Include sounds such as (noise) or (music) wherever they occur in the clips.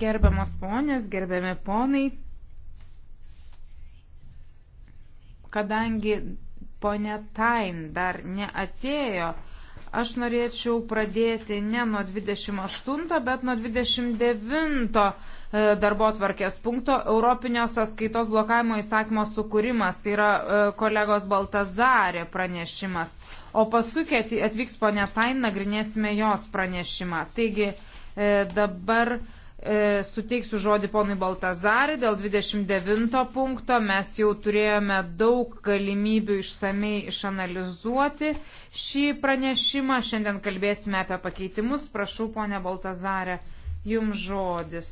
Gerbiamas ponės, gerbiami ponai, kadangi ponė Tain dar neatėjo, aš norėčiau pradėti ne nuo 28, bet nuo 29 e, darbo tvarkės punkto Europinio sąskaitos blokavimo įsakymo sukūrimas. Tai yra e, kolegos Baltazarė pranešimas o paskui, kai atvyks ponia Tain, nagrinėsime jos pranešimą. Taigi e, dabar e, suteiksiu žodį ponui Baltazarį dėl 29 punkto. Mes jau turėjome daug galimybių išsamei išanalizuoti šį pranešimą. Šiandien kalbėsime apie pakeitimus. Prašau, ponė Baltazarė, jums žodis.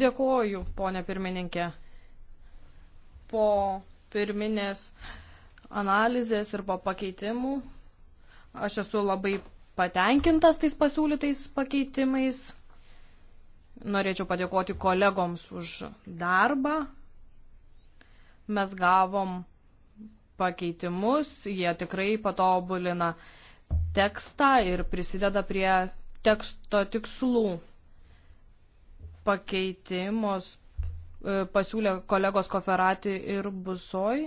Dėkuoju, ponė pirmininkė. Po pirminės analizės ir po pakeitimų. Aš esu labai patenkintas tais pasiūlytais pakeitimais. Norėčiau padėkoti kolegoms už darbą. Mes gavom pakeitimus, jie tikrai patobulina tekstą ir prisideda prie teksto tikslų. Pakeitimus E, pasiūlė kolegos Koferati ir Busoj.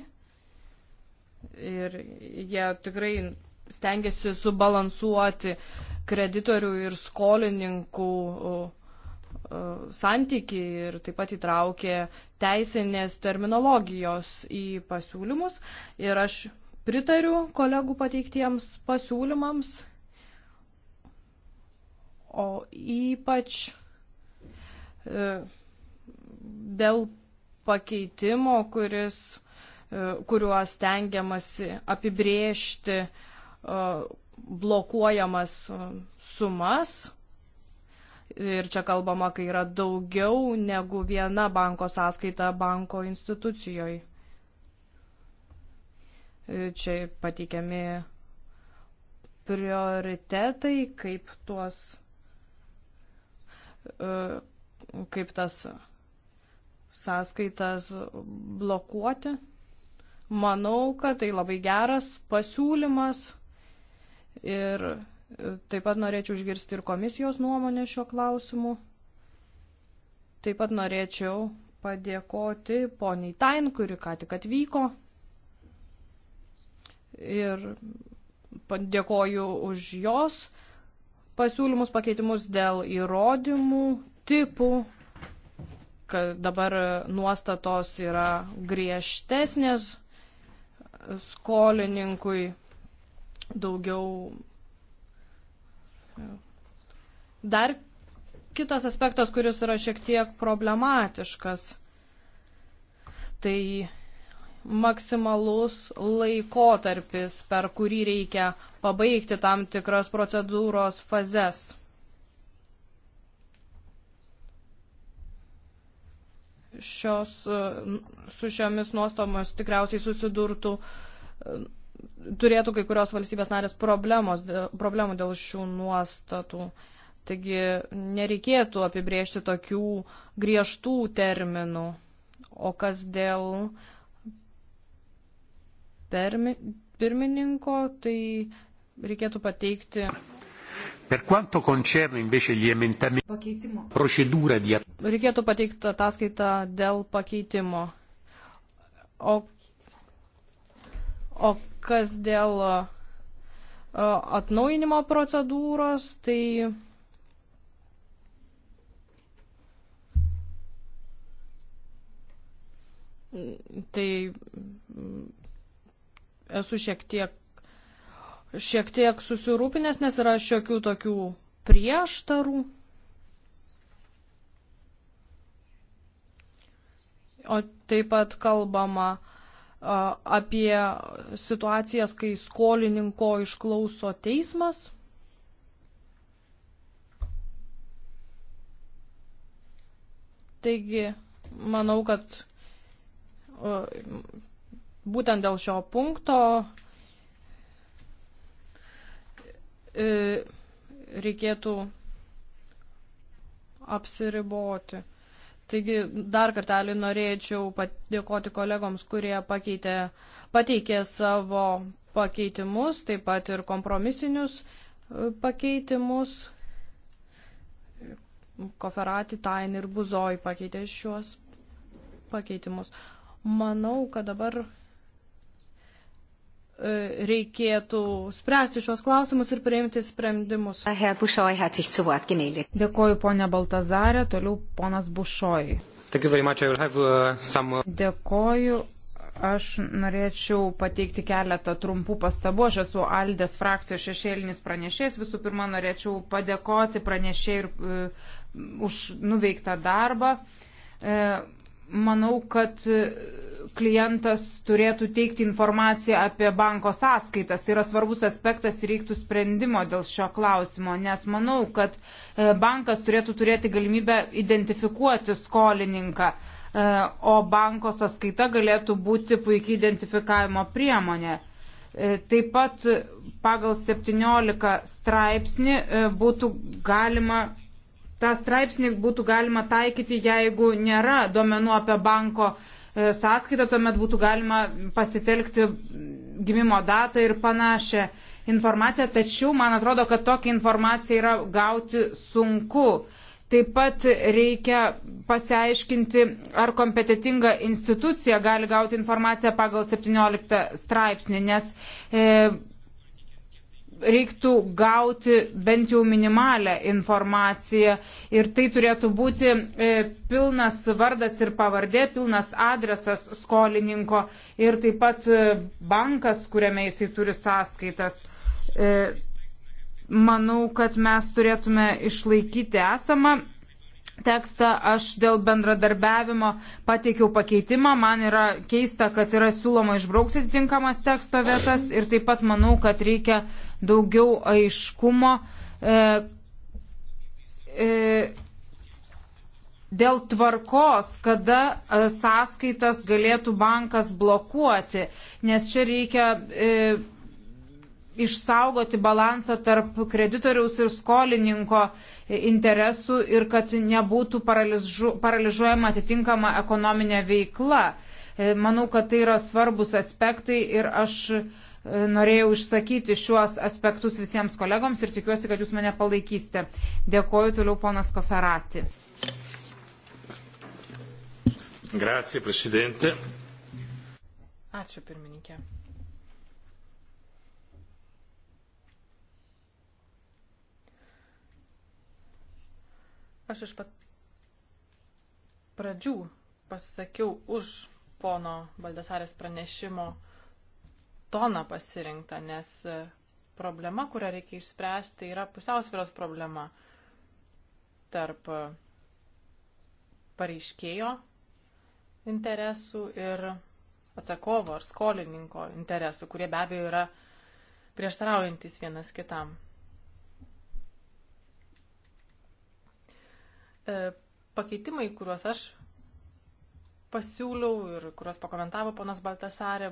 Ir jie tikrai stengiasi subalansuoti kreditorių ir skolininkų santyki ir taip pat įtraukė teisinės terminologijos į pasiūlymus. Ir aš pritariu kolegų pateiktiems pasiūlymams, o ypač e, dėl pakeitimo, kuris, e, kuriuos tengiamasi apibriežti e, blokuojamas e, sumas. Ir čia kalbama, kai yra daugiau negu viena banko sąskaita banko institucijoje. Čia pateikiami prioritetai, kaip tuos, kaip tas sąskaitas blokuoti. Manau, kad tai labai geras pasiūlymas ir taip pat norėčiau išgirsti ir komisijos nuomonę šio klausimu. Taip pat norėčiau padėkoti poniai Tain, kuri ką tik atvyko. Ir dėkoju už jos pasiūlymus, pakeitimus dėl įrodymų, tipų kad dabar nuostatos yra griežtesnės skolininkui daugiau. E, dar kitas aspektas, kuris yra šiek tiek problematiškas, tai maksimalus laikotarpis, per kurį reikia pabaigti tam tikras procedūros fazes. šios, e, su šiomis nuostomos tikriausiai susidurtų, e, turėtų kai kurios valstybės narės problemos, problemų dėl šių nuostatų. Taigi nereikėtų apibriežti tokių griežtų terminų. O kas dėl permi, pirmininko, tai reikėtų pateikti Per quanto concerne invece gli emendamenti, pakeitimo. procedura di Reikėtų pateikti ataskaitą dėl pakeitimo. O, o kas dėl e, atnaujinimo procedūros, tai tai mm, esu šiek tiek šiek tiek susirūpinęs, nes yra šiokių tokių prieštarų. O taip pat kalbama apie situacijas, kai skolininko išklauso teismas. Taigi, manau, kad būtent dėl šio punkto E, reikėtų apsiriboti. Taigi dar kartelį norėčiau padėkoti kolegoms, kurie pakeitė, pateikė savo pakeitimus, taip pat ir kompromisinius e, pakeitimus. Koferati, Tain ir Buzoj pakeitė šiuos pakeitimus. Manau, kad dabar E, reikėtų spręsti šios klausimus ir priimti sprendimus. Dėkoju ponė Baltazarė, toliau ponas Bušoj. Uh, uh, Dėkoju. Aš norėčiau pateikti keletą trumpų pastabų. Aš esu Aldės frakcijos šešėlinis pranešėjas. Visų pirma, norėčiau padėkoti pranešėjai uh, už nuveiktą darbą. Uh, manau, kad e, klientas turėtų teikti informaciją apie banko sąskaitas. Tai yra svarbus aspektas ir reiktų sprendimo dėl šio klausimo, nes manau, kad e, bankas turėtų turėti galimybę identifikuoti skolininką, e, o banko sąskaita galėtų būti puikiai identifikavimo priemonė. Taip pat pagal 17 straipsnį būtų galima tą straipsnį būtų galima taikyti, jeigu nėra duomenų apie banko e, sąskaitą, tuomet būtų galima pasitelkti gimimo datą ir panašią informaciją, tačiau man atrodo, kad tokia informacija yra gauti sunku. Taip pat reikia pasiaiškinti, ar kompetitinga institucija gali gauti informaciją pagal 17 straipsnį, nes e, reiktų gauti bent jau minimalę informaciją ir tai turėtų būti e, pilnas vardas ir pavardė, pilnas adresas skolininko ir taip pat e, bankas, kuriame jisai turi sąskaitas. E, manau, kad mes turėtume išlaikyti esamą tekstą, aš dėl bendradarbiavimo pateikiau pakeitimą, man yra keista, kad yra siūloma išbraukti tinkamas teksto vietas ir taip pat manau, kad reikia daugiau aiškumo e, e, dėl tvarkos, kada e, sąskaitas galėtų bankas blokuoti, nes čia reikia e, išsaugoti balansą tarp kreditoriaus ir skolininko interesų ir kad nebūtų paraližu, paralyžuojama atitinkama ekonominė veikla. E, manau, kad tai yra svarbus aspektai ir aš norėjau išsakyti šiuos aspektus visiems kolegoms ir tikiuosi, kad jūs mane palaikysite. Dėkoju toliau ponas Koferati. Grazie, prezidente. Ačiū, pirmininkė. Aš iš pat pradžių pasakiau už pono Baldasarės pranešimo uh, toną pasirinktą, nes e, problema, kurią reikia išspręsti, yra pusiausvėros problema tarp e, pareiškėjo interesų ir atsakovo ar skolininko interesų, kurie be abejo yra prieštaraujantis vienas kitam. E, pakeitimai, kuriuos aš pasiūliau ir kuriuos pakomentavo ponas Baltasarė,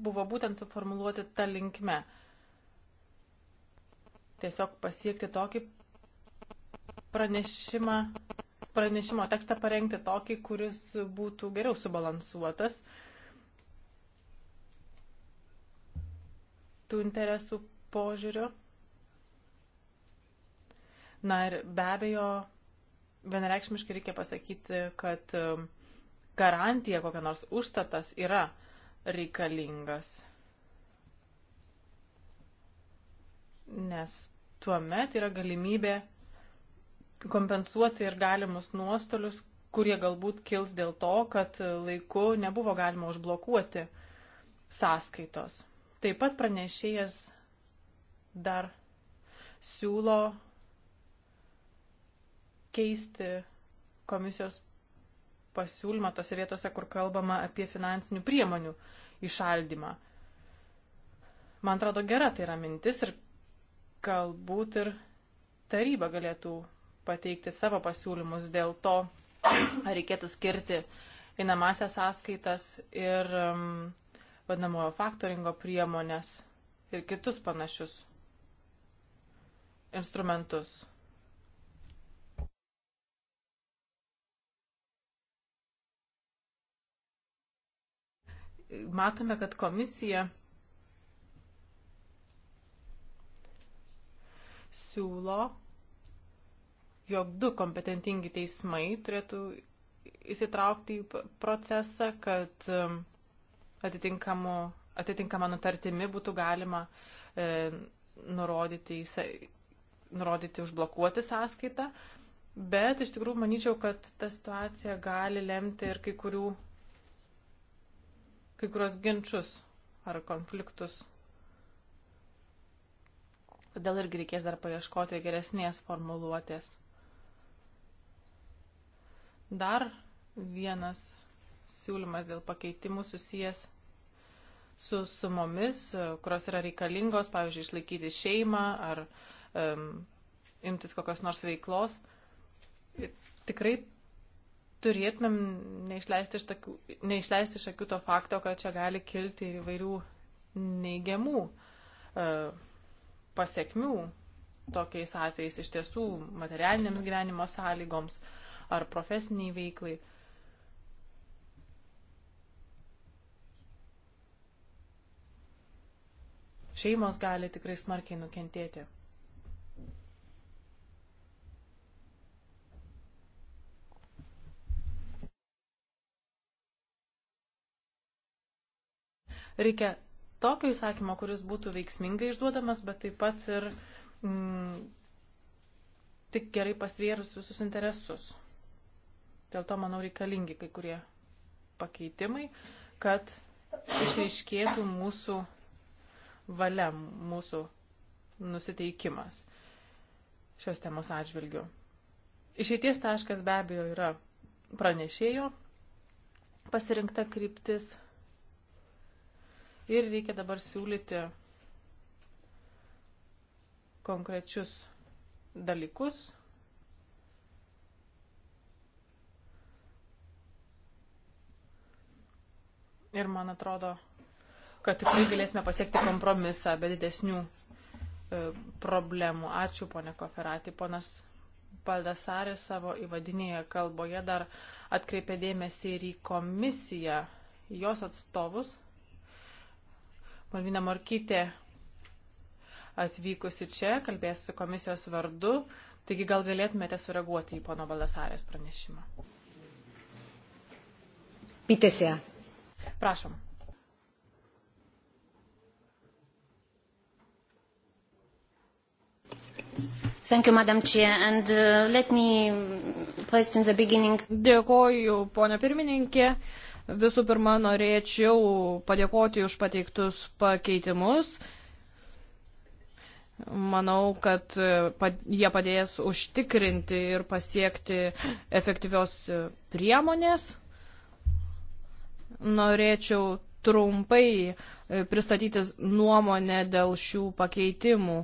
buvo būtent suformuluoti tą linkme. Tiesiog pasiekti tokį pranešimą, pranešimo tekstą parengti tokį, kuris būtų geriau subalansuotas tų interesų požiūriu. Na ir be abejo, vienareikšmiškai reikia pasakyti, kad um, garantija kokia nors užstatas yra reikalingas. Nes tuomet yra galimybė kompensuoti ir galimus nuostolius, kurie galbūt kils dėl to, kad laiku nebuvo galima užblokuoti sąskaitos. Taip pat pranešėjas dar siūlo keisti komisijos pasiūlymą tose vietose, kur kalbama apie finansinių priemonių išaldymą. Man atrodo, gera tai yra mintis ir galbūt ir taryba galėtų pateikti savo pasiūlymus dėl to, ar reikėtų skirti einamasias sąskaitas ir um, vadinamojo faktoringo priemonės ir kitus panašius instrumentus. matome, kad komisija siūlo, jog du kompetentingi teismai turėtų įsitraukti į procesą, kad um, atitinkama nutartimi būtų galima e, nurodyti, į, nurodyti užblokuoti sąskaitą. Bet iš tikrųjų manyčiau, kad ta situacija gali lemti ir kai kurių kai kurios ginčius ar konfliktus. Todėl irgi reikės dar paieškoti geresnės formuluotės. Dar vienas siūlymas dėl pakeitimų susijęs su sumomis, kurios yra reikalingos, pavyzdžiui, išlaikyti šeimą ar um, imtis kokios nors veiklos. Tikrai turėtumėm neišleisti iš, takių, neišleisti iš akių to fakto, kad čia gali kilti įvairių neigiamų e, pasiekmių tokiais atvejais iš tiesų materialinėms gyvenimo sąlygoms ar profesiniai veiklai. Šeimos gali tikrai smarkiai nukentėti. Reikia tokio įsakymo, kuris būtų veiksmingai išduodamas, bet taip pat ir mm, tik gerai pasvėrus visus interesus. Dėl to, manau, reikalingi kai kurie pakeitimai, kad išaiškėtų mūsų valia, mūsų nusiteikimas šios temos atžvilgiu. Išeities taškas be abejo yra pranešėjo pasirinkta kryptis, ir reikia dabar siūlyti konkrečius dalykus. Ir man atrodo, kad tikrai galėsime pasiekti kompromisą be didesnių e, problemų. Ačiū, ponė Koferati. Ponas Baldasarė savo įvadinėje kalboje dar atkreipė dėmesį ir į komisiją, jos atstovus. Malvina Morkytė atvykusi čia, kalbės komisijos vardu. Taigi gal galėtumėte sureaguoti į pono Valdasarės pranešimą. Pitėse. Prašom. Thank you, Madam Chair, and uh, let me uh, first in the beginning. Dėkoju, ponia pirmininkė. Uh, Visų pirma, norėčiau padėkoti už pateiktus pakeitimus. Manau, kad e, jie padės užtikrinti ir pasiekti efektyvios e, priemonės. Norėčiau trumpai e, pristatyti nuomonę dėl šių pakeitimų.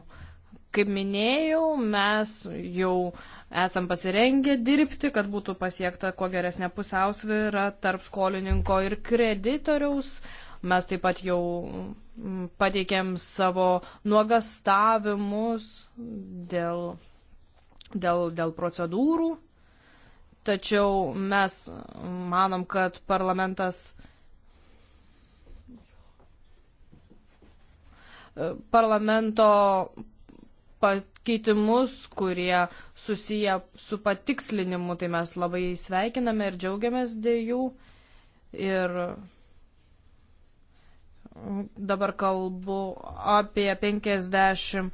Kaip minėjau, mes jau esam pasirengę dirbti, kad būtų pasiekta kuo geresnė pusiausvyrą tarp skolininko ir kreditoriaus. Mes taip pat jau mm, pateikėm savo nuogastavimus dėl, dėl, dėl procedūrų. Tačiau mes mm, manom, kad parlamentas e, parlamento pakeitimus, kurie susiję su patikslinimu, tai mes labai sveikiname ir džiaugiamės dėl jų. Ir dabar kalbu apie 57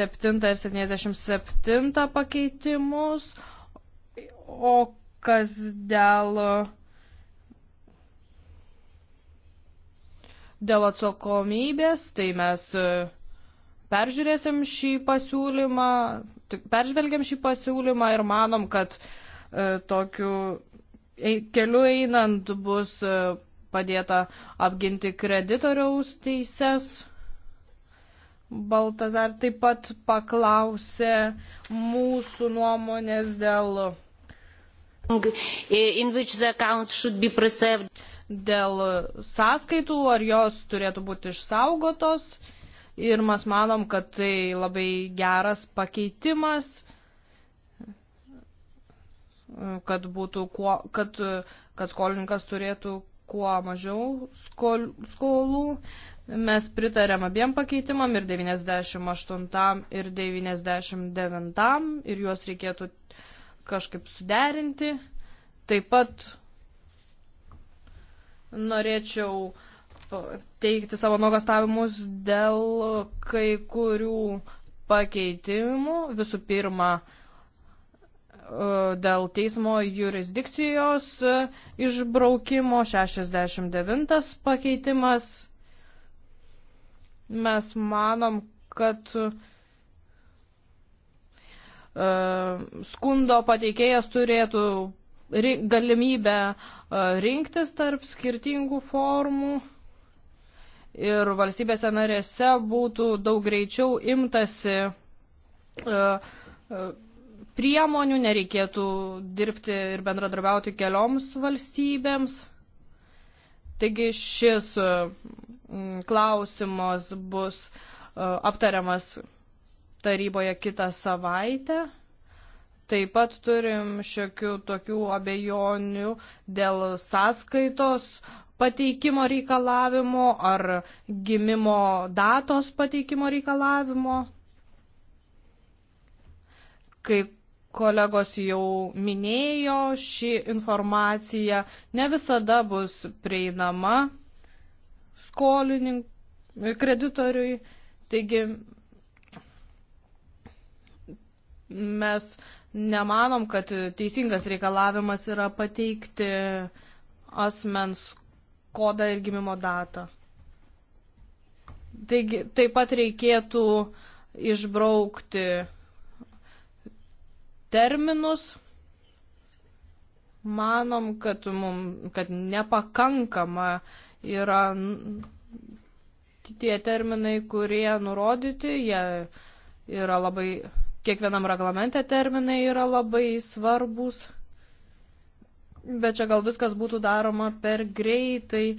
ir 77 pakeitimus, o kas dėl dėl atsakomybės, tai mes peržiūrėsim šį pasiūlymą, peržvelgiam šį pasiūlymą ir manom, kad e, tokiu keliu einant bus e, padėta apginti kreditoriaus teises. Baltazar taip pat paklausė mūsų nuomonės dėl. Dėl sąskaitų, ar jos turėtų būti išsaugotos ir mes manom, kad tai labai geras pakeitimas, kad, būtų kuo, kad, kad skolininkas turėtų kuo mažiau skol, skolų. Mes pritarėm abiem pakeitimam ir 98 ir 99 ir juos reikėtų kažkaip suderinti. Taip pat norėčiau uh, teikti savo nuogastavimus dėl kai kurių pakeitimų. Visų pirma, e, dėl teismo jurisdikcijos išbraukimo 69 pakeitimas. Mes manom, kad e, skundo pateikėjas turėtų galimybę e, rinktis tarp skirtingų formų ir valstybėse narėse būtų daug greičiau imtasi e, e, priemonių, nereikėtų dirbti ir bendradarbiauti kelioms valstybėms. Taigi šis e, klausimas bus aptariamas taryboje kitą savaitę. Taip pat turim šiokių tokių abejonių dėl sąskaitos, pateikimo reikalavimo ar gimimo datos pateikimo reikalavimo. Kaip kolegos jau minėjo, ši informacija ne visada bus prieinama skolininkui, kreditoriui. Taigi mes nemanom, kad teisingas reikalavimas yra pateikti asmens kodą ir gimimo datą. Taigi taip pat reikėtų išbraukti terminus. Manom, kad, mum, kad nepakankama yra tie terminai, kurie nurodyti, jie yra labai, kiekvienam reglamente terminai yra labai svarbus bet čia gal viskas būtų daroma per greitai.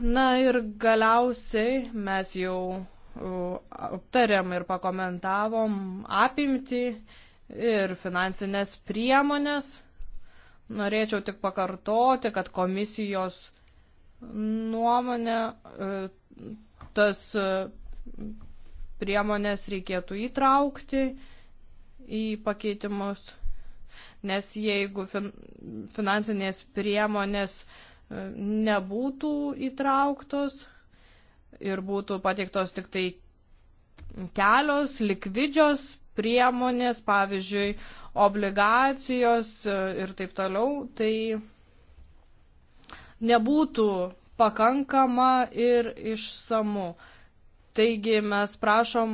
Na ir galiausiai mes jau aptarėm ir pakomentavom apimti ir finansinės priemonės. Norėčiau tik pakartoti, kad komisijos nuomonė e, tas e, priemonės reikėtų įtraukti į pakeitimus nes jeigu fin, finansinės priemonės e, nebūtų įtrauktos ir būtų pateiktos tik tai kelios likvidžios priemonės, pavyzdžiui, obligacijos e, ir taip toliau, tai nebūtų pakankama ir išsamu. Taigi mes prašom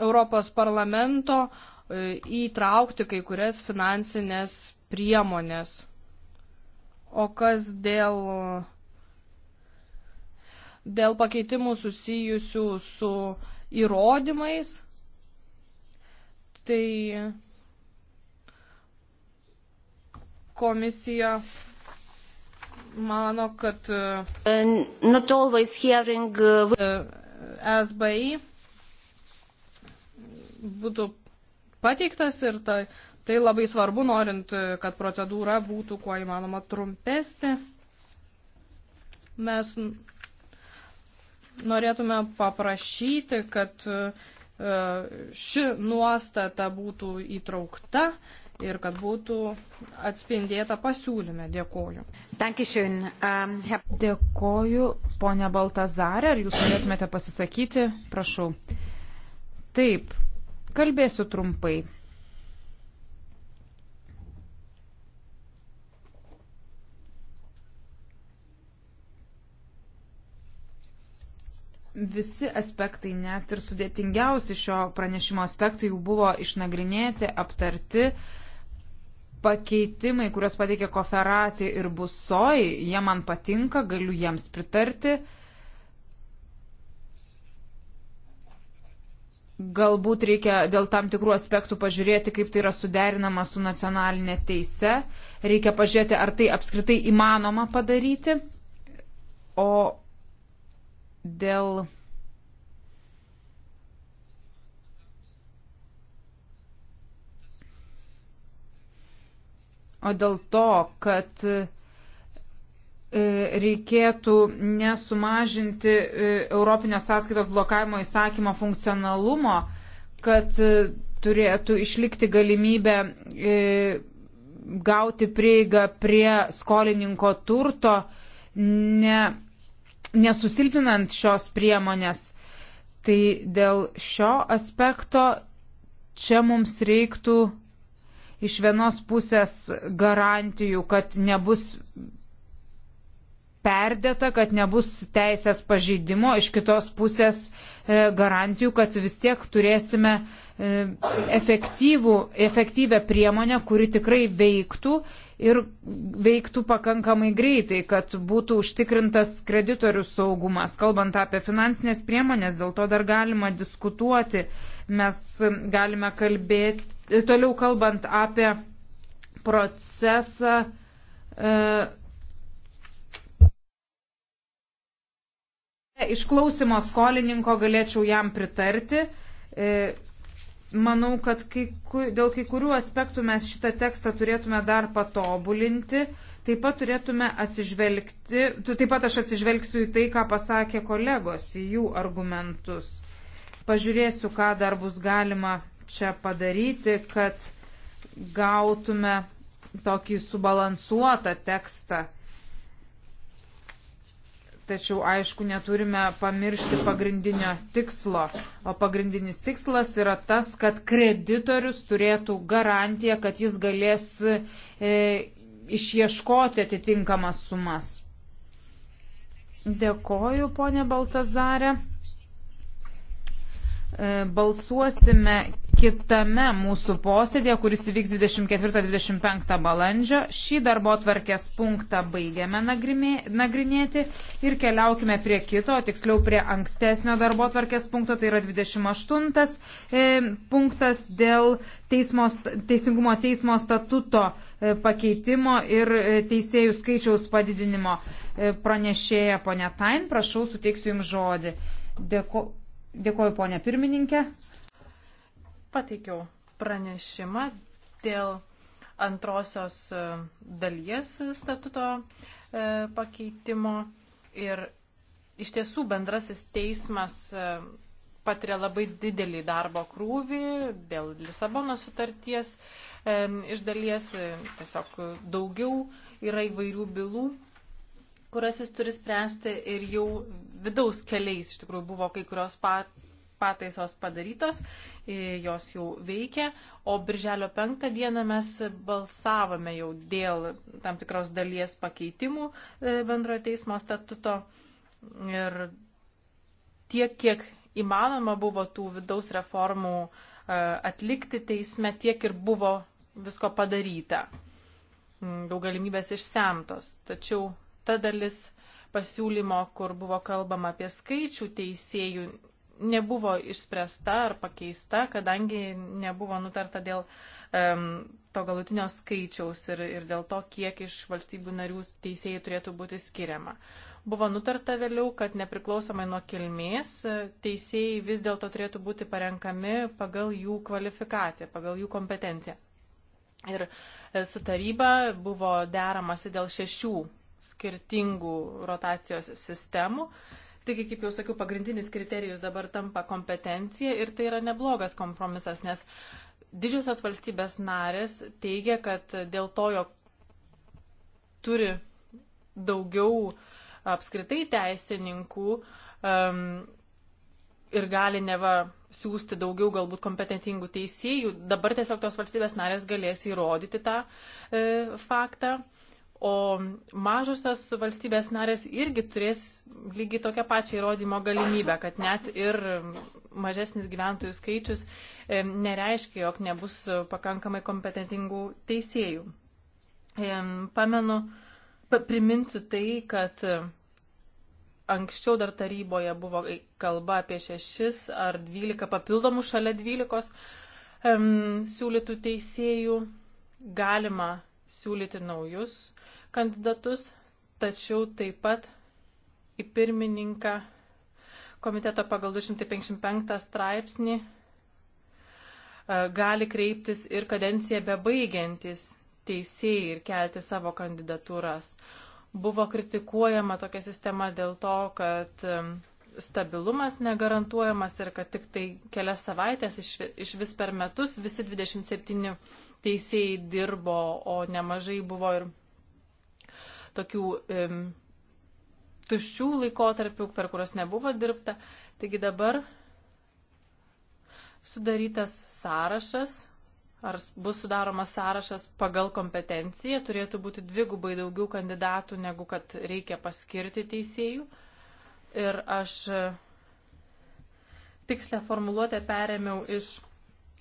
Europos parlamento E, įtraukti kai kurias finansinės priemonės. O kas dėl, dėl pakeitimų susijusių su įrodymais, tai komisija mano, kad e, uh, Not always hearing... Uh, e, SBI būtų pateiktas ir ta, tai labai svarbu, norint, kad procedūra būtų kuo įmanoma trumpesnė. Mes norėtume paprašyti, kad e, ši nuostata būtų įtraukta ir kad būtų atspindėta pasiūlyme. Dėkoju. Ähm, Dėkoju, ponia Baltazarė. Ar jūs norėtumėte pasisakyti? Prašau. Taip, Kalbėsiu trumpai. Visi aspektai, net ir sudėtingiausi šio pranešimo aspektai, jau buvo išnagrinėti, aptarti. Pakeitimai, kuriuos pateikė Koferati ir Busoj, jie man patinka, galiu jiems pritarti. galbūt reikia dėl tam tikrų aspektų pažiūrėti, kaip tai yra suderinama su nacionalinė teise. Reikia pažiūrėti, ar tai apskritai įmanoma padaryti. O dėl. O dėl to, kad E, reikėtų nesumažinti e, Europinio sąskaitos blokavimo įsakymo funkcionalumo, kad e, turėtų išlikti galimybę gauti prieigą prie skolininko turto, ne, nesusilpinant šios priemonės. Tai dėl šio aspekto čia mums reiktų iš vienos pusės garantijų, kad nebus perdėta, kad nebus teisės pažeidimo, iš kitos pusės e, garantijų, kad vis tiek turėsime e, efektyvų, efektyvę priemonę, kuri tikrai veiktų ir veiktų pakankamai greitai, kad būtų užtikrintas kreditorių saugumas. Kalbant apie finansinės priemonės, dėl to dar galima diskutuoti. Mes e, galime kalbėti, toliau kalbant apie procesą, Išklausimo skolininko galėčiau jam pritarti. E, manau, kad kai, dėl kai kurių aspektų mes šitą tekstą turėtume dar patobulinti. Taip pat turėtume atsižvelgti, taip pat aš atsižvelgsiu į tai, ką pasakė kolegos, į jų argumentus. Pažiūrėsiu, ką dar bus galima čia padaryti, kad gautume tokį subalansuotą tekstą Tačiau, aišku, neturime pamiršti pagrindinio tikslo. O pagrindinis tikslas yra tas, kad kreditorius turėtų garantiją, kad jis galės e, išieškoti atitinkamas sumas. Dėkoju, ponė Baltazarė. E, balsuosime kitame mūsų posėdėje, kuris įvyks 24-25 balandžio. Šį darbo tvarkės punktą baigiame nagrinėti ir keliaukime prie kito, tiksliau prie ankstesnio darbo tvarkės punkto, tai yra 28 e, punktas dėl teismo, teisingumo teismo statuto e, pakeitimo ir e, teisėjų skaičiaus padidinimo. E, pranešėja ponia Tain, prašau, suteiksiu Jums žodį. Dėko, dėkoju ponia pirmininkė pateikiau pranešimą dėl antrosios e, dalies statuto e, pakeitimo ir iš tiesų bendrasis teismas e, patiria labai didelį darbo krūvį dėl Lisabonos sutarties iš dalies tiesiog daugiau yra įvairių bylų, kurias jis turi spręsti ir jau vidaus keliais iš tikrųjų buvo kai kurios pataisos padarytos E, jos jau veikia, o birželio penktą dieną mes balsavome jau dėl tam tikros dalies pakeitimų e, bendrojo teismo statuto ir tiek, kiek įmanoma buvo tų vidaus reformų e, atlikti teisme, tiek ir buvo visko padaryta. Mm, daug galimybės išsemtos. Tačiau ta dalis pasiūlymo, kur buvo kalbama apie skaičių teisėjų nebuvo išspręsta ar pakeista, kadangi nebuvo nutarta dėl um, to galutinio skaičiaus ir, ir dėl to, kiek iš valstybių narių teisėjai turėtų būti skiriama. Buvo nutarta vėliau, kad nepriklausomai nuo kilmės teisėjai vis dėlto turėtų būti parenkami pagal jų kvalifikaciją, pagal jų kompetenciją. Ir e, su taryba buvo deramasi dėl šešių skirtingų rotacijos sistemų. Uh, Taigi, kaip jau sakiau, pagrindinis kriterijus dabar tampa kompetencija ir tai yra neblogas kompromisas, nes didžiosios valstybės narės teigia, kad dėl to, jog turi daugiau apskritai teisininkų um, ir gali neva siūsti daugiau galbūt kompetentingų teisėjų, dabar tiesiog tos valstybės narės galės įrodyti tą e, faktą. O mažosios valstybės narės irgi turės lygiai tokią pačią įrodymo galimybę, kad net ir mažesnis gyventojų skaičius e, nereiškia, jog nebus pakankamai kompetentingų teisėjų. E, pamenu, priminsiu tai, kad anksčiau dar taryboje buvo kalba apie šešis ar dvylika papildomų šalia dvylikos e, siūlytų teisėjų. Galima siūlyti naujus kandidatus, tačiau taip pat į pirmininką komiteto pagal 255 straipsnį e, gali kreiptis ir kadenciją bebaigiantis teisėjai ir kelti savo kandidatūras. Buvo kritikuojama tokia sistema dėl to, kad e, stabilumas negarantuojamas ir kad tik tai kelias savaitės iš, iš vis per metus visi 27 teisėjai dirbo, o nemažai buvo ir tokių um, tuščių laikotarpių, per kurios nebuvo dirbta. Taigi dabar sudarytas sąrašas, ar bus sudaromas sąrašas pagal kompetenciją, turėtų būti dvigubai daugiau kandidatų, negu kad reikia paskirti teisėjų. Ir aš e, tikslę formuluotę perėmiau iš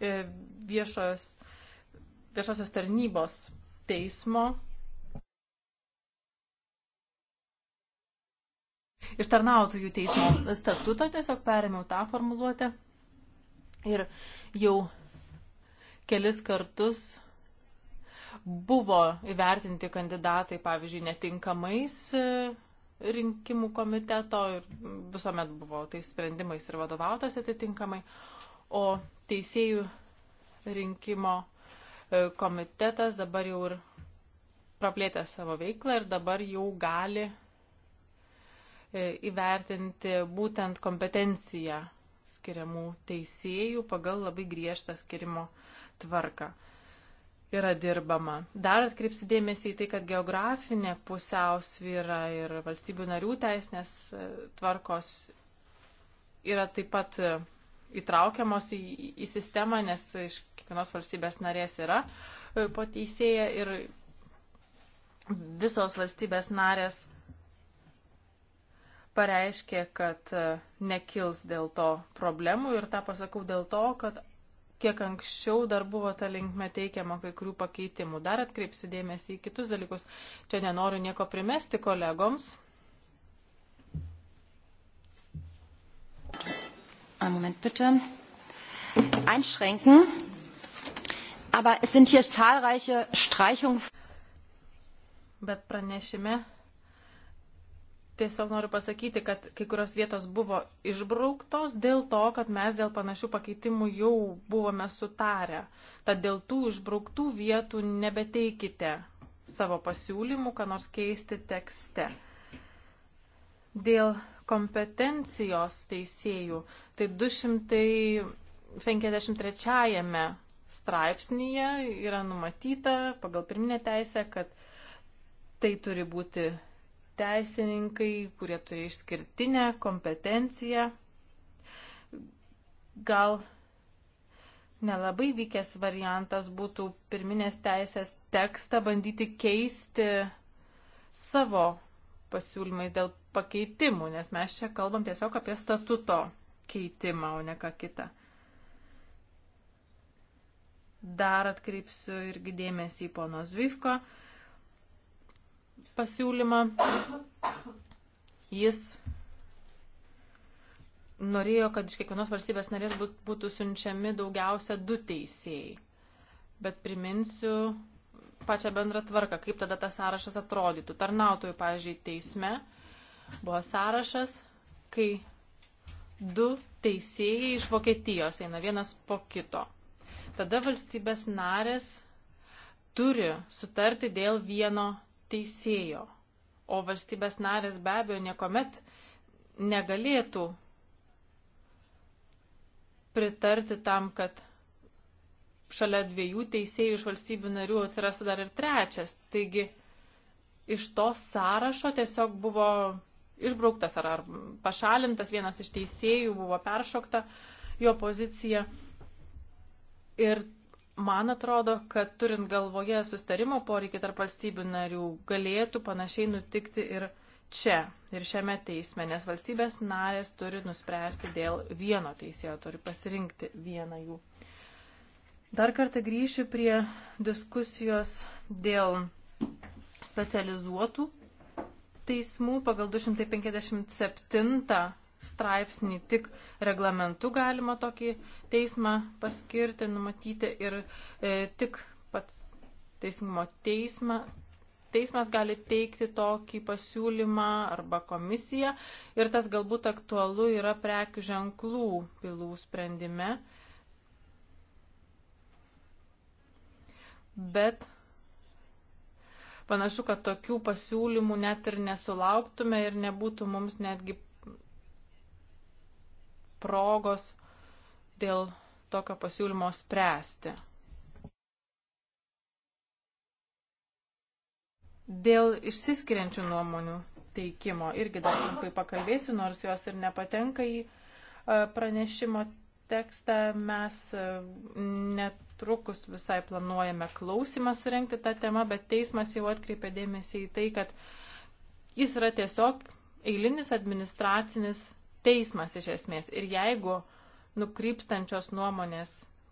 e, viešos, viešosios tarnybos teismo iš tarnautojų teismo statuto tiesiog perėmiau tą formuluotę ir jau kelis kartus buvo įvertinti kandidatai, pavyzdžiui, netinkamais e, rinkimų komiteto ir visuomet buvo tais sprendimais ir vadovautas atitinkamai, o teisėjų rinkimo e, komitetas dabar jau ir praplėtė savo veiklą ir dabar jau gali E, įvertinti būtent kompetenciją skiriamų teisėjų pagal labai griežtą skirimo tvarką yra dirbama. Dar atkreipsiu dėmesį į tai, kad geografinė pusiausvyra ir valstybių narių teisinės e, tvarkos yra taip pat e, įtraukiamos į, į sistemą, nes iš kiekvienos valstybės narės yra po teisėja ir visos valstybės narės pareiškė, kad e, nekils dėl to problemų ir tą pasakau dėl to, kad kiek anksčiau dar buvo ta linkme teikiama kai kurių pakeitimų. Dar atkreipsiu dėmesį į kitus dalykus. Čia nenoriu nieko primesti kolegoms. Ein Moment bitte. Einschränken. Aber es sind hier zahlreiche Streichungen. Bet pranešime tiesiog noriu pasakyti, kad kai kurios vietos buvo išbrauktos dėl to, kad mes dėl panašių pakeitimų jau buvome sutarę. Tad dėl tų išbrauktų vietų nebeteikite savo pasiūlymų, ką nors keisti tekste. Dėl kompetencijos teisėjų, tai 253 straipsnyje yra numatyta pagal pirminę teisę, kad tai turi būti teisininkai, kurie turi išskirtinę kompetenciją. Gal nelabai vykęs variantas būtų pirminės teisės tekstą bandyti keisti savo pasiūlymais dėl pakeitimų, nes mes čia kalbam tiesiog apie statuto keitimą, o ne ką kitą. Dar atkreipsiu irgi dėmesį į pono Zvifko pasiūlymą. Jis norėjo, kad iš kiekvienos valstybės narės būtų siunčiami daugiausia du teisėjai. Bet priminsiu pačią bendrą tvarką, kaip tada tas sąrašas atrodytų. Tarnautojų, pavyzdžiui, teisme buvo sąrašas, kai du teisėjai iš Vokietijos eina vienas po kito. Tada valstybės narės turi sutarti dėl vieno teisėjo, o valstybės narės be abejo niekuomet negalėtų pritarti tam, kad šalia dviejų teisėjų iš valstybių narių atsirastų dar ir trečias. Taigi iš to sąrašo tiesiog buvo išbrauktas ar, ar pašalintas vienas iš teisėjų, buvo peršokta jo pozicija. Ir Man atrodo, kad turint galvoje sustarimo poreikį tarp valstybių narių, galėtų panašiai nutikti ir čia, ir šiame teisme, nes valstybės narės turi nuspręsti dėl vieno teisėjo, turi pasirinkti vieną jų. Dar kartą grįšiu prie diskusijos dėl specializuotų teismų pagal 257 straipsnį tik reglamentu galima tokį teismą paskirti, numatyti ir e, tik pats teisingumo teisma, teismas gali teikti tokį pasiūlymą arba komisiją ir tas galbūt aktualu yra prekių ženklų bylų sprendime. Bet panašu, kad tokių pasiūlymų net ir nesulauktume ir nebūtų mums netgi progos dėl tokio pasiūlymo spręsti. Dėl išsiskiriančių nuomonių teikimo irgi dar trumpai pakalbėsiu, nors jos ir nepatenka į e, pranešimo tekstą. Mes e, netrukus visai planuojame klausimą surenkti tą temą, bet teismas jau atkreipė dėmesį į tai, kad jis yra tiesiog eilinis administracinis teismas iš esmės. Ir jeigu nukrypstančios nuomonės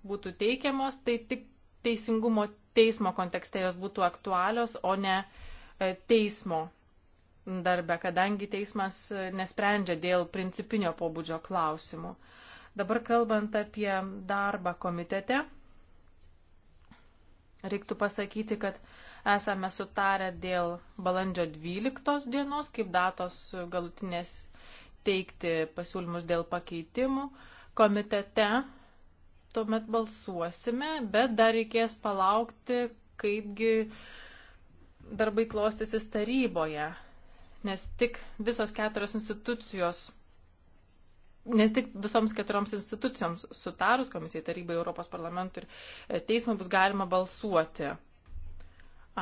būtų teikiamos, tai tik teisingumo teismo kontekste jos būtų aktualios, o ne e, teismo darbę, kadangi teismas e, nesprendžia dėl principinio pobūdžio klausimų. Dabar kalbant apie darbą komitete, reiktų pasakyti, kad esame sutarę dėl balandžio 12 dienos kaip datos galutinės teikti pasiūlymus dėl pakeitimų. Komitete tuomet balsuosime, bet dar reikės palaukti, kaipgi darbai klostysis taryboje, nes tik visos keturios institucijos. Nes tik visoms keturioms institucijoms sutarus komisijai tarybai Europos parlamentui ir e, teismui bus galima balsuoti.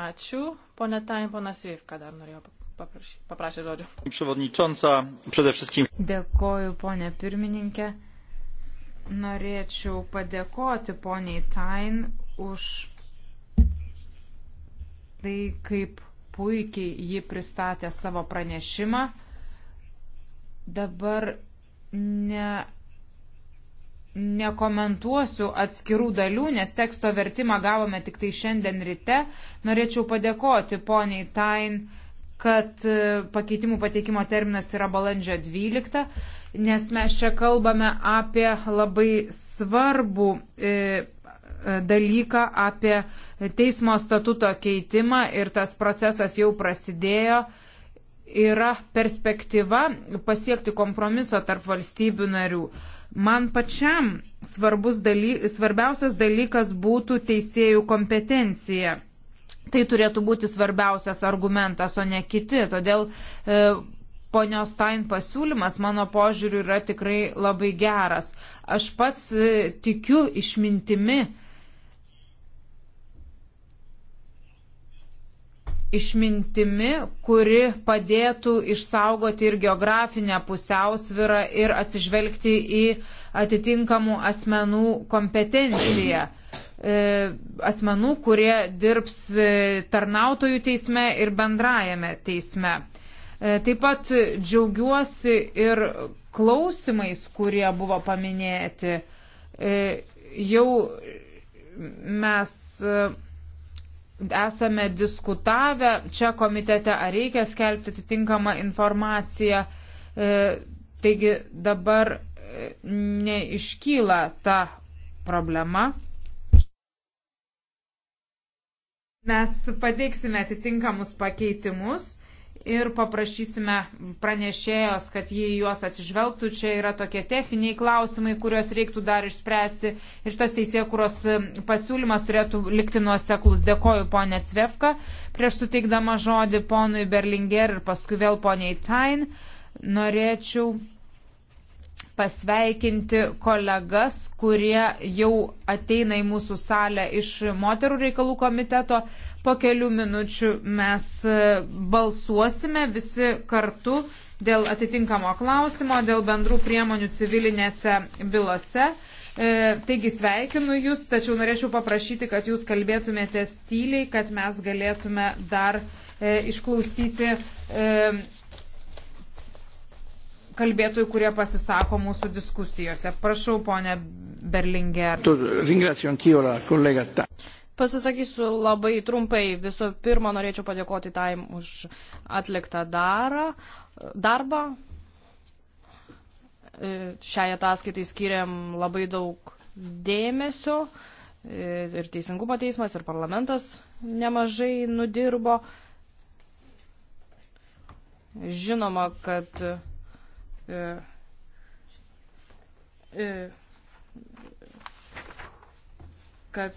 Ačiū. Pone Tain, ponas Vivka dar norėjo paprašy, paprašė žodžio. Dėkoju, ponė pirmininkė. Norėčiau padėkoti poniai Tain už tai, kaip puikiai ji pristatė savo pranešimą. Dabar ne nekomentuosiu atskirų dalių, nes teksto vertimą gavome tik tai šiandien ryte. Norėčiau padėkoti poniai Tain kad e, pakeitimų pateikimo terminas yra balandžio 12, nes mes čia kalbame apie labai svarbų e, dalyką, apie teismo statuto keitimą ir tas procesas jau prasidėjo. Yra perspektyva pasiekti kompromiso tarp valstybių narių. Man pačiam daly, svarbiausias dalykas būtų teisėjų kompetencija Tai turėtų būti svarbiausias argumentas, o ne kiti. Todėl e, ponios Stein pasiūlymas mano požiūriu yra tikrai labai geras. Aš pats e, tikiu išmintimi. Išmintimi, kuri padėtų išsaugoti ir geografinę pusiausvyrą ir atsižvelgti į atitinkamų asmenų kompetenciją. E, asmenų, kurie dirbs e, tarnautojų teisme ir bendrajame teisme. E, taip pat džiaugiuosi ir klausimais, kurie buvo paminėti. Jau mes esame diskutavę čia komitete, ar reikia skelbti atitinkamą informaciją. Taigi dabar neiškyla ta problema. Mes pateiksime atitinkamus pakeitimus ir paprašysime pranešėjos, kad jie juos atsižvelgtų. Čia yra tokie techniniai klausimai, kuriuos reiktų dar išspręsti. Ir tas teisėkuros pasiūlymas turėtų likti nuoseklus. Dėkoju ponė Cvefka. Prieš suteikdama žodį ponui Berlinger ir paskui vėl poniai Tain, norėčiau pasveikinti kolegas, kurie jau ateina į mūsų salę iš moterų reikalų komiteto. Po kelių minučių mes e, balsuosime visi kartu dėl atitinkamo klausimo, dėl bendrų priemonių civilinėse bylose. E, taigi sveikinu Jūs, tačiau norėčiau paprašyti, kad Jūs kalbėtumėte tyliai, kad mes galėtume dar e, išklausyti. E, kalbėtojų, kurie pasisako mūsų diskusijose. Prašau, ponė Berlinger. Pasisakysiu labai trumpai. Visų pirma, norėčiau padėkoti Taim už atliktą darą, darbą. E, šiai ataskaitai skiriam labai daug dėmesio. E, ir Teisingumo teismas, ir parlamentas nemažai nudirbo. Žinoma, kad E, e, kad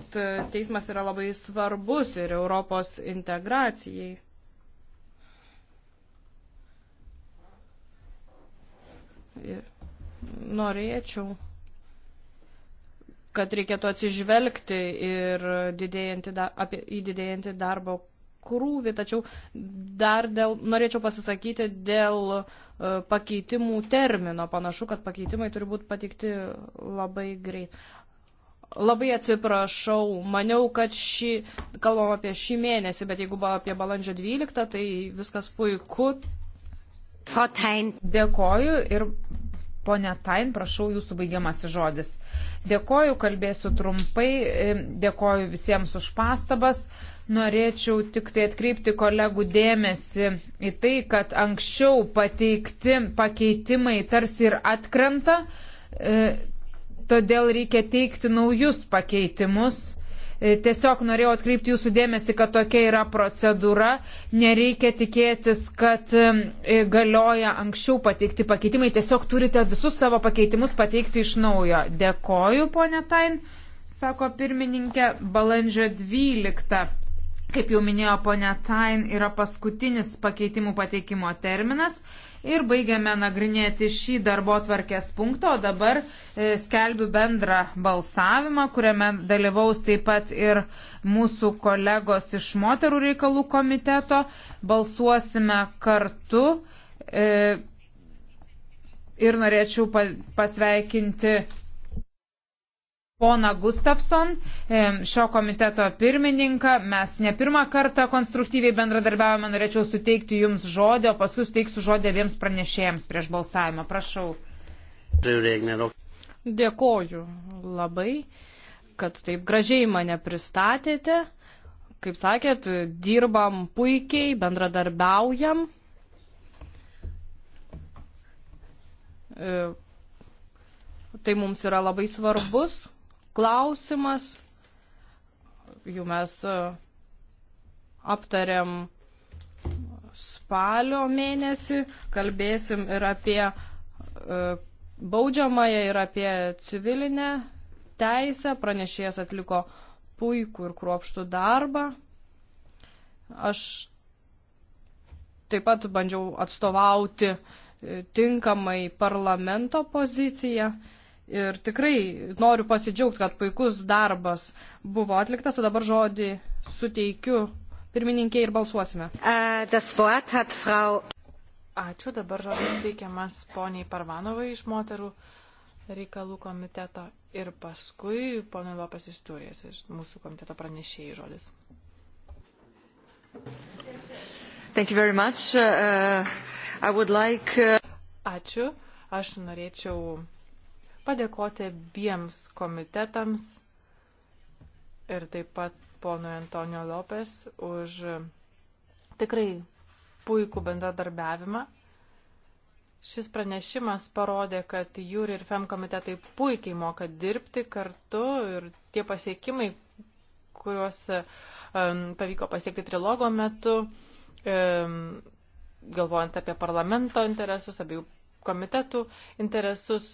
teismas yra labai svarbus ir Europos integracijai. E, norėčiau, kad reikėtų atsižvelgti ir didėjantį, apie, į didėjantį darbo krūvį, tačiau dar dėl, norėčiau pasisakyti dėl uh, E, pakeitimų termino. Panašu, kad pakeitimai turi būti patikti labai greit. Labai atsiprašau, maniau, kad šį, kalbam apie šį mėnesį, bet jeigu apie balandžio 12, tai viskas puiku. Dėkoju ir Pone Tain, prašau jūsų baigiamasis žodis. Dėkoju, kalbėsiu trumpai, e, dėkoju visiems už pastabas. Norėčiau tik tai atkreipti kolegų dėmesį į tai, kad anksčiau pateikti pakeitimai tarsi ir atkrenta, e, todėl reikia teikti naujus pakeitimus. E, tiesiog norėjau atkreipti jūsų dėmesį, kad tokia yra procedūra. Nereikia tikėtis, kad e, galioja anksčiau pateikti pakeitimai. Tiesiog turite visus savo pakeitimus pateikti iš naujo. Dėkoju, ponė Tain, sako pirmininkė, balandžio 12 Kaip jau minėjo ponia Tain, yra paskutinis pakeitimų pateikimo terminas ir baigiame nagrinėti šį darbo tvarkės punktą, o dabar e, skelbiu bendrą balsavimą, kuriame dalyvaus taip pat ir mūsų kolegos iš moterų reikalų komiteto. Balsuosime kartu e, ir norėčiau pasveikinti Pona Gustafson, šio komiteto pirmininką, mes ne pirmą kartą konstruktyviai bendradarbiavome, norėčiau suteikti Jums žodį, o paskui suteiksiu žodį abiems pranešėjams prieš balsavimą. Prašau. Dėkoju labai, kad taip gražiai mane pristatėte. Kaip sakėt, dirbam puikiai, bendradarbiaujam. E, tai mums yra labai svarbus klausimas. Jų mes e, aptariam spalio mėnesį, kalbėsim ir apie e, baudžiamąją, ir apie civilinę teisę. Pranešėjas atliko puikų ir kruopštų darbą. Aš taip pat bandžiau atstovauti e, tinkamai parlamento poziciją Ir tikrai noriu pasidžiaugti, kad puikus darbas buvo atliktas, o dabar žodį suteikiu pirmininkė ir balsuosime. Äh, Ačiū, dabar žodis teikiamas poniai Parvanovai iš moterų reikalų komiteto ir paskui ponui Lopas Isturijas iš mūsų komiteto pranešėjai žodis. Thank you very much. Uh, I would like. Uh... Ačiū. Aš norėčiau padėkoti abiems komitetams ir taip pat ponui Antonio Lopes už tikrai puikų bendradarbiavimą. Šis pranešimas parodė, kad jūri ir FEM komitetai puikiai moka dirbti kartu ir tie pasiekimai, kuriuos um, pavyko pasiekti trilogo metu, um, galvojant apie parlamento interesus, abiejų komitetų interesus,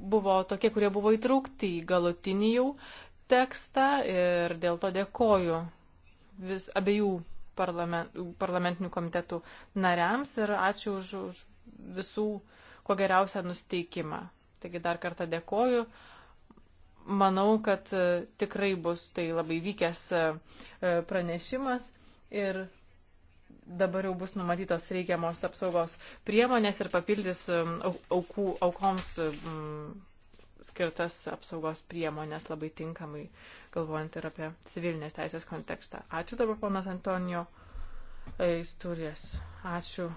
buvo tokie, kurie buvo įtraukti į galutinį jau tekstą ir dėl to dėkoju vis, abiejų parlament, parlamentinių komitetų nariams ir ačiū už, už visų kuo geriausią nusteikimą. Taigi dar kartą dėkoju. Manau, kad tikrai bus tai labai vykęs e, pranešimas ir dabar jau bus numatytos reikiamos apsaugos priemonės ir papildys um, aukų, aukoms um, skirtas apsaugos priemonės labai tinkamai, galvojant ir apie civilinės teisės kontekstą. Ačiū dabar ponas Antonijo e, Isturės. Ačiū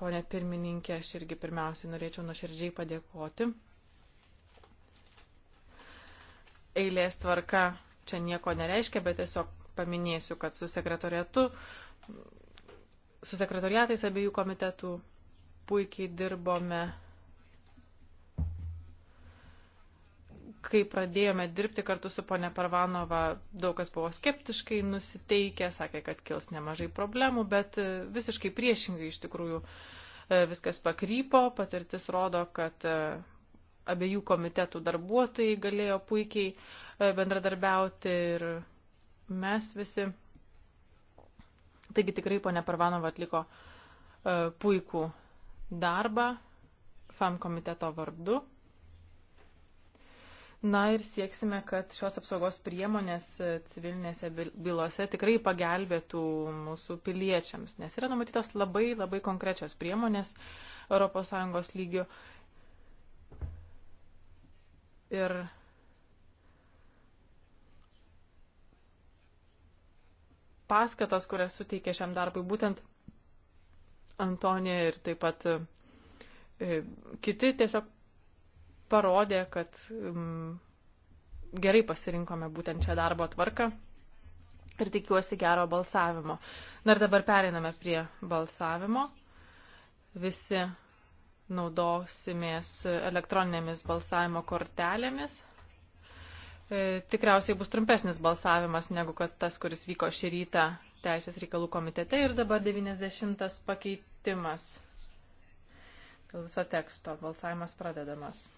ponė pirmininkė, aš irgi pirmiausiai norėčiau nuoširdžiai padėkoti. Eilės tvarka čia nieko nereiškia, bet tiesiog paminėsiu, kad su sekretorietu su sekretoriatais abiejų komitetų puikiai dirbome. Kai pradėjome dirbti kartu su ponia Parvanova, daug kas buvo skeptiškai nusiteikę, sakė, kad kils nemažai problemų, bet e, visiškai priešingai iš tikrųjų e, viskas pakrypo, patirtis rodo, kad e, abiejų komitetų darbuotojai galėjo puikiai bendradarbiauti ir mes visi Taigi tikrai ponia Parvanova atliko e, puikų darbą FAM komiteto vardu. Na ir sieksime, kad šios apsaugos priemonės e, civilinėse bylose tikrai pagelbėtų mūsų piliečiams, nes yra numatytos labai labai konkrečios priemonės ES lygių. Ir paskatos, kurias suteikė šiam darbui būtent Antonija ir taip pat e, kiti tiesiog parodė, kad gerai pasirinkome būtent šią darbo tvarką ir tikiuosi gero balsavimo. Na ir dabar pereiname prie balsavimo. Visi naudosimės elektroninėmis balsavimo kortelėmis. E, tikriausiai bus trumpesnis balsavimas negu kad tas, kuris vyko šį rytą Teisės reikalų komitete ir dabar 90 pakeitimas. Dėl viso teksto balsavimas pradedamas.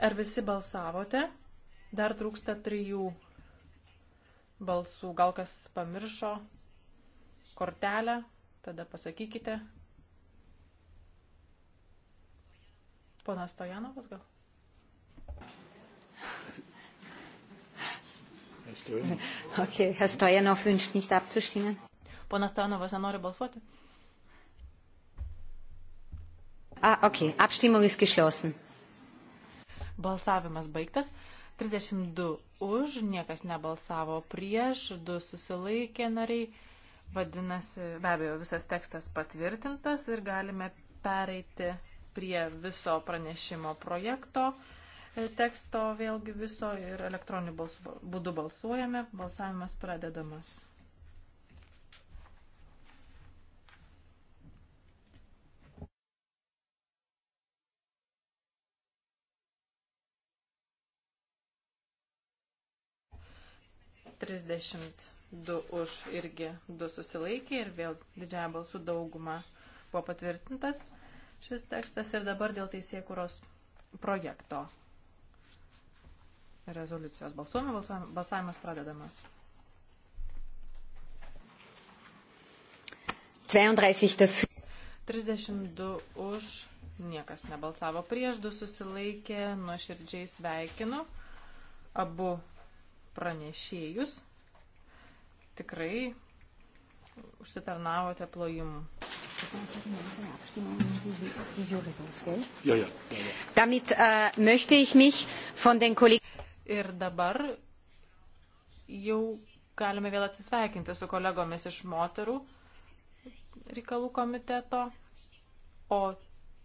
Ar visi balsavote? Dar trūksta trijų balsų. Gal kas pamiršo kortelę, tada pasakykite. Ponas Stojanovas gal? Okay, Herr Stojanov wünscht nicht abzustimmen. Ponas Stojanovas nenori balsuoti. Ah, okay. Abstimmung ist geschlossen. Balsavimas baigtas. 32 už, niekas nebalsavo prieš, 2 susilaikė nariai. Vadinasi, be abejo, visas tekstas patvirtintas ir galime pereiti prie viso pranešimo projekto e, teksto vėlgi viso ir elektroniniu balsu, būdu balsuojame. Balsavimas pradedamas. 32 už irgi 2 susilaikė ir vėl didžiąją balsų daugumą buvo patvirtintas šis tekstas ir dabar dėl teisėkuros projekto rezoliucijos balsuojame, balsuojame balsavimas pradedamas. 32 už, niekas nebalsavo prieš, du susilaikė, nuoširdžiai sveikinu abu pranešėjus. Tikrai užsitarnavote plojimų. Damit äh, möchte ich mich von den Kollegen. Ir dabar jau galime vėl atsisveikinti su kolegomis iš moterų reikalų komiteto, o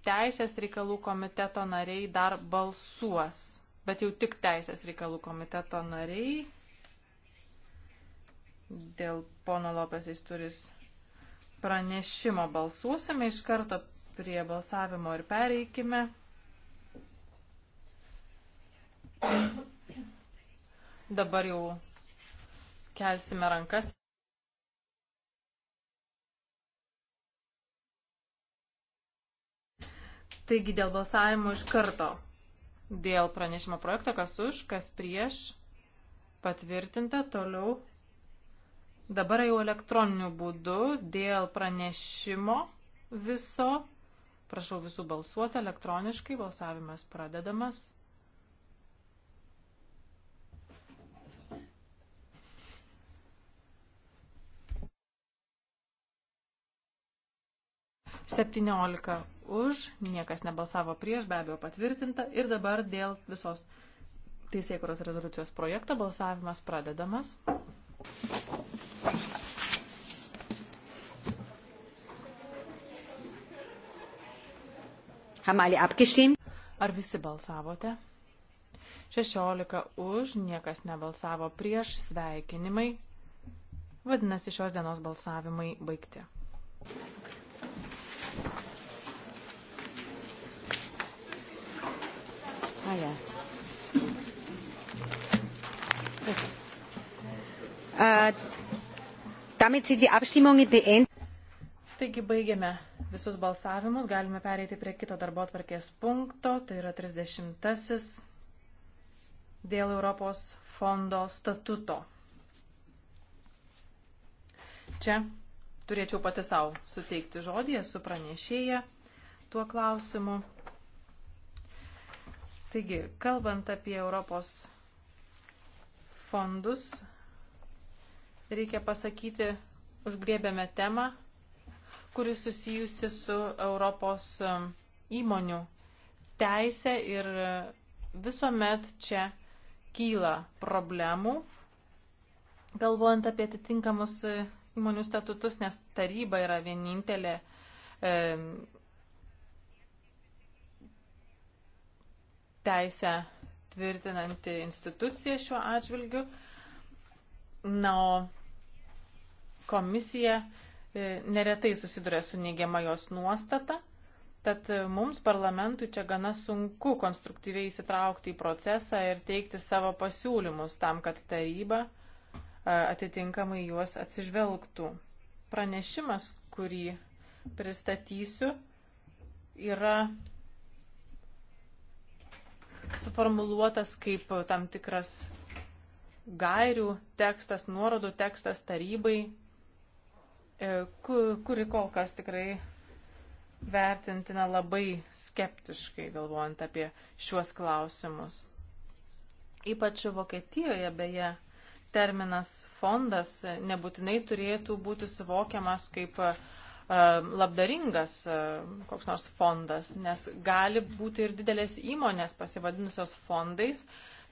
teisės reikalų komiteto nariai dar balsuos bet jau tik Teisės reikalų komiteto nariai. Dėl pono Lopės įsturis pranešimo balsuosime iš karto prie balsavimo ir pereikime. Dabar jau kelsime rankas. Taigi dėl balsavimo iš karto dėl pranešimo projekto, kas už, kas prieš, patvirtinta, toliau dabar jau elektroniniu būdu dėl pranešimo viso, prašau visų balsuoti elektroniškai, balsavimas pradedamas. Septyniolika už, niekas nebalsavo prieš, be abejo patvirtinta. Ir dabar dėl visos teisėkuros rezoliucijos projekto balsavimas pradedamas. Ar visi balsavote? 16 už, niekas nebalsavo prieš, sveikinimai. Vadinasi, šios dienos balsavimai baigti. Ah ja. Uh, damit sind die Abstimmungen beendet. Taigi baigiame visus balsavimus, galime pereiti prie kito darbo atvarkės punkto, tai yra 30-asis dėl Europos fondo statuto. Čia turėčiau pati savo suteikti žodį, esu pranešėja tuo klausimu. Taigi, kalbant apie Europos fondus, reikia pasakyti, užgriebėme temą, kuri susijusi su Europos um, įmonių teisė ir uh, visuomet čia kyla problemų, galvojant apie atitinkamus uh, įmonių statutus, nes taryba yra vienintelė e, teisę tvirtinanti institucija šiuo atžvilgiu. Na, o komisija e, neretai susiduria su neigiama jos nuostata, tad e, mums parlamentui čia gana sunku konstruktyviai įsitraukti į procesą ir teikti savo pasiūlymus tam, kad taryba e, atitinkamai juos atsižvelgtų. Pranešimas, kurį pristatysiu, yra suformuluotas kaip tam tikras gairių tekstas, nuorodų tekstas tarybai, e, kuri kol kas tikrai vertintina labai skeptiškai, galvojant apie šiuos klausimus. Ypač Vokietijoje beje terminas fondas nebūtinai turėtų būti suvokiamas kaip labdaringas koks nors fondas, nes gali būti ir didelės įmonės pasivadinusios fondais,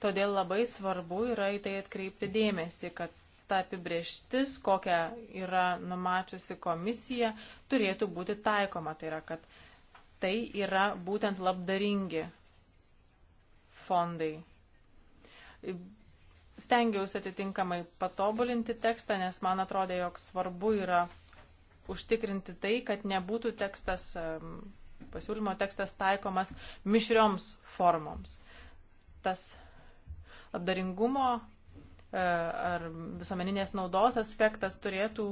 todėl labai svarbu yra į tai atkreipti dėmesį, kad ta apibrieštis, kokią yra numačiusi komisija, turėtų būti taikoma. Tai yra, kad tai yra būtent labdaringi fondai. Stengiausi atitinkamai patobulinti tekstą, nes man atrodė, jog svarbu yra užtikrinti tai, kad nebūtų tekstas, pasiūlymo tekstas taikomas mišrioms formoms. Tas labdaringumo e, ar visuomeninės naudos aspektas turėtų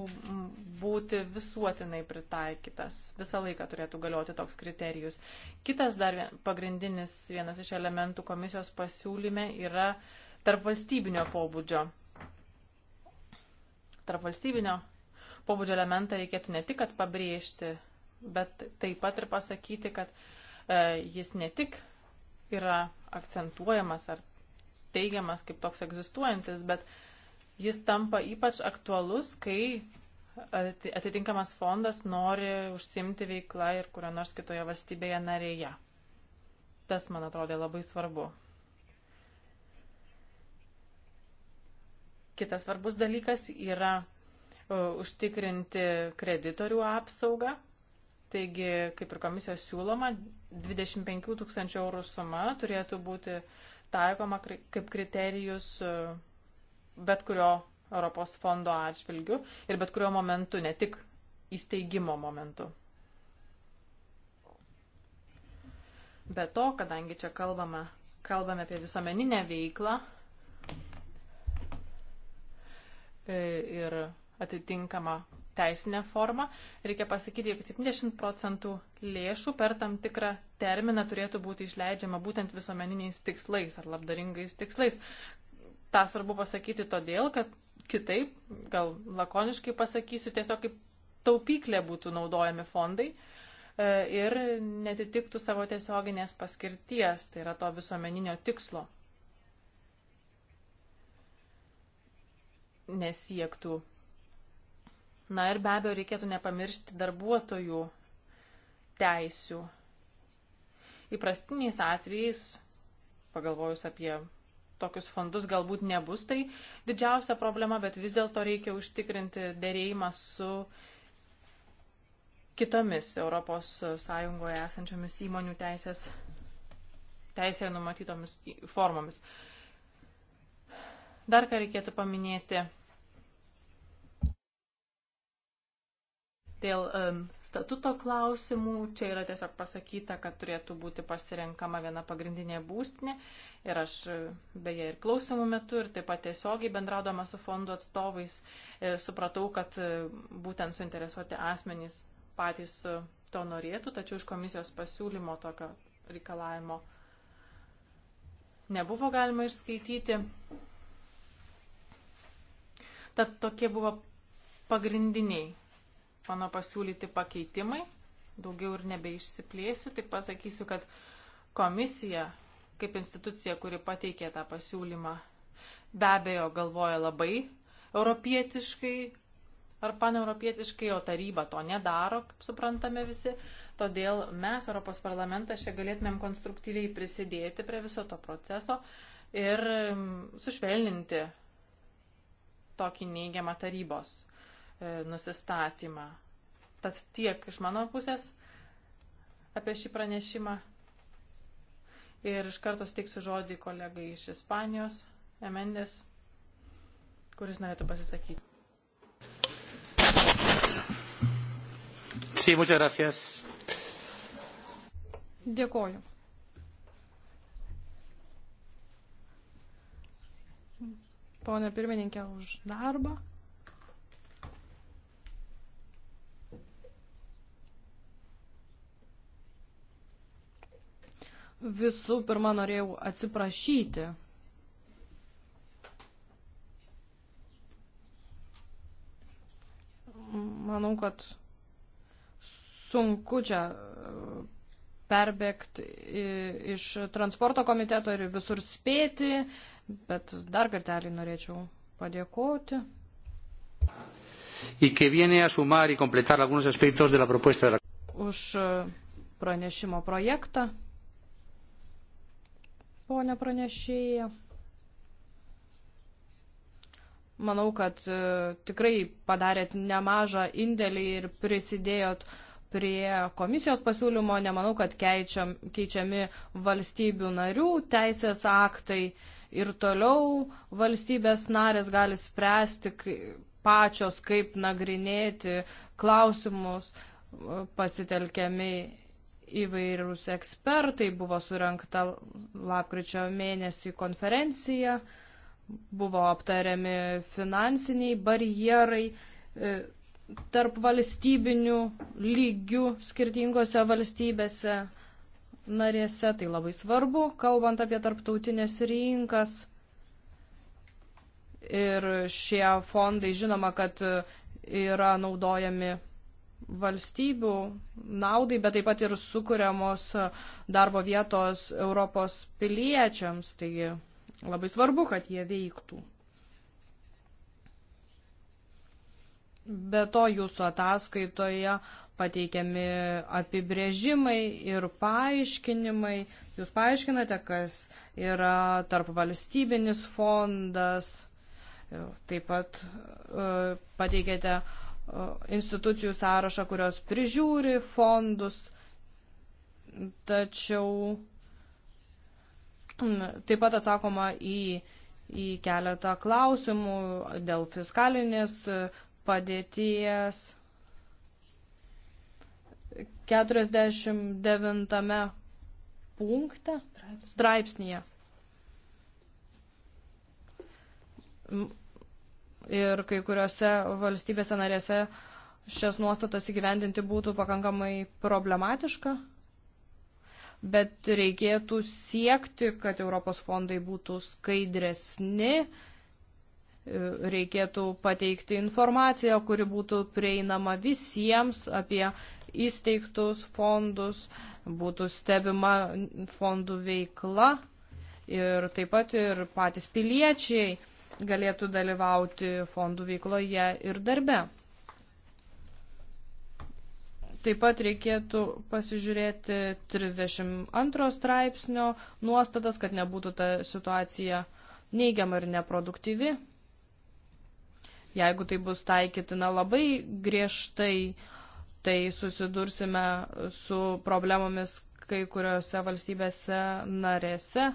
būti visuotinai pritaikytas. Visą laiką turėtų galioti toks kriterijus. Kitas dar pagrindinis vienas iš elementų komisijos pasiūlyme yra tarp valstybinio pobūdžio. Tarp valstybinio pobūdžio elementą reikėtų ne tik, kad pabrėžti, bet taip pat ir pasakyti, kad e, jis ne tik yra akcentuojamas ar teigiamas kaip toks egzistuojantis, bet jis tampa ypač aktualus, kai atitinkamas fondas nori užsimti veiklą ir kurio nors kitoje valstybėje narėje. Tas, man atrodė, labai svarbu. Kitas svarbus dalykas yra E, užtikrinti kreditorių apsaugą. Taigi, kaip ir komisijos siūloma, 25 tūkstančių eurų suma turėtų būti taikoma kaip kriterijus e, bet kurio Europos fondo atžvilgių ir bet kurio momentu, ne tik įsteigimo momentu. Be to, kadangi čia kalbame, kalbame apie visuomeninę veiklą e, ir atitinkamą teisinę formą. Reikia pasakyti, jog 70 procentų lėšų per tam tikrą terminą turėtų būti išleidžiama būtent visuomeniniais tikslais ar labdaringais tikslais. Ta svarbu pasakyti todėl, kad kitaip, gal lakoniškai pasakysiu, tiesiog kaip taupyklė būtų naudojami fondai e, ir netitiktų savo tiesioginės paskirties, tai yra to visuomeninio tikslo. Nesiektų Na ir be abejo reikėtų nepamiršti darbuotojų teisių. Įprastiniais atvejais, pagalvojus apie tokius fondus, galbūt nebus tai didžiausia problema, bet vis dėlto reikia užtikrinti dėrėjimą su kitomis ES esančiomis įmonių teisės, teisėje numatytomis formomis. Dar ką reikėtų paminėti Dėl statuto klausimų čia yra tiesiog pasakyta, kad turėtų būti pasirenkama viena pagrindinė būstinė. Ir aš e, beje ir klausimų metu, ir taip pat tiesiogiai bendraudama su fondų atstovais e, supratau, kad e, būtent suinteresuoti asmenys patys to norėtų, tačiau iš komisijos pasiūlymo tokio reikalavimo nebuvo galima išskaityti. Tad tokie buvo pagrindiniai mano pasiūlyti pakeitimai. Daugiau ir nebeišsiplėsiu, tik pasakysiu, kad komisija, kaip institucija, kuri pateikė tą pasiūlymą, be abejo galvoja labai europietiškai ar paneuropietiškai, o taryba to nedaro, kaip suprantame visi. Todėl mes, Europos parlamentas, čia galėtumėm konstruktyviai prisidėti prie viso to proceso ir sušvelninti tokį neigiamą tarybos E, nusistatymą. Tad tiek iš mano pusės apie šį pranešimą. Ir iš karto steiksiu žodį kolegai iš Ispanijos, Emendės, kuris norėtų pasisakyti. Sí, muchas gracias. Dėkoju. Pone pirmininkė, už darbą. Visų pirma, norėjau atsiprašyti. Manau, kad sunku čia e, perbėgti iš transporto komiteto ir visur spėti, bet dar kartelį norėčiau padėkoti. Už e, pranešimo projektą ponė pranešėja. Manau, kad e, tikrai padarėt nemažą indėlį ir prisidėjot prie komisijos pasiūlymo. Nemanau, kad keičiam, keičiami valstybių narių teisės aktai ir toliau valstybės narės gali spręsti pačios, kaip nagrinėti klausimus e, pasitelkiami įvairūs ekspertai, buvo surinkta lapkričio mėnesį konferencija, buvo aptariami finansiniai barjerai e, tarp valstybinių lygių skirtingose valstybėse narėse. Tai labai svarbu, kalbant apie tarptautinės rinkas. Ir šie fondai žinoma, kad yra naudojami valstybių naudai, bet taip pat ir sukūriamos darbo vietos Europos piliečiams. Taigi labai svarbu, kad jie veiktų. Be to jūsų ataskaitoje pateikiami apibrėžimai ir paaiškinimai. Jūs paaiškinate, kas yra tarp valstybinis fondas. Taip pat e, pateikėte uh, institucijų sąrašą, kurios prižiūri fondus, tačiau mm, taip pat atsakoma į, į keletą klausimų dėl fiskalinės padėties. 49 punkte straipsnėje ir kai kuriuose valstybėse narėse šias nuostatas įgyvendinti būtų pakankamai problematiška, bet reikėtų siekti, kad Europos fondai būtų skaidresni, reikėtų pateikti informaciją, kuri būtų prieinama visiems apie įsteigtus fondus, būtų stebima fondų veikla ir taip pat ir patys piliečiai galėtų dalyvauti fondų veikloje ir darbe. Taip pat reikėtų pasižiūrėti 32 straipsnio nuostatas, kad nebūtų ta situacija neigiama ir neproduktyvi. Jeigu tai bus taikytina labai griežtai, tai susidursime su problemomis kai kuriuose valstybėse narėse,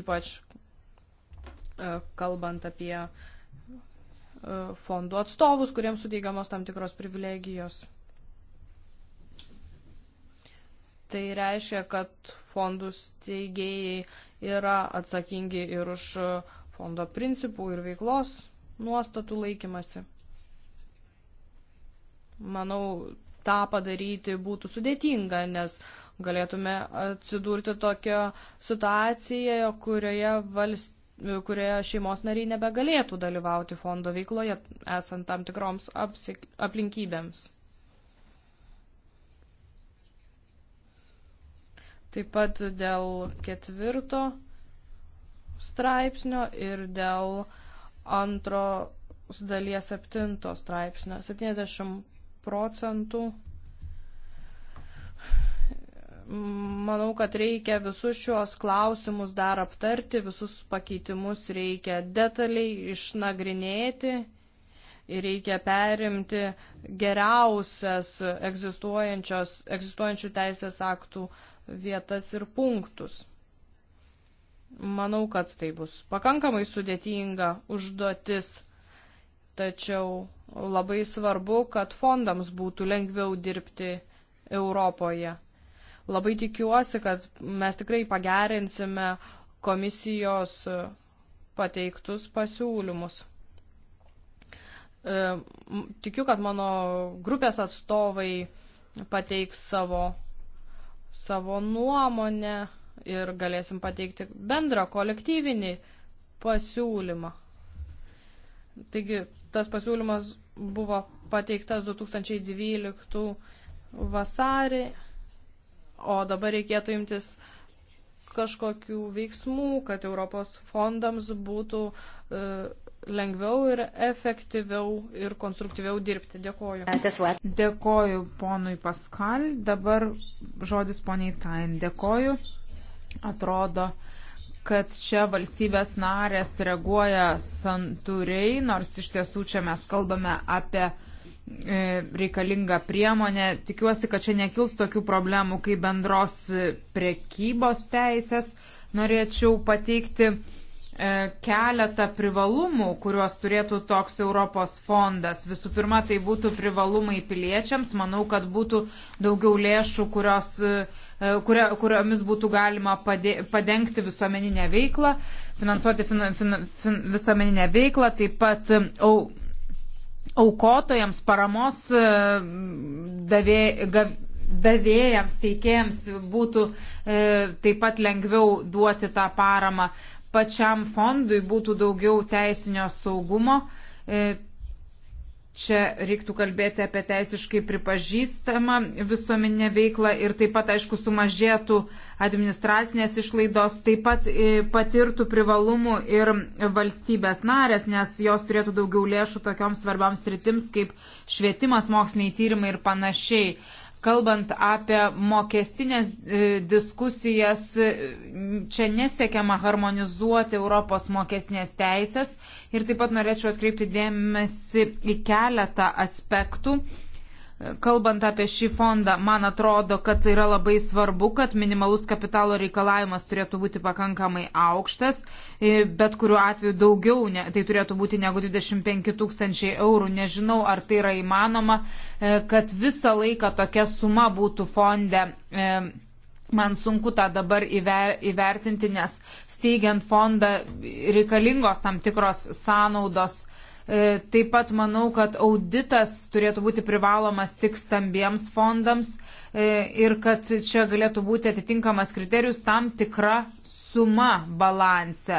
ypač E, kalbant apie e, fondų atstovus, kuriems suteikiamos tam tikros privilegijos. Tai reiškia, kad fondų steigėjai yra atsakingi ir už fondo principų ir veiklos nuostatų laikymasi. Manau, tą padaryti būtų sudėtinga, nes galėtume atsidurti tokio situacijoje, kurioje valstybė kurioje šeimos nariai nebegalėtų dalyvauti fondo veikloje esant tam tikroms apsik, aplinkybėms. Taip pat dėl ketvirto straipsnio ir dėl antros dalies septinto straipsnio 70 procentų manau, kad reikia visus šios klausimus dar aptarti, visus pakeitimus reikia detaliai išnagrinėti ir reikia perimti geriausias egzistuojančių teisės aktų vietas ir punktus. Manau, kad tai bus pakankamai sudėtinga užduotis, tačiau labai svarbu, kad fondams būtų lengviau dirbti Europoje. Labai tikiuosi, kad mes tikrai pagerinsime komisijos e, pateiktus pasiūlymus. E, tikiu, kad mano grupės atstovai pateiks savo, savo nuomonę ir galėsim pateikti bendrą kolektyvinį pasiūlymą. Taigi tas pasiūlymas buvo pateiktas 2012 vasarį O dabar reikėtų imtis kažkokių veiksmų, kad Europos fondams būtų e, lengviau ir efektyviau ir konstruktyviau dirbti. Dėkoju. Dėkoju ponui Paskal. Dabar žodis poniai Tain. Dėkoju. Atrodo, kad čia valstybės narės reaguoja santūriai, nors iš tiesų čia mes kalbame apie E, reikalinga priemonė. Tikiuosi, kad čia nekils tokių problemų kaip bendros prekybos teisės. Norėčiau pateikti e, keletą privalumų, kuriuos turėtų toks Europos fondas. Visų pirma, tai būtų privalumai piliečiams. Manau, kad būtų daugiau lėšų, kurios, e, kurio, kuriomis būtų galima pade, padengti visuomeninę veiklą, finansuoti fin, fin, fin, visuomeninę veiklą. Taip pat au, aukotojams, paramos e, davė, gav, davėjams, teikėjams būtų e, taip pat lengviau duoti tą paramą. Pačiam fondui būtų daugiau teisinio saugumo. E, Čia reiktų kalbėti apie teisiškai pripažįstamą visuomeninę veiklą ir taip pat, aišku, sumažėtų administracinės išlaidos, taip pat e, patirtų privalumų ir valstybės narės, nes jos turėtų daugiau lėšų tokioms svarbioms rytims kaip švietimas, moksliniai tyrimai ir panašiai kalbant apie mokestinės e, diskusijas, e, čia nesiekiama harmonizuoti Europos mokestinės teisės ir taip pat norėčiau atkreipti dėmesį į keletą aspektų, kalbant apie šį fondą, man atrodo, kad yra labai svarbu, kad minimalus kapitalo reikalavimas turėtų būti pakankamai aukštas, e, bet kuriuo atveju daugiau, ne, tai turėtų būti negu 25 tūkstančiai eurų. Nežinau, ar tai yra įmanoma, e, kad visą laiką tokia suma būtų fonde. E, man sunku tą dabar įver, įvertinti, nes steigiant fondą reikalingos tam tikros sąnaudos E, taip pat manau, kad auditas turėtų būti privalomas tik stambiems fondams e, ir kad čia galėtų būti atitinkamas kriterijus tam tikra suma balanse.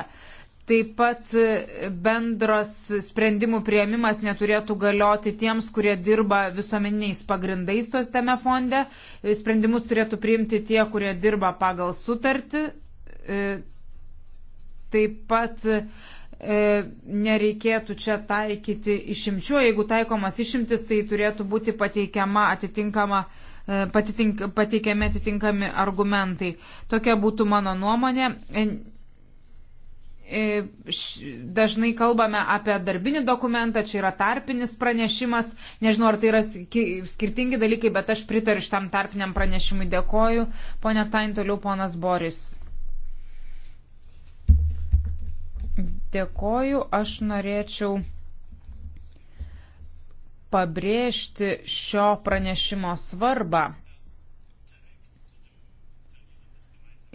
Taip pat e, bendras sprendimų prieimimas neturėtų galioti tiems, kurie dirba visuomeniniais pagrindais tos tame fonde. Sprendimus turėtų priimti tie, kurie dirba pagal sutartį. Taip pat E, nereikėtų čia taikyti išimčių. Jeigu taikomas išimtis, tai turėtų būti pateikiama atitinkama e, patitink, pateikiami atitinkami argumentai. Tokia būtų mano nuomonė. E, dažnai kalbame apie darbinį dokumentą, čia yra tarpinis pranešimas, nežinau ar tai yra skirtingi dalykai, bet aš pritariu šitam tarpiniam pranešimui, dėkoju. Pone Tain, toliau ponas Boris. dėkoju. Aš norėčiau pabrėžti šio pranešimo svarbą.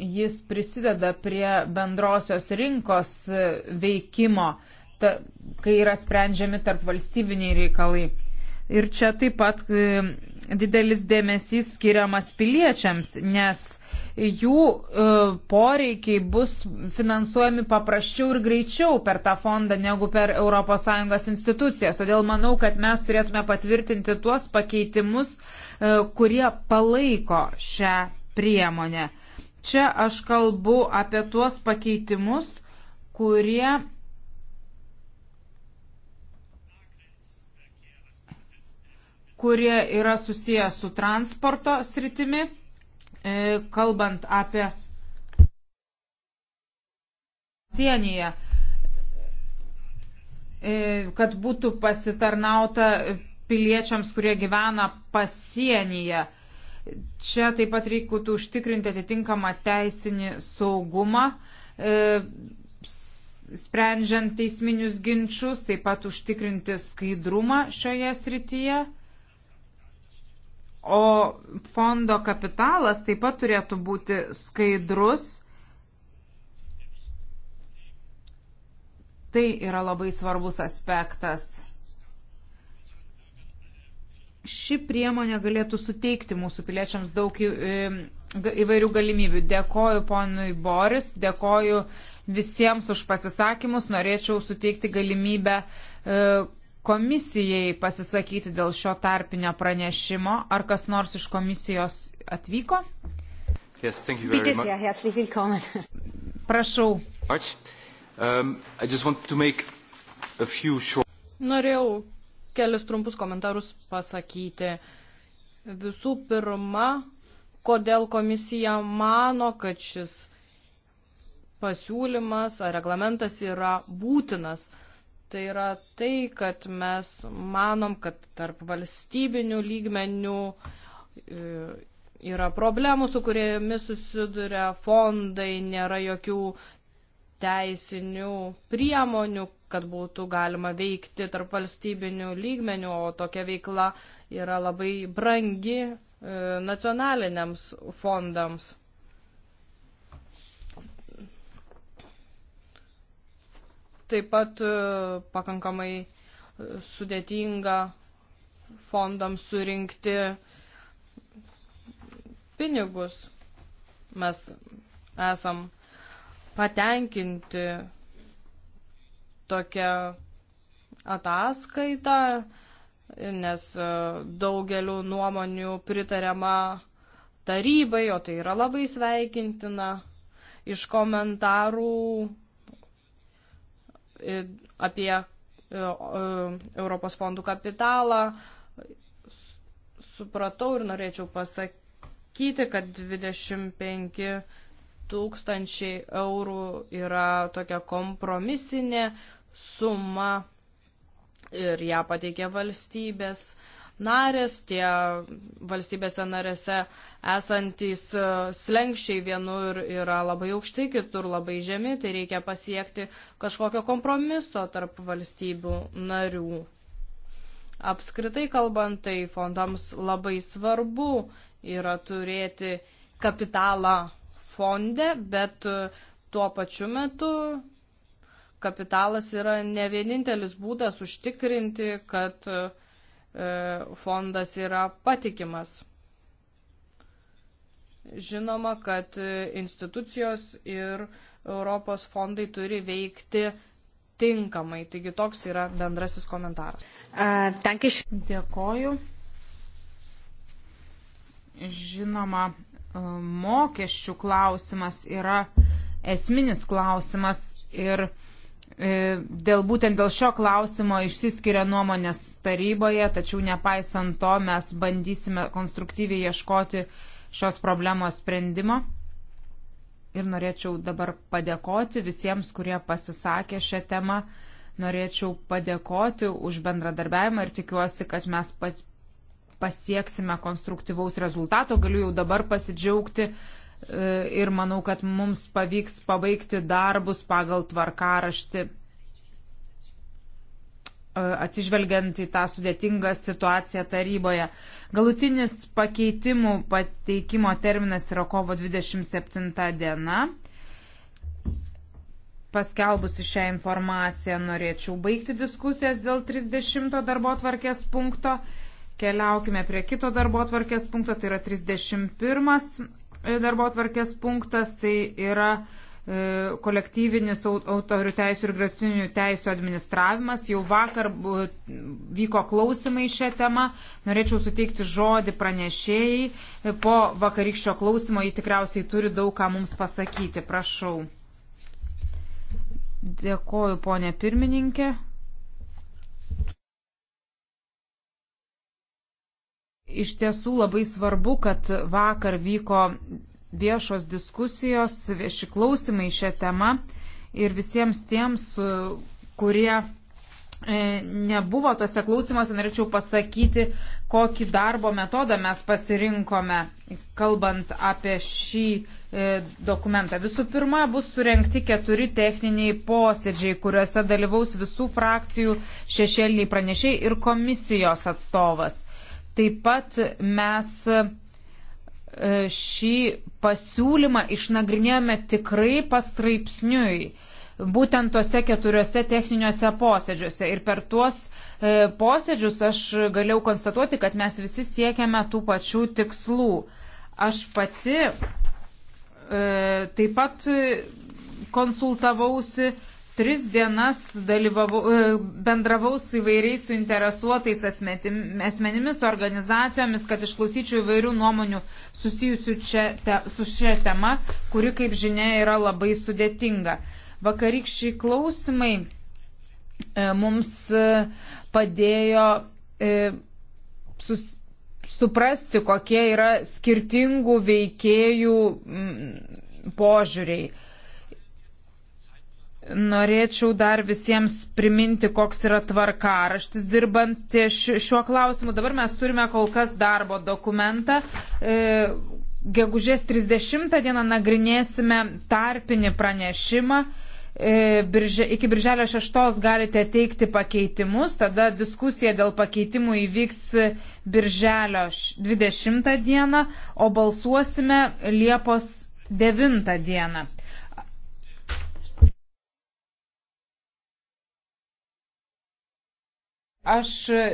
Jis prisideda prie bendrosios rinkos veikimo, ta, kai yra sprendžiami tarp valstybiniai reikalai. Ir čia taip pat e, didelis dėmesys skiriamas piliečiams, nes jų e, poreikiai bus finansuojami paprasčiau ir greičiau per tą fondą negu per ES institucijas. Todėl manau, kad mes turėtume patvirtinti tuos pakeitimus, e, kurie palaiko šią priemonę. Čia aš kalbu apie tuos pakeitimus, kurie kurie yra susiję su transporto sritimi, e, kalbant apie sienyje, e, kad būtų pasitarnauta piliečiams, kurie gyvena pasienyje. Čia taip pat reikėtų užtikrinti atitinkamą teisinį saugumą, e, sprendžiant teisminius ginčius, taip pat užtikrinti skaidrumą šioje srityje. O fondo kapitalas taip pat turėtų būti skaidrus. Tai yra labai svarbus aspektas. Ši priemonė galėtų suteikti mūsų piliečiams daug e, įvairių galimybių. Dėkoju ponui Boris, dėkoju visiems už pasisakymus. Norėčiau suteikti galimybę e, komisijai pasisakyti dėl šio tarpinio pranešimo. Ar kas nors iš komisijos atvyko? Yes, Prašau. Um, short... Norėjau kelius trumpus komentarus pasakyti. Visų pirma, kodėl komisija mano, kad šis pasiūlymas ar reglamentas yra būtinas. Uh, tai yra tai, kad mes manom, kad tarp valstybinių lygmenių e, yra problemų, su kuriomis susiduria fondai, nėra jokių teisinių priemonių, kad būtų galima veikti tarp valstybinių lygmenių, o tokia veikla yra labai brangi e, nacionaliniams fondams. taip pat e, pakankamai e, sudėtinga fondams surinkti pinigus. Mes esam patenkinti tokią ataskaitą, nes e, daugeliu nuomonių pritariama tarybai, o tai yra labai sveikintina. Iš komentarų apie e, Europos fondų kapitalą. Supratau ir norėčiau pasakyti, kad 25 tūkstančiai eurų yra tokia kompromisinė suma ir ją pateikė valstybės narės, tie valstybėse narėse esantys e, slengščiai vienur yra labai aukšti, kitur labai žemi, tai reikia pasiekti kažkokio kompromiso tarp valstybių narių. Apskritai kalbant, tai fondams labai svarbu yra turėti kapitalą fonde, bet e, tuo pačiu metu kapitalas yra ne vienintelis būdas užtikrinti, kad uh, E, fondas yra patikimas. Žinoma, kad institucijos ir Europos fondai turi veikti tinkamai. Taigi toks yra bendrasis komentaras. Tankiš. Dėkoju. Žinoma, e, mokesčių klausimas yra esminis klausimas ir E, dėl būtent dėl šio klausimo išsiskiria nuomonės taryboje, tačiau nepaisant to mes bandysime konstruktyviai ieškoti šios problemos sprendimo. Ir norėčiau dabar padėkoti visiems, kurie pasisakė šią temą. Norėčiau padėkoti už bendradarbiavimą ir tikiuosi, kad mes pasieksime konstruktyvaus rezultato. Galiu jau dabar pasidžiaugti E, ir manau, kad mums pavyks pabaigti darbus pagal tvarkaraštį, e, atsižvelgiant į tą sudėtingą situaciją taryboje. Galutinis pakeitimų pateikimo terminas yra kovo 27 diena. Paskelbusi šią informaciją norėčiau baigti diskusijas dėl 30 darbo tvarkės punkto. Keliaukime prie kito darbo tvarkės punkto, tai yra 31 darbo atvarkės punktas tai yra e, kolektyvinis autorių teisų ir gretutinių teisų administravimas. Jau vakar vyko klausimai šią temą. Norėčiau suteikti žodį pranešėjai. E, po vakarykščio klausimo jį tikriausiai turi daug ką mums pasakyti. Prašau. Dėkoju, ponė pirmininkė. iš tiesų labai svarbu, kad vakar vyko viešos diskusijos, vieši klausimai šią temą ir visiems tiems, kurie e, nebuvo tose klausimuose, norėčiau pasakyti, kokį darbo metodą mes pasirinkome, kalbant apie šį e, dokumentą. Visų pirma, bus surenkti keturi techniniai posėdžiai, kuriuose dalyvaus visų frakcijų šešėliniai pranešiai ir komisijos atstovas. Taip pat mes e, šį pasiūlymą išnagrinėjome tikrai pastraipsniui būtent tuose keturiuose techniniuose posėdžiuose. Ir per tuos e, posėdžius aš galėjau konstatuoti, kad mes visi siekiame tų pačių tikslų. Aš pati e, taip pat konsultavausi tris dienas dalyvavau, e, bendravau su įvairiais suinteresuotais asmenimis, organizacijomis, kad išklausyčiau įvairių nuomonių susijusių čia, te, su šia tema, kuri, kaip žinia, yra labai sudėtinga. Vakarykščiai klausimai e, mums e, padėjo e, sus, suprasti, kokie yra skirtingų veikėjų m, požiūriai norėčiau dar visiems priminti, koks yra tvarkaraštis dirbant ties šiuo klausimu. Dabar mes turime kol kas darbo dokumentą. E, gegužės 30 dieną nagrinėsime tarpinį pranešimą. E, birže, iki birželio 6 galite teikti pakeitimus, tada diskusija dėl pakeitimų įvyks birželio 20 dieną, o balsuosime Liepos 9 dieną. Aš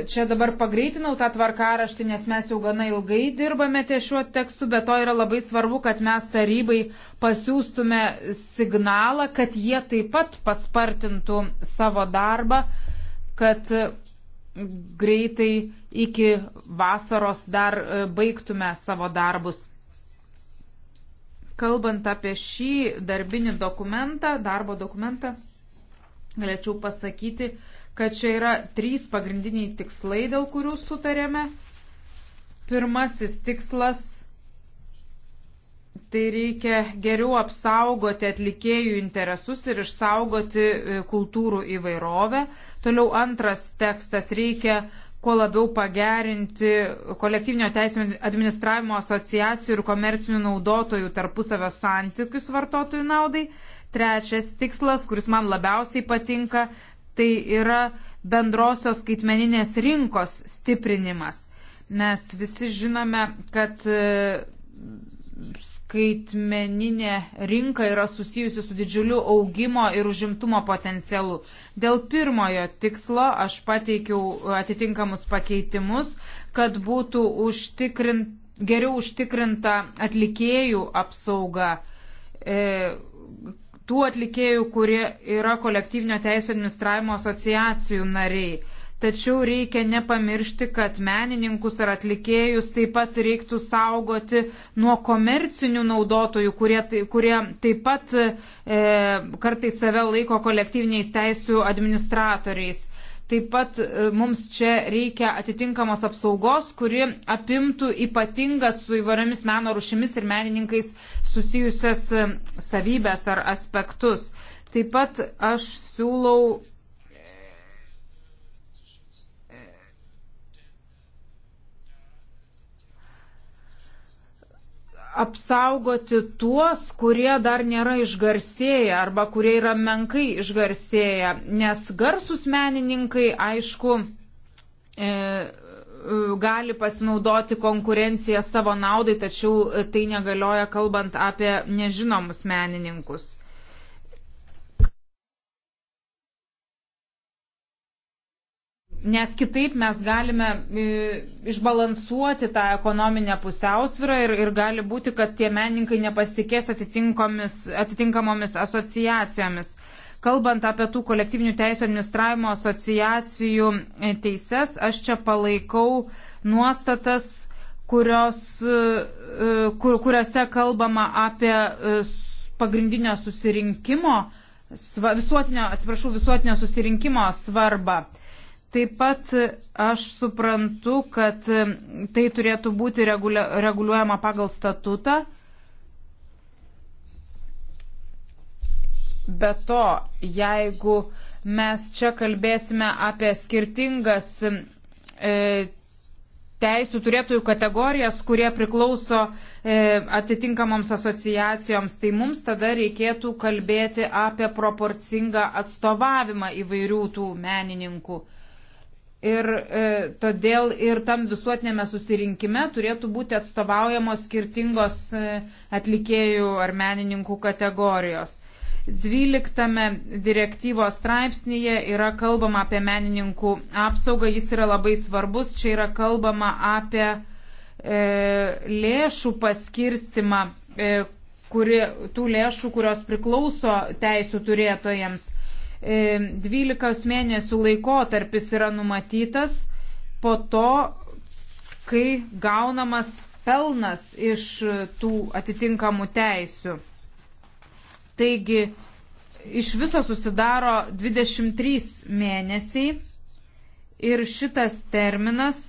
čia dabar pagreitinau tą tvarkaraštį, nes mes jau gana ilgai dirbame ties šiuo tekstu, bet to yra labai svarbu, kad mes tarybai pasiūstume signalą, kad jie taip pat paspartintų savo darbą, kad greitai iki vasaros dar e, baigtume savo darbus. Kalbant apie šį darbinį dokumentą, darbo dokumentą, galėčiau pasakyti, kad čia yra trys pagrindiniai tikslai, dėl kurių sutarėme. Pirmasis tikslas tai reikia geriau apsaugoti atlikėjų interesus ir išsaugoti e, kultūrų įvairovę. Toliau antras tekstas reikia kuo labiau pagerinti kolektyvinio teisinio administravimo asociacijų ir komercinių naudotojų tarpusavio santykius vartotojų naudai. Trečias tikslas, kuris man labiausiai patinka, tai yra bendrosios skaitmeninės rinkos stiprinimas. Mes visi žinome, kad e, skaitmeninė rinka yra susijusi su didžiuliu augimo ir užimtumo potencialu. Dėl pirmojo tikslo aš pateikiau atitinkamus pakeitimus, kad būtų užtikrint, geriau užtikrinta atlikėjų apsauga. E, tų atlikėjų, kurie yra kolektyvinio teisų administravimo asociacijų nariai. Tačiau reikia nepamiršti, kad menininkus ar atlikėjus taip pat reiktų saugoti nuo komercinių naudotojų, kurie, tai, kurie taip pat e, kartais save laiko kolektyviniais teisų administratoriais. Taip pat e, mums čia reikia atitinkamos apsaugos, kuri apimtų ypatingas su įvairiomis meno rušimis ir menininkais susijusias e, savybės ar aspektus. Taip pat aš siūlau apsaugoti tuos, kurie dar nėra išgarsėję arba kurie yra menkai išgarsėję, nes garsus menininkai, aišku, e, e, gali pasinaudoti konkurenciją savo naudai, tačiau tai negalioja kalbant apie nežinomus menininkus. Nes kitaip mes galime e, išbalansuoti tą ekonominę pusiausvyrą ir, ir gali būti, kad tie meninkai nepasitikės atitinkamomis asociacijomis. Kalbant apie tų kolektyvinių teisų administravimo asociacijų e, teises, aš čia palaikau nuostatas, kurios, e, kur, kuriuose kalbama apie pagrindinio susirinkimo, visuotinio, atsiprašau, visuotinio susirinkimo svarbą Taip pat aš suprantu, kad tai turėtų būti reguliuojama pagal statutą. Be to, jeigu mes čia kalbėsime apie skirtingas e, teisų turėtojų kategorijas, kurie priklauso e, atitinkamoms asociacijoms, tai mums tada reikėtų kalbėti apie proporcingą atstovavimą įvairių tų menininkų. E, Ir e, todėl ir tam visuotinėme susirinkime turėtų būti atstovaujamos skirtingos e, atlikėjų ar menininkų kategorijos. 12 direktyvos straipsnėje yra kalbama apie menininkų apsaugą, jis yra labai svarbus, čia yra kalbama apie e, lėšų paskirstimą, e, kuri, tų lėšų, kurios priklauso teisų turėtojams. 12 e, mėnesių laikotarpis yra numatytas po to, kai gaunamas pelnas iš tų atitinkamų teisių. Taigi iš viso susidaro 23 mėnesiai ir šitas terminas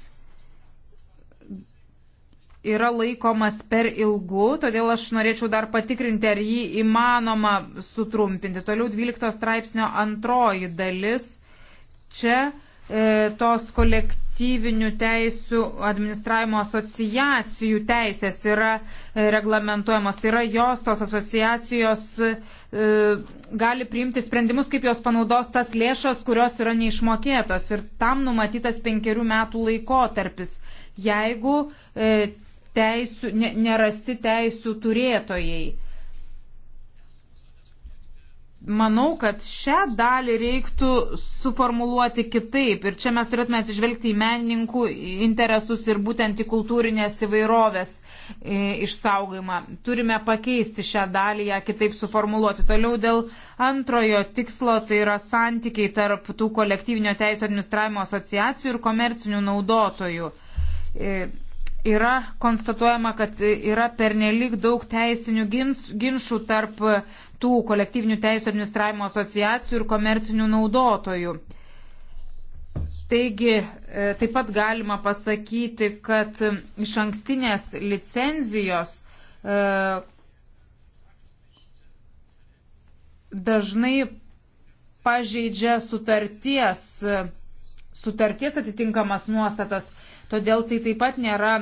yra laikomas per ilgu, todėl aš norėčiau dar patikrinti, ar jį įmanoma sutrumpinti. Toliau 12 straipsnio antroji dalis. Čia e, tos kolektyvinių teisų administravimo asociacijų teisės yra e, reglamentuojamos. Tai yra jos tos asociacijos e, gali priimti sprendimus, kaip jos panaudos tas lėšas, kurios yra neišmokėtos. Ir tam numatytas penkerių metų laikotarpis. Jeigu e, teisų, nerasti teisų turėtojai. Manau, kad šią dalį reiktų suformuluoti kitaip ir čia mes turėtume atsižvelgti į menininkų interesus ir būtent į kultūrinės įvairovės e, išsaugojimą. Turime pakeisti šią dalį, ją kitaip suformuluoti. Toliau dėl antrojo tikslo, tai yra santykiai tarp tų kolektyvinio teisų administravimo asociacijų ir komercinių naudotojų. E, yra konstatuojama, kad yra pernelyg daug teisinių ginčių tarp tų kolektyvinių teisų administravimo asociacijų ir komercinių naudotojų. Taigi, e, taip pat galima pasakyti, kad iš ankstinės licenzijos e, dažnai pažeidžia sutarties, sutarties atitinkamas nuostatas, Todėl tai taip pat nėra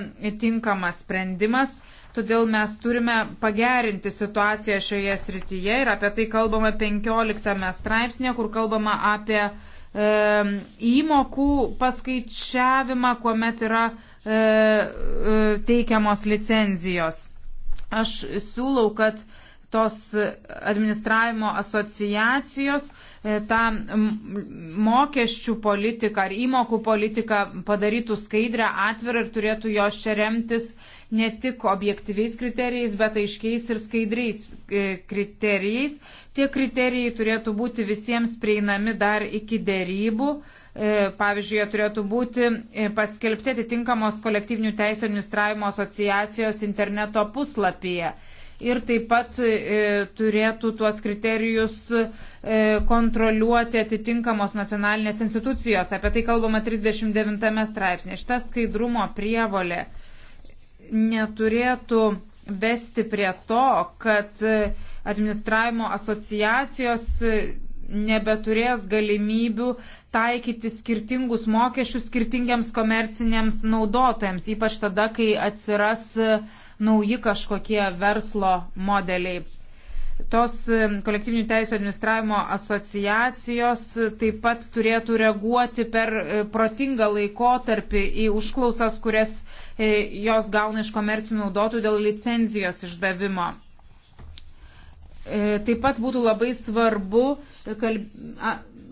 tinkamas sprendimas. Todėl mes turime pagerinti situaciją šioje srityje ir apie tai kalbama 15 straipsnė, kur kalbama apie e, įmokų paskaičiavimą, kuomet yra e, e, teikiamos licenzijos. Aš siūlau, kad tos administravimo asociacijos E, tą mokesčių politiką ar įmokų politiką padarytų skaidrę, atvirą ir turėtų jos čia remtis ne tik objektyviais kriterijais, bet aiškiais ir skaidriais e, kriterijais. Tie kriterijai turėtų būti visiems prieinami dar iki dėrybų. E, pavyzdžiui, jie turėtų būti paskelbti atitinkamos kolektyvinių teisų administravimo asociacijos interneto puslapyje ir taip pat e, turėtų tuos kriterijus e, kontroliuoti atitinkamos nacionalinės institucijos. Apie tai kalbama 39 straipsnė. Šita skaidrumo prievolė neturėtų vesti prie to, kad e, administravimo asociacijos nebeturės galimybių taikyti skirtingus mokesčius skirtingiams komerciniams naudotojams, ypač tada, kai atsiras uh, nauji kažkokie verslo modeliai. Tos kolektyvinių teisų administravimo asociacijos e, taip pat turėtų reaguoti per e, protingą laikotarpį į užklausas, kurias e, jos gauna iš komercinių naudotojų dėl licenzijos išdavimo. Taip pat būtų labai svarbu, kalb...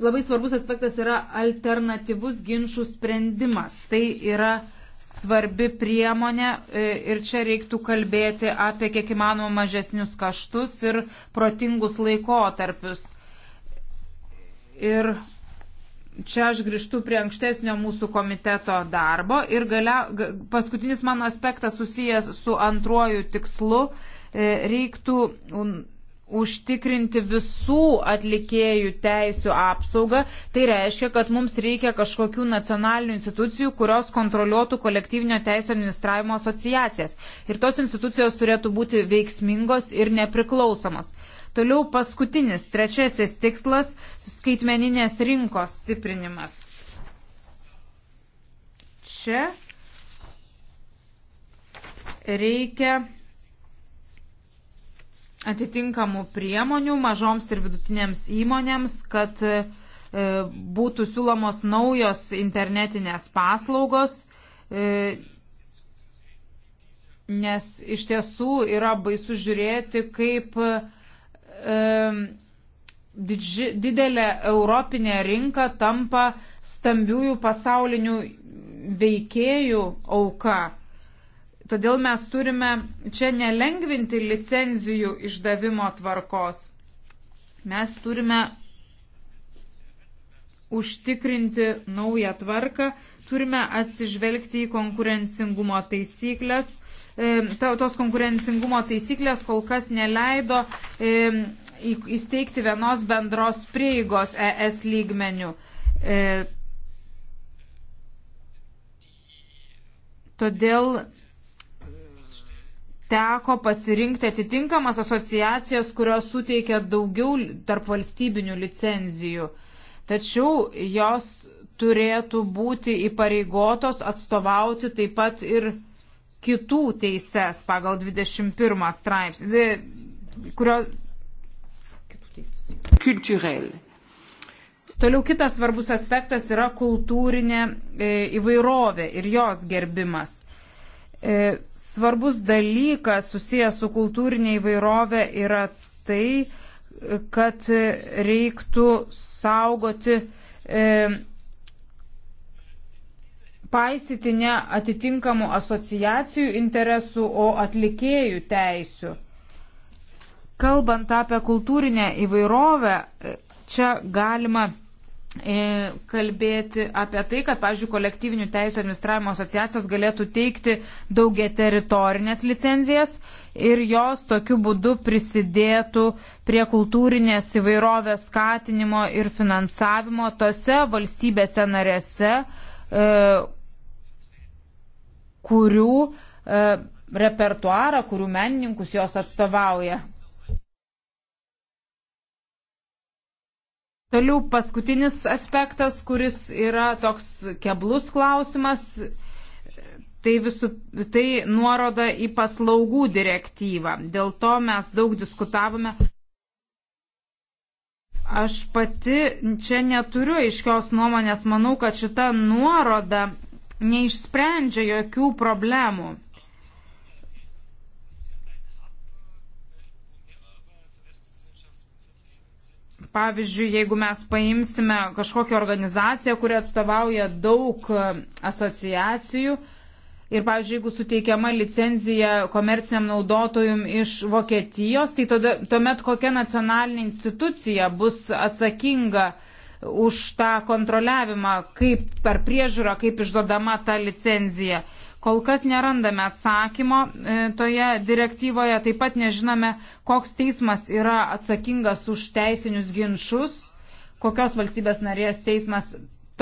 labai svarbus aspektas yra alternatyvus ginčių sprendimas. Tai yra svarbi priemonė e, ir čia reiktų kalbėti apie kiek įmanoma mažesnius kaštus ir protingus laikotarpius. Ir čia aš grįžtu prie ankstesnio mūsų komiteto darbo ir galia, paskutinis mano aspektas susijęs su antruoju tikslu. E, reiktų užtikrinti visų atlikėjų teisų apsaugą, tai reiškia, kad mums reikia kažkokių nacionalinių institucijų, kurios kontroliuotų kolektyvinio teisų administravimo asociacijas. Ir tos institucijos turėtų būti veiksmingos ir nepriklausomos. Toliau paskutinis, trečiasis tikslas - skaitmeninės rinkos stiprinimas. Čia reikia atitinkamų priemonių mažoms ir vidutinėms įmonėms, kad e, būtų siūlomos naujos internetinės paslaugos, e, nes iš tiesų yra baisu žiūrėti, kaip e, didži, didelė europinė rinka tampa stambiųjų pasaulinių veikėjų auka. Todėl mes turime čia nelengvinti licenzijų išdavimo tvarkos. Mes turime užtikrinti naują tvarką, turime atsižvelgti į konkurencingumo taisyklės. E, tos konkurencingumo taisyklės kol kas neleido e, įsteigti vienos bendros prieigos ES lygmenių. E, todėl teko pasirinkti atitinkamas asociacijas, kurios suteikia daugiau tarp valstybinių licenzijų. Tačiau jos turėtų būti įpareigotos atstovauti taip pat ir kitų teises pagal 21 straipsnį, kurio. Kulturel. Toliau kitas svarbus aspektas yra kultūrinė e, įvairovė ir jos gerbimas. E, svarbus dalykas susijęs su kultūrinė įvairovė yra tai, kad reiktų saugoti, e, paisyti ne atitinkamų asociacijų interesų, o atlikėjų teisių. Kalbant apie kultūrinę įvairovę, e, čia galima E, kalbėti apie tai, kad, pavyzdžiui, kolektyvinių teisų administravimo asociacijos galėtų teikti daugia teritorinės licenzijas ir jos tokiu būdu prisidėtų prie kultūrinės įvairovės skatinimo ir finansavimo tose valstybėse narėse, e, kurių e, repertuarą, kurių menininkus jos atstovauja. Toliau paskutinis aspektas, kuris yra toks keblus klausimas, tai, visų, tai nuoroda į paslaugų direktyvą. Dėl to mes daug diskutavome. Aš pati čia neturiu aiškios nuomonės, manau, kad šita nuoroda neišsprendžia jokių problemų. Pavyzdžiui, jeigu mes paimsime kažkokią organizaciją, kuri atstovauja daug e, asociacijų ir, pavyzdžiui, jeigu suteikiama licenzija komerciniam naudotojum iš Vokietijos, tai tada, tuomet kokia nacionalinė institucija bus atsakinga už tą kontroliavimą, kaip per priežiūrą, kaip išduodama ta licenzija. Kol kas nerandame atsakymo e, toje direktyvoje, taip pat nežinome, koks teismas yra atsakingas už teisinius ginčius, kokios valstybės narės teismas.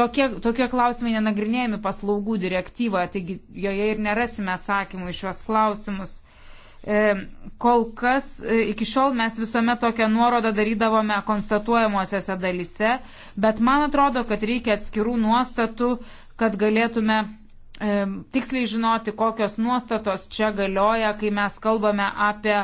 Tokie, tokie klausimai nenagrinėjami paslaugų direktyvoje, taigi joje ir nerasime atsakymų iš juos klausimus. E, kol kas e, iki šiol mes visuomet tokią nuorodą darydavome konstatuojamosiose dalise, bet man atrodo, kad reikia atskirų nuostatų, kad galėtume tiksliai žinoti, kokios nuostatos čia galioja, kai mes kalbame apie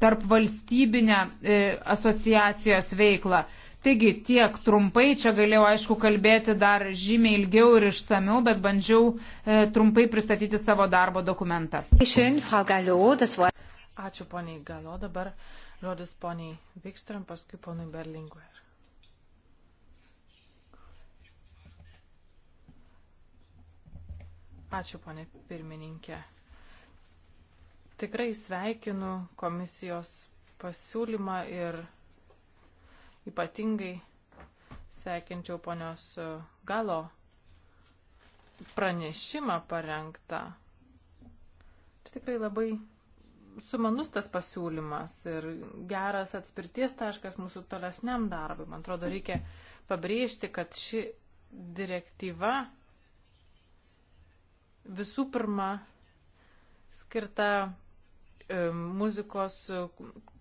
tarp valstybinę e, asociacijos veiklą. Taigi tiek trumpai, čia galėjau aišku kalbėti dar žymiai ilgiau ir išsamiau, bet bandžiau e, trumpai pristatyti savo darbo dokumentą. Ačiū poniai Galo, dabar žodis poniai Vikstram, paskui ponui Berlingui. Ačiū, ponė pirmininkė. Tikrai sveikinu komisijos pasiūlymą ir ypatingai sveikinčiau ponios Galo pranešimą parengtą. Čia tikrai labai sumanus tas pasiūlymas ir geras atspirties taškas mūsų tolesniam darbui. Man atrodo, reikia pabrėžti, kad ši direktyva visų pirma skirta e, muzikos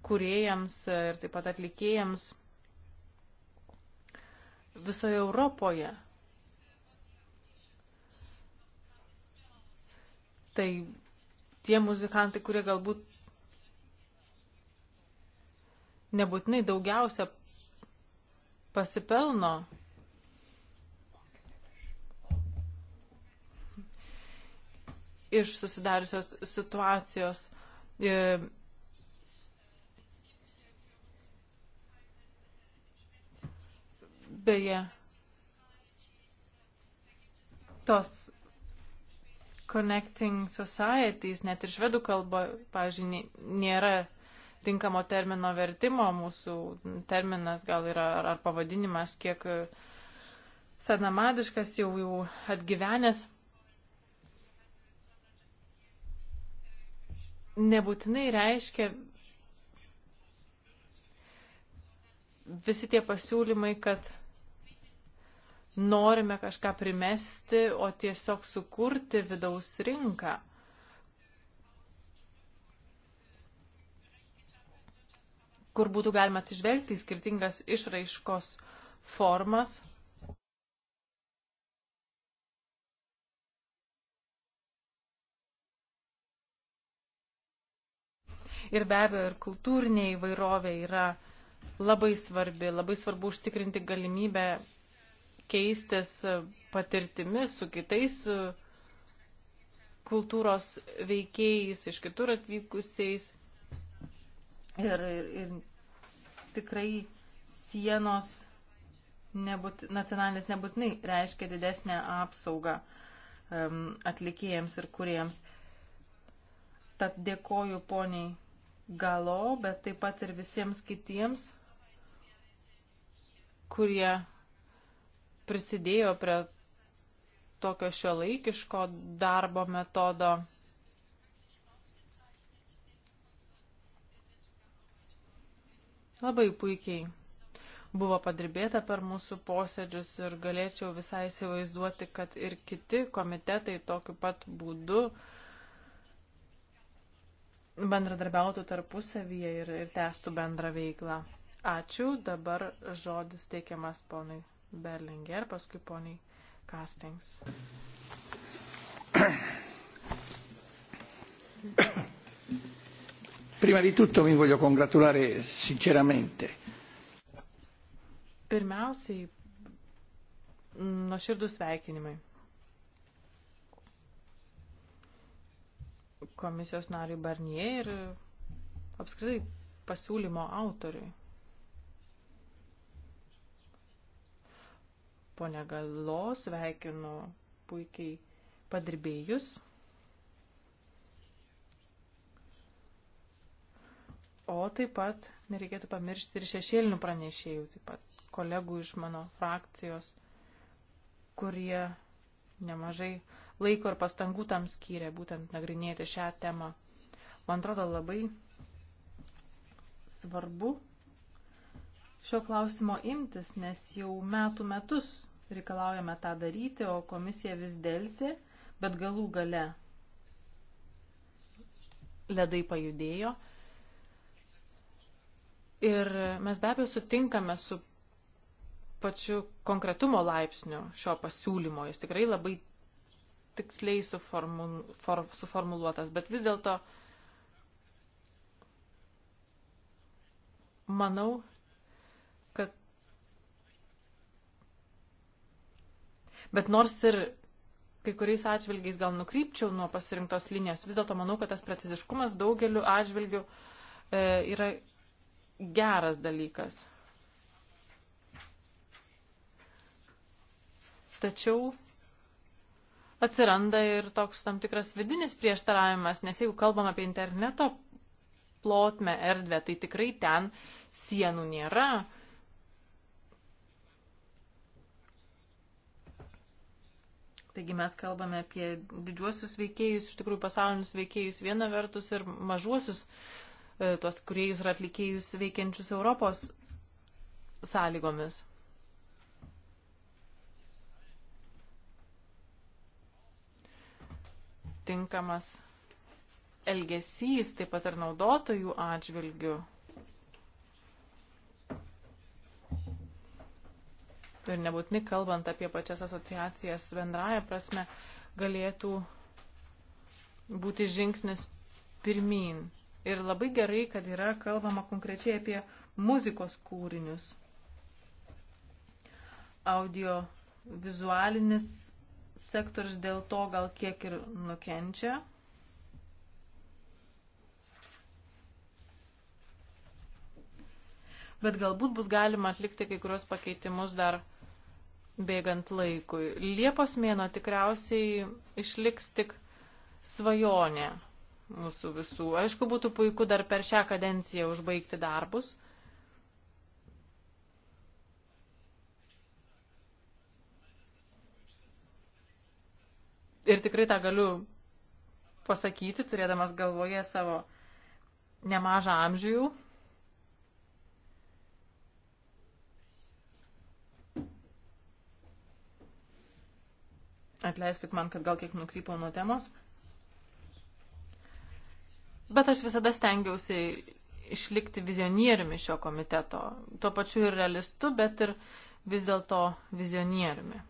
kuriejams ir taip pat atlikėjams visoje Europoje. Tai tie muzikantai, kurie galbūt nebūtinai daugiausia pasipelno iš susidariusios situacijos. E, beje, tos Connecting Societies, net ir švedų kalba, pavyzdžiui, nėra tinkamo termino vertimo, mūsų terminas gal yra ar pavadinimas kiek e, senamadiškas, jau, jau atgyvenęs. nebūtinai reiškia visi tie pasiūlymai, kad norime kažką primesti, o tiesiog sukurti vidaus rinką. kur būtų galima atsižvelgti į skirtingas išraiškos formas ir be abejo ir kultūrinė įvairovė yra labai svarbi, labai svarbu užtikrinti galimybę keistis patirtimi su kitais e, kultūros veikėjais, iš kitur atvykusiais. Ir, ir, ir tikrai sienos nebūt, nacionalinės nebūtinai reiškia didesnę apsaugą um, atlikėjams ir kuriems. Tad dėkoju poniai galo, bet taip pat ir visiems kitiems, kurie prisidėjo prie tokio šio laikiško darbo metodo. Labai puikiai buvo padirbėta per mūsų posėdžius ir galėčiau visai įsivaizduoti, kad ir kiti komitetai tokiu pat būdu uh, bendradarbiautų tarpusavyje ir, ir tęstų bendrą veiklą. Ačiū. Dabar žodis teikiamas ponui Berlinger, paskui poniai Castings. Prima di tutto mi voglio congratulare sinceramente. Pirmiausiai, nuoširdus sveikinimai. komisijos nariui Barnie ir apskritai pasiūlymo autoriui. Pone Galo, sveikinu puikiai padirbėjus. O taip pat nereikėtų pamiršti ir šešėlinių pranešėjų, taip pat kolegų iš mano frakcijos, kurie nemažai laiko ir pastangų tam skyrė, būtent nagrinėti šią temą. Man atrodo labai svarbu šio klausimo imtis, nes jau metų metus reikalaujame tą daryti, o komisija vis dėlsė, bet galų gale ledai pajudėjo. Ir mes be abejo sutinkame su pačiu konkretumo laipsniu šio pasiūlymo. Jis tikrai labai tiksliai suformu, for, suformuluotas, bet vis dėlto manau, kad. Bet nors ir kai kuriais atžvilgiais gal nukrypčiau nuo pasirinktos linijos, vis dėlto manau, kad tas preciziškumas daugeliu atžvilgių e, yra geras dalykas. Tačiau atsiranda ir toks tam tikras vidinis prieštaravimas, nes jeigu kalbam apie interneto plotmę erdvę, tai tikrai ten sienų nėra. Taigi mes kalbame apie didžiuosius veikėjus, iš tikrųjų pasaulinius veikėjus viena vertus ir mažuosius e, tuos kuriejus ir atlikėjus veikiančius Europos sąlygomis. tinkamas elgesys, taip pat ir naudotojų atžvilgių. Ir nebūtinai kalbant apie pačias asociacijas bendraja prasme, galėtų būti žingsnis pirmin. Ir labai gerai, kad yra kalbama konkrečiai apie muzikos kūrinius. Audio vizualinis sektorius dėl to gal kiek ir nukenčia. Bet galbūt bus galima atlikti kai kurios pakeitimus dar bėgant laikui. Liepos mėno tikriausiai išliks tik svajonė mūsų visų. Aišku, būtų puiku dar per šią kadenciją užbaigti darbus, Ir tikrai tą galiu pasakyti, turėdamas galvoje savo nemažą amžių. Atleiskit man, kad gal kiek nukrypau nuo temos. Bet aš visada stengiausi išlikti vizionieriumi šio komiteto. Tuo pačiu ir realistu, bet ir vis dėlto vizionieriumi.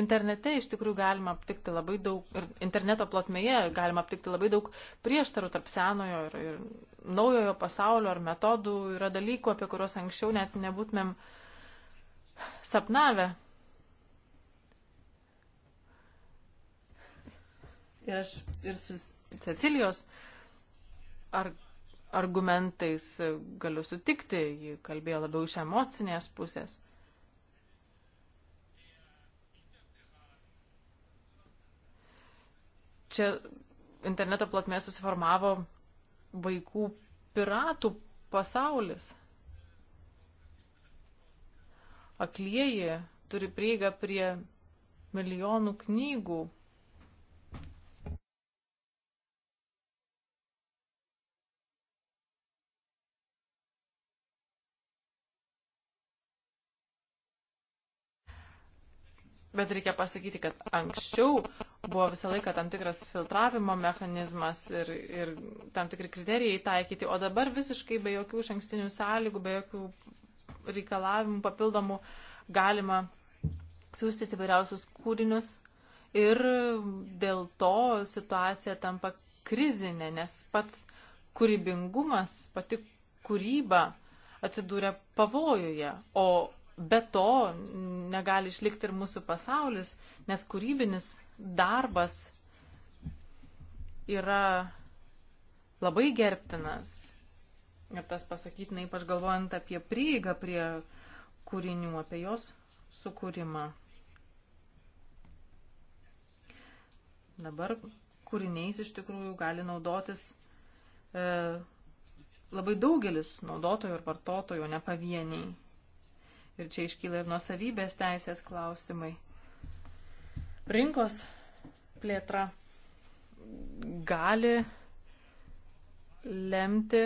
Internete iš tikrųjų galima aptikti labai daug, ir interneto plotmėje galima aptikti labai daug prieštarų tarp senojo ir, ir naujojo pasaulio ar metodų, yra dalykų, apie kuriuos anksčiau net nebūtumėm sapnavę. Ir aš ir su Cecilijos ar, argumentais galiu sutikti, ji kalbėjo labiau iš emocinės pusės. čia interneto platmė susiformavo vaikų piratų pasaulis. Aklieji turi prieigą prie milijonų knygų. Bet reikia pasakyti, kad anksčiau buvo visą laiką tam tikras filtravimo mechanizmas ir, ir tam tikri kriterijai taikyti, o dabar visiškai be jokių šankstinių sąlygų, be jokių reikalavimų papildomų galima siūsti įvairiausius kūrinius ir dėl to situacija tampa krizinė, nes pats kūrybingumas, pati kūryba atsidūrė pavojuje, o be to negali išlikti ir mūsų pasaulis, nes kūrybinis darbas yra labai gerbtinas. Ir tas pasakytina, ypač galvojant apie prieigą prie kūrinių, apie jos sukūrimą. Dabar kūriniais iš tikrųjų gali naudotis e, labai daugelis naudotojų ir vartotojų, ne pavieniai. Ir čia iškyla ir nuosavybės teisės klausimai rinkos plėtra gali lemti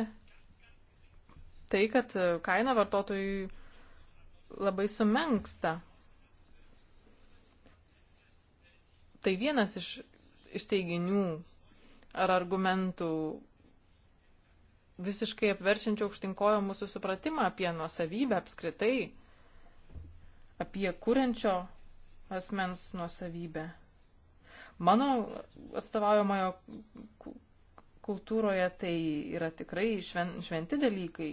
tai, kad kaina vartotojui labai sumenksta. Tai vienas iš, iš teiginių ar argumentų visiškai apverčiančių aukštinkojo mūsų supratimą apie nuosavybę apskritai, apie kūrenčio asmens nuosavybę. Mano atstovaujamojo kultūroje tai yra tikrai šven, šventi dalykai.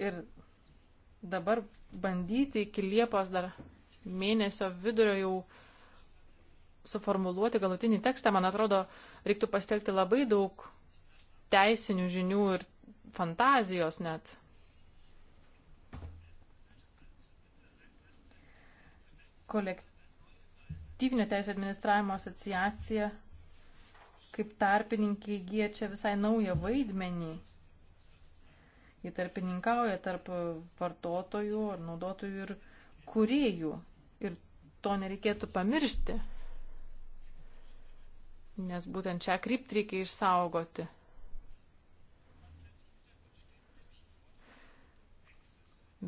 Ir dabar bandyti iki Liepos dar mėnesio vidurio jau suformuluoti galutinį tekstą, man atrodo, reiktų pastelti labai daug teisinių žinių ir fantazijos net. kolektyvinio teisų administravimo asociacija kaip tarpininkai įgyja čia visai naują vaidmenį. Jie tarpininkauja tarp vartotojų ar naudotojų ir kuriejų. Ir to nereikėtų pamiršti. Nes būtent čia krypt reikia išsaugoti.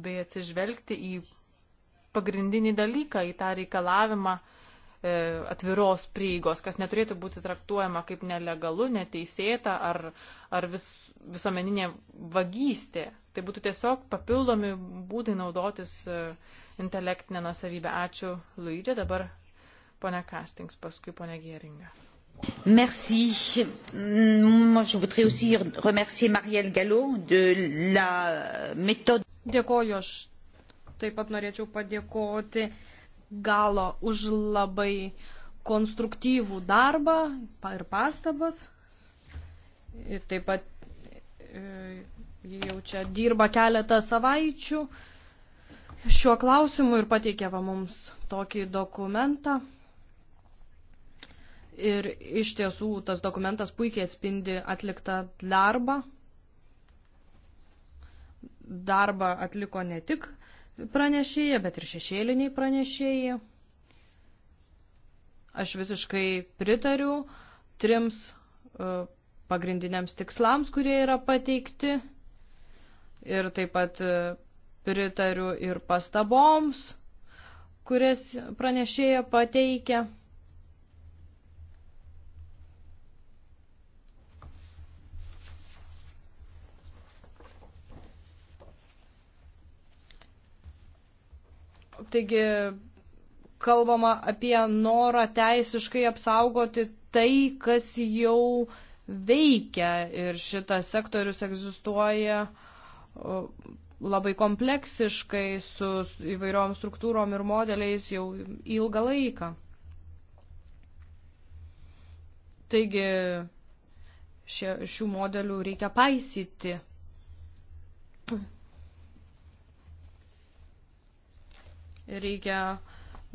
Bei atsižvelgti į pagrindinį dalyką, į tą reikalavimą e, atviros prieigos, kas neturėtų būti traktuojama kaip nelegalu, neteisėta ar, ar vis, visuomeninė vagystė. Tai būtų tiesiog papildomi būdai naudotis e, intelektinę nusavybę. Ačiū, Luidžia. Dabar ponia Kastings, paskui ponia Geringa. Merci. Mm, moi, je voudrais aussi remercier Marielle Gallo de la méthode. Dėkoju, aš taip pat norėčiau padėkoti galo už labai konstruktyvų darbą ir pastabas. Ir taip pat e, jau čia dirba keletą savaičių šiuo klausimu ir pateikė va mums tokį dokumentą. Ir iš tiesų tas dokumentas puikiai atspindi atliktą darbą. Darbą atliko ne tik pranešėja, bet ir šešėliniai pranešėjai. Aš visiškai pritariu trims e, pagrindiniams tikslams, kurie yra pateikti. Ir taip pat e, pritariu ir pastaboms, kurias pranešėja pateikia. Taigi kalbama apie norą teisiškai apsaugoti tai, kas jau veikia ir šitas sektorius egzistuoja labai kompleksiškai su įvairiom struktūrom ir modeliais jau ilgą laiką. Taigi šie, šių modelių reikia paisyti. reikia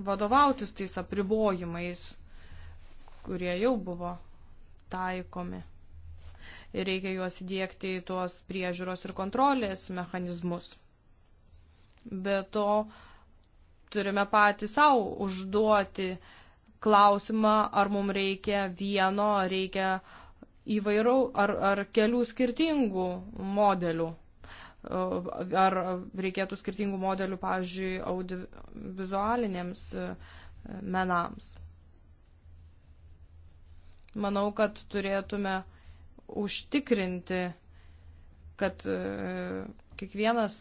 vadovautis tais apribojimais, kurie jau buvo taikomi. Ir reikia juos įdėkti į tuos priežiūros ir kontrolės mechanizmus. Be to, turime patys savo užduoti klausimą, ar mums reikia vieno, reikia įvairių ar, ar kelių skirtingų modelių ar reikėtų skirtingų modelių, pavyzdžiui, audiovizualinėms e, menams. Manau, kad turėtume užtikrinti, kad e, kiekvienas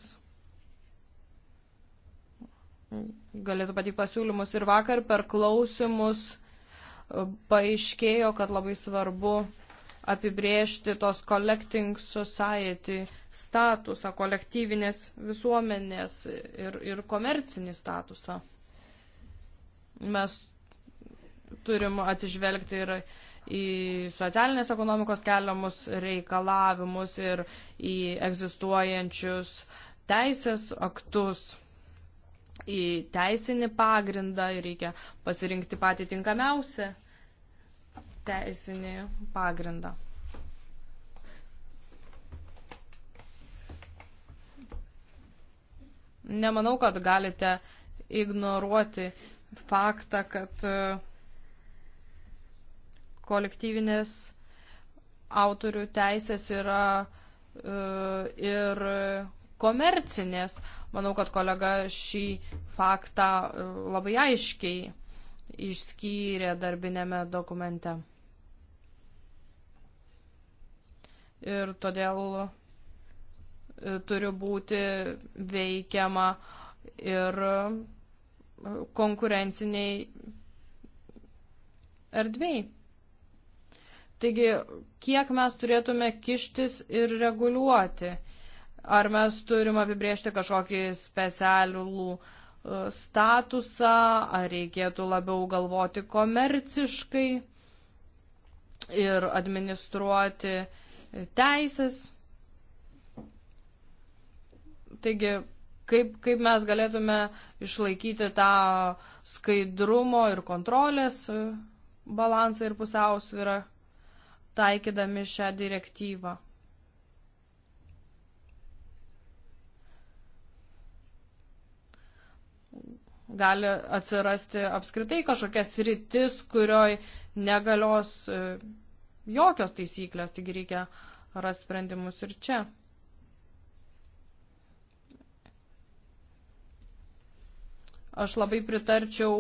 galėtų patikti pasiūlymus. Ir vakar per klausimus e, paaiškėjo, kad labai svarbu apibriežti tos collecting society statusą, kolektyvinės visuomenės ir, ir komercinį statusą. Mes turim atsižvelgti ir į socialinės ekonomikos keliamus reikalavimus ir į egzistuojančius teisės aktus, į teisinį pagrindą ir reikia pasirinkti patį tinkamiausią teisinį pagrindą. Nemanau, kad galite ignoruoti faktą, kad e, kolektyvinės autorių teisės yra e, ir komercinės. Manau, kad kolega šį faktą e, labai aiškiai išskyrė darbinėme dokumente. ir todėl e, turi būti veikiama ir e, konkurenciniai erdvėj. Taigi, kiek mes turėtume kištis ir reguliuoti? Ar mes turim apibriežti kažkokį specialų e, statusą, ar reikėtų labiau galvoti komerciškai ir administruoti uh, teisės. Taigi, kaip, kaip mes galėtume išlaikyti tą skaidrumo ir kontrolės e, balansą ir pusiausvyrą, taikydami šią direktyvą. Gali atsirasti apskritai kažkokias rytis, kurioj negalios e, jokios taisyklės, taigi reikia rasti sprendimus ir čia. Aš labai pritarčiau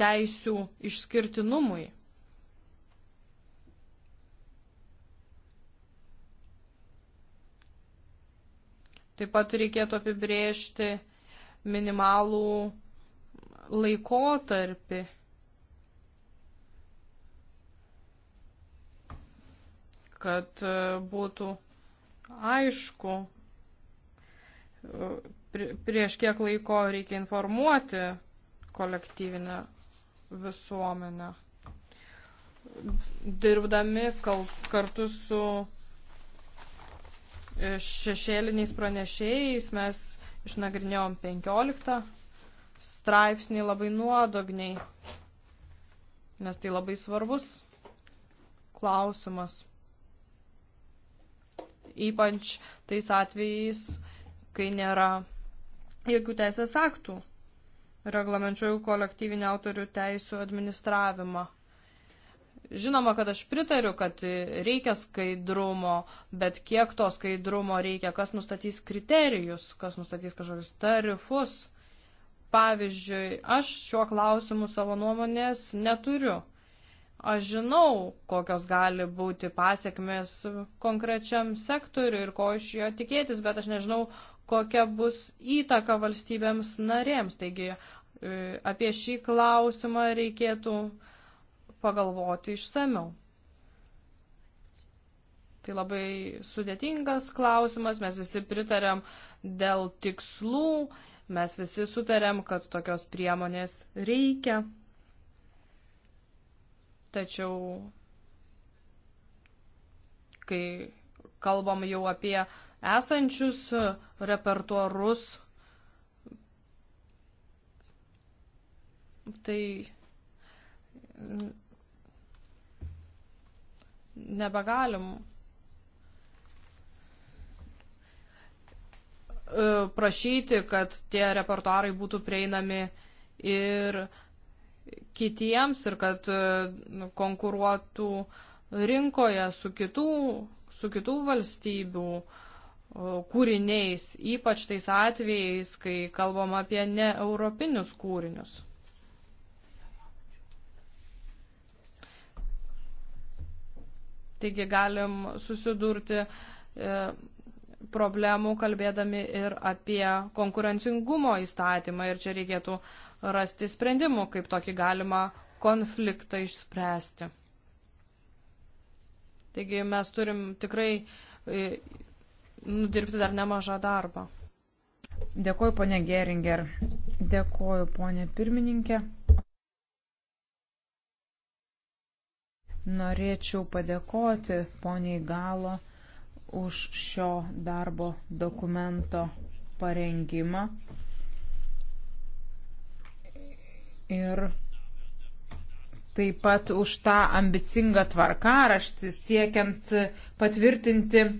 teisių išskirtinumui. Taip pat reikėtų apibrėžti minimalų laikotarpį kad e, būtų aišku, e, prieš kiek laiko reikia informuoti kolektyvinę visuomenę. Dirbdami kartu su e, šešėliniais pranešėjais mes išnagrinėjom 15 straipsnį labai nuodogniai, nes tai labai svarbus klausimas ypač tais atvejais, kai nėra jokių teisės aktų reglamenčiuoju kolektyvinį autorių teisų administravimą. Žinoma, kad aš pritariu, kad reikia skaidrumo, bet kiek to skaidrumo reikia, kas nustatys kriterijus, kas nustatys kažkokius tarifus. Pavyzdžiui, aš šiuo klausimu savo nuomonės neturiu. Aš žinau, kokios gali būti pasiekmes konkrečiam sektoriu ir ko iš jo tikėtis, bet aš nežinau, kokia bus įtaka valstybėms narėms. Taigi e, apie šį klausimą reikėtų pagalvoti išsameu. Tai labai sudėtingas klausimas, mes visi pritarėm dėl tikslų, mes visi sutarėm, kad tokios priemonės reikia. Tačiau, kai kalbam jau apie esančius repertuarus, tai nebegalim e, prašyti, kad tie repertuarai būtų prieinami ir kitiems ir kad e, nu, konkuruotų rinkoje su kitų, su kitų valstybių e, kūriniais, ypač tais atvejais, kai kalbam apie ne europinius kūrinius. Taigi galim susidurti e, problemų kalbėdami ir apie konkurencingumo įstatymą ir čia reikėtų uh, rasti sprendimų, kaip tokį galima konfliktą išspręsti. Taigi mes turim tikrai e, nudirbti dar nemažą darbą. Dėkuoju, ponė Geringer. Dėkuoju, ponė pirmininkė. Norėčiau padėkoti poniai Galo už šio darbo dokumento parengimą ir taip pat už tą ambicingą tvarkaraštį siekiant patvirtinti e,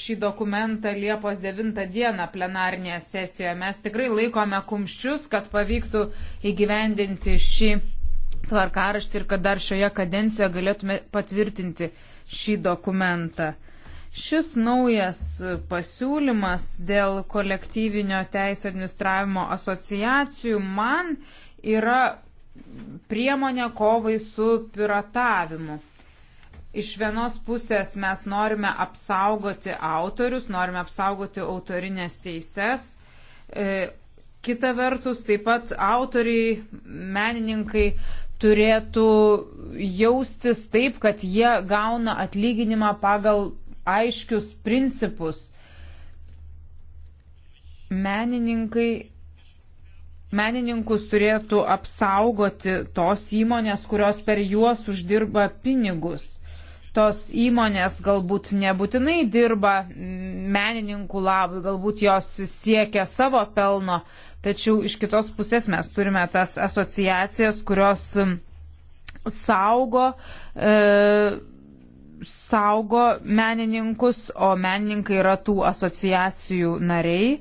šį dokumentą Liepos 9 dieną plenarnėje sesijoje. Mes tikrai laikome kumščius, kad pavyktų įgyvendinti šį tvarkaraštį ir kad dar šioje kadencijoje galėtume patvirtinti šį dokumentą. Šis naujas pasiūlymas dėl kolektyvinio teisų administravimo asociacijų man uh, yra priemonė kovai su piratavimu. Iš vienos pusės mes norime apsaugoti autorius, norime apsaugoti autorinės teises. E, kita vertus, taip pat autoriai, menininkai turėtų jaustis taip, kad jie gauna atlyginimą pagal aiškius principus. Menininkai menininkus turėtų apsaugoti tos įmonės, kurios per juos uždirba pinigus. Tos įmonės galbūt nebūtinai dirba menininkų labui, galbūt jos siekia savo pelno, tačiau iš kitos pusės mes turime tas asociacijas, kurios saugo. E, saugo menininkus, o menininkai yra tų asociacijų nariai.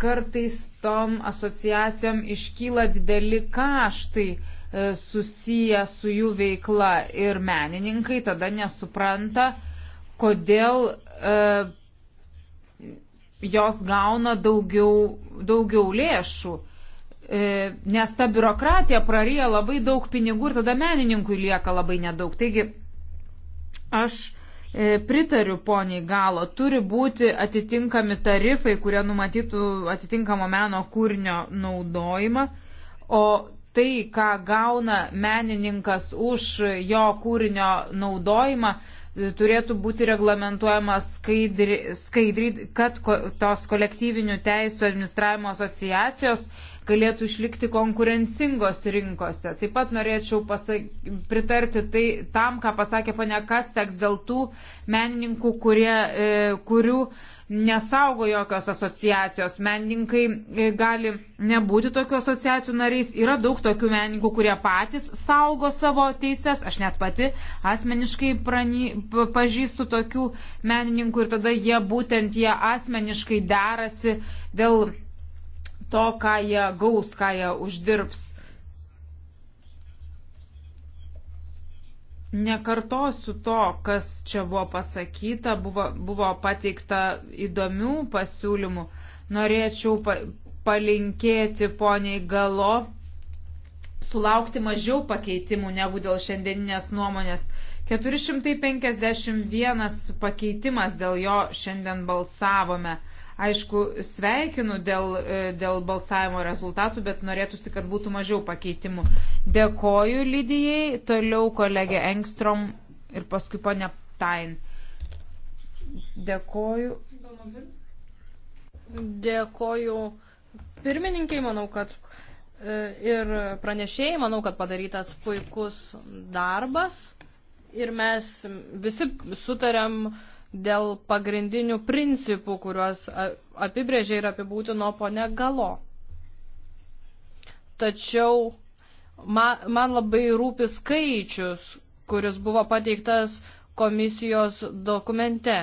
kartais tom asociacijom iškyla dideli kaštai e, susiję su jų veikla ir menininkai tada nesupranta, kodėl e, jos gauna daugiau, daugiau lėšų. E, nes ta biurokratija praryja labai daug pinigų ir tada menininkui lieka labai nedaug. Taigi aš E, pritariu poniai galo, turi būti atitinkami tarifai, kurie numatytų atitinkamo meno kūrinio naudojimą, o tai, ką gauna menininkas už jo kūrinio naudojimą, turėtų būti reglamentuojama skaidri, skaidri kad ko, tos kolektyvinių teisų administravimo asociacijos galėtų išlikti konkurencingos rinkose. Taip pat norėčiau pasak, pritarti tai, tam, ką pasakė ponia Kasteks dėl tų menininkų, kurie, e, kurių e, nesaugo jokios asociacijos. Menininkai e, gali nebūti tokių asociacijų nariais. Yra daug tokių menininkų, kurie patys saugo savo teises. Aš net pati asmeniškai prany, pažįstu tokių menininkų ir tada jie būtent jie asmeniškai derasi dėl to, ką jie gaus, ką jie uždirbs. Nekartosiu to, kas čia buvo pasakyta, buvo, buvo pateikta įdomių pasiūlymų. Norėčiau pa, palinkėti poniai galo sulaukti mažiau pakeitimų negu dėl šiandieninės nuomonės. 451 pakeitimas dėl jo šiandien balsavome aišku, sveikinu dėl, e, dėl balsavimo rezultatų, bet norėtųsi, kad būtų mažiau pakeitimų. Dėkoju Lydijai, toliau kolegė Engstrom ir paskui ponė Tain. Dėkoju. Dėkoju pirmininkai, manau, kad e, ir pranešėjai, manau, kad padarytas puikus darbas ir mes visi sutarėm, dėl pagrindinių principų, kuriuos apibrėžė ir apibūtino ponė Galo. Tačiau man, man labai rūpi skaičius, kuris buvo pateiktas komisijos dokumente.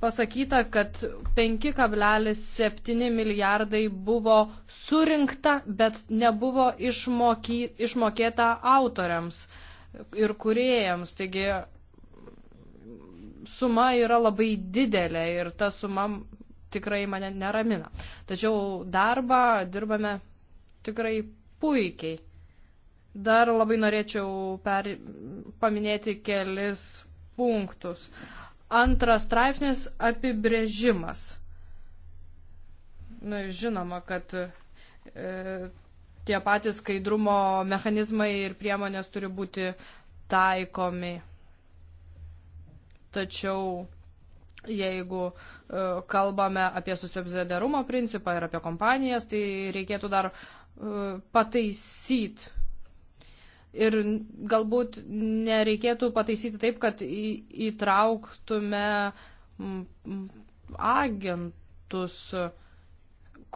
Pasakyta, kad 5,7 milijardai buvo surinkta, bet nebuvo išmoky, išmokėta autoriams ir kuriejams. Taigi suma yra labai didelė ir ta suma tikrai mane neramina. Tačiau darbą dirbame tikrai puikiai. Dar labai norėčiau per, paminėti kelis punktus. Antras straipsnis - apibrėžimas. Na, nu, žinoma, kad e, tie patys skaidrumo mechanizmai ir priemonės turi būti taikomi. Tačiau jeigu e, kalbame apie susibzidarumo principą ir apie kompanijas, tai reikėtų dar e, pataisyti. Ir galbūt nereikėtų pataisyti taip, kad įtrauktume agentus,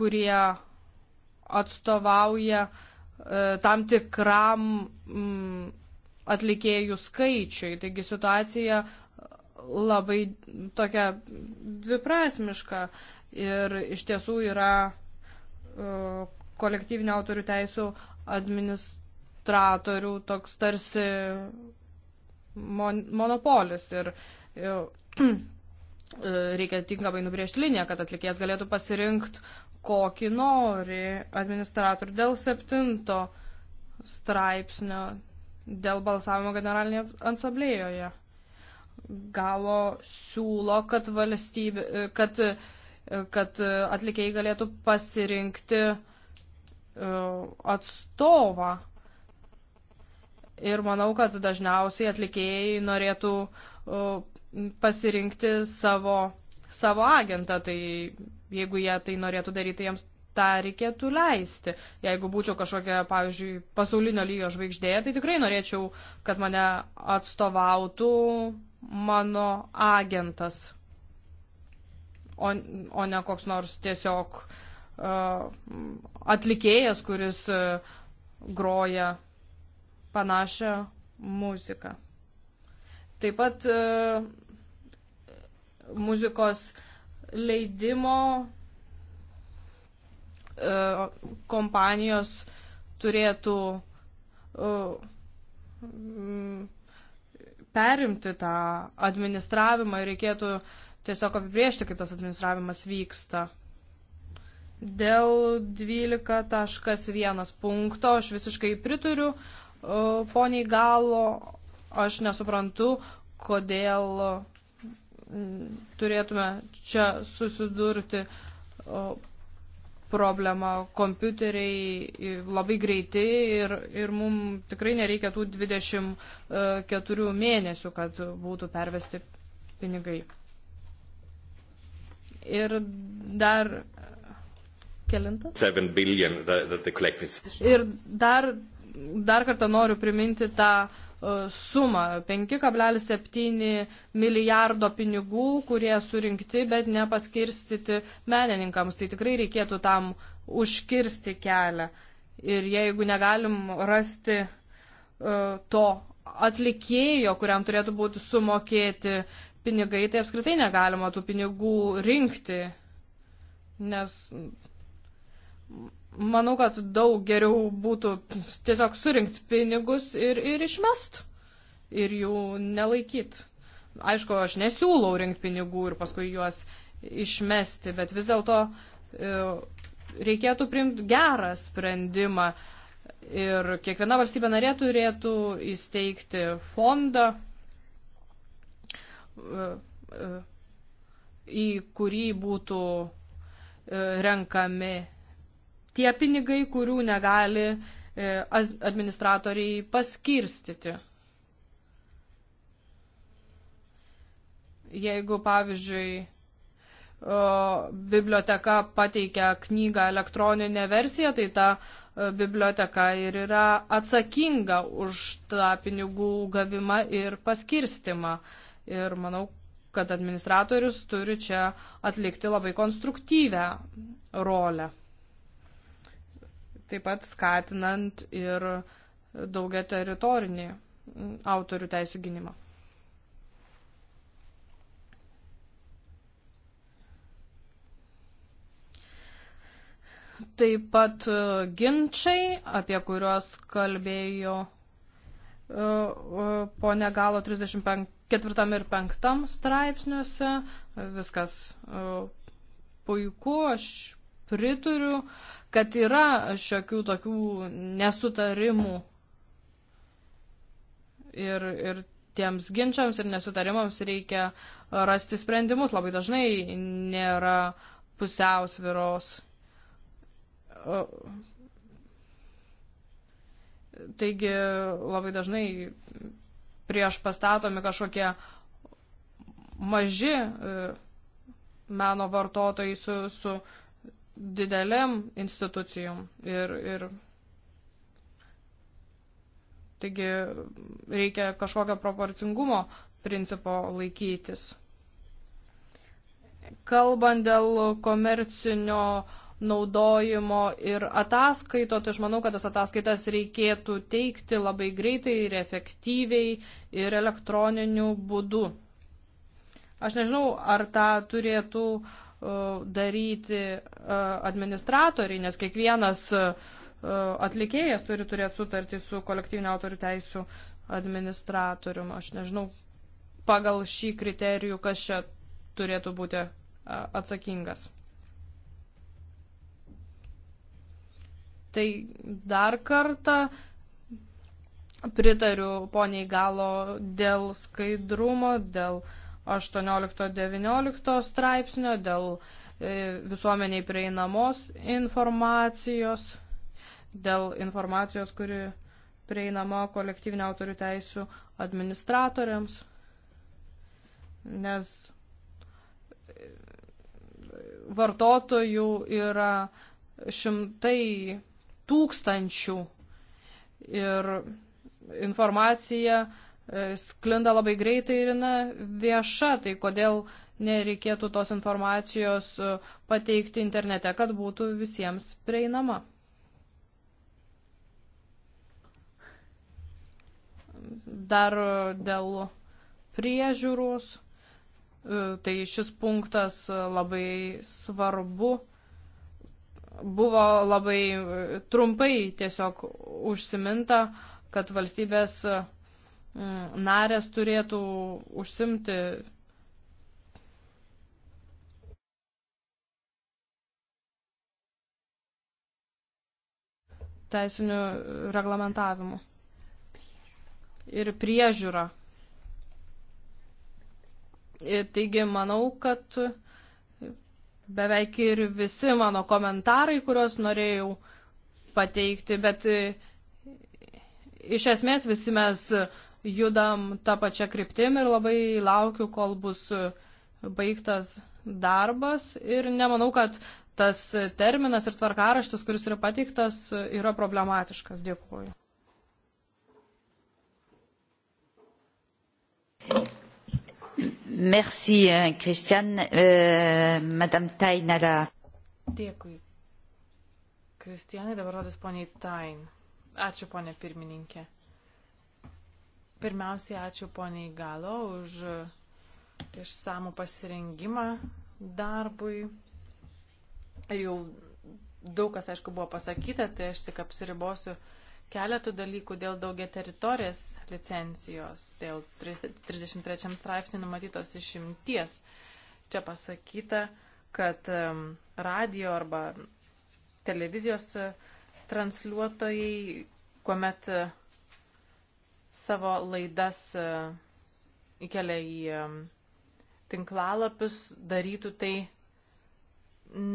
kurie atstovauja e, tam tikram atlikėjų skaičiui. Taigi situacija labai tokia dviprasmiška ir iš tiesų yra e, kolektyvinio autorių teisų administratorių toks tarsi mon monopolis ir, ir e, e, reikia tinkamai nubriežti liniją, kad atlikėjas galėtų pasirinkti, kokį nori administratorių dėl septinto straipsnio dėl balsavimo generalinėje asamblėjoje galo siūlo, kad, valstybė, kad, kad atlikėjai galėtų pasirinkti e, atstovą. Ir manau, kad dažniausiai atlikėjai norėtų e, pasirinkti savo, savo agentą. Tai jeigu jie tai norėtų daryti, tai jiems tą reikėtų leisti. Jeigu būčiau kažkokia, pavyzdžiui, pasaulinio lygio žvaigždė, tai tikrai norėčiau, kad mane atstovautų mano agentas, o, o ne koks nors tiesiog uh, atlikėjas, kuris uh, groja panašią muziką. Taip pat uh, muzikos leidimo uh, kompanijos turėtų uh, perimti tą administravimą ir reikėtų tiesiog apibriežti, kaip tas administravimas vyksta. Dėl 12.1 punkto aš visiškai prituriu poniai galo, aš nesuprantu, kodėl turėtume čia susidurti problema. Kompiuteriai labai greiti ir, ir mums tikrai nereikia tų 24 e, mėnesių, kad būtų pervesti pinigai. Ir dar. Kelintas? Billion, the, the, the ir dar, dar kartą noriu priminti tą uh, E, sumą - 5,7 milijardo pinigų, kurie surinkti, bet nepaskirstyti menininkams. Tai tikrai reikėtų tam užkirsti kelią. Ir jeigu negalim rasti e, to atlikėjo, kuriam turėtų būti sumokėti pinigai, tai apskritai negalima tų pinigų rinkti. Nes manau, kad daug geriau būtų tiesiog surinkti pinigus ir, ir išmest ir jų nelaikyt. Aišku, aš nesiūlau rinkti pinigų ir paskui juos išmesti, bet vis dėlto e, reikėtų priimti gerą sprendimą ir kiekviena valstybė narė turėtų įsteigti fondą, e, e, į kurį būtų renkami tie pinigai, kurių negali e, administratoriai paskirstyti. Jeigu, pavyzdžiui, biblioteka pateikia knygą elektroninę versiją, tai ta e, biblioteka ir yra atsakinga už tą pinigų gavimą ir paskirstimą. Ir manau, kad administratorius turi čia atlikti labai konstruktyvę rolę taip pat skatinant ir daugia teritorinį autorių teisų gynimą. Taip pat e, ginčiai, apie kuriuos kalbėjo e, e, ponė Galo 34 ir 5 straipsniuose, viskas puiku, aš prituriu, kad yra šiokių tokių nesutarimų ir, ir tiems ginčiams ir nesutarimams reikia rasti sprendimus. Labai dažnai nėra pusiausviros. Taigi labai dažnai prieš pastatomi kažkokie maži e, meno vartotojai su, su dideliam institucijom. Ir, ir taigi reikia kažkokio proporcingumo principo laikytis. Kalbant dėl komercinio naudojimo ir ataskaito, tai aš manau, kad tas ataskaitas reikėtų teikti labai greitai ir efektyviai ir elektroniniu būdu. Aš nežinau, ar tą turėtų uh, E, daryti e, administratoriai, nes kiekvienas e, atlikėjas turi turėti sutartį su kolektyvinio autorių teisų administratorium. Aš nežinau, pagal šį kriterijų, kas čia turėtų būti atsakingas. Tai dar kartą pritariu poniai galo dėl skaidrumo, dėl uh, 18-19 straipsnio dėl e, visuomeniai prieinamos informacijos, dėl informacijos, kuri prieinama kolektyvinio autorių teisų administratoriams, nes e, vartotojų yra šimtai tūkstančių ir informacija E, sklinda labai greitai ir na, vieša, tai kodėl nereikėtų tos informacijos e, pateikti internete, kad būtų visiems prieinama. Dar dėl priežiūros, e, tai šis punktas labai svarbu. Buvo labai trumpai tiesiog užsiminta, kad valstybės Mm, narės turėtų užsimti teisiniu reglamentavimu ir priežiūra. Ir taigi manau, kad beveik ir visi mano komentarai, kuriuos norėjau pateikti, bet iš esmės visi mes uh, judam tą pačią kryptim ir labai laukiu, kol bus baigtas darbas ir nemanau, kad tas terminas ir tvarkaraštis, kuris yra pateiktas, yra problematiškas. Dėkuoju. Merci, Kristian. Uh, Madame Tain, à la. Dėkui. Kristianai, dabar rodas poniai Tain. Ačiū, ponė pirmininkė. Pirmiausiai ačiū poniai Galo už išsamų pasirengimą darbui. Ir jau daug kas, aišku, buvo pasakyta, tai aš tik apsiribosiu keletų dalykų dėl daugia teritorijas licencijos, dėl 33 straipsnį numatytos išimties. Čia pasakyta, kad radio arba televizijos transliuotojai, kuomet savo laidas e, įkelia į e, tinklalapius, darytų tai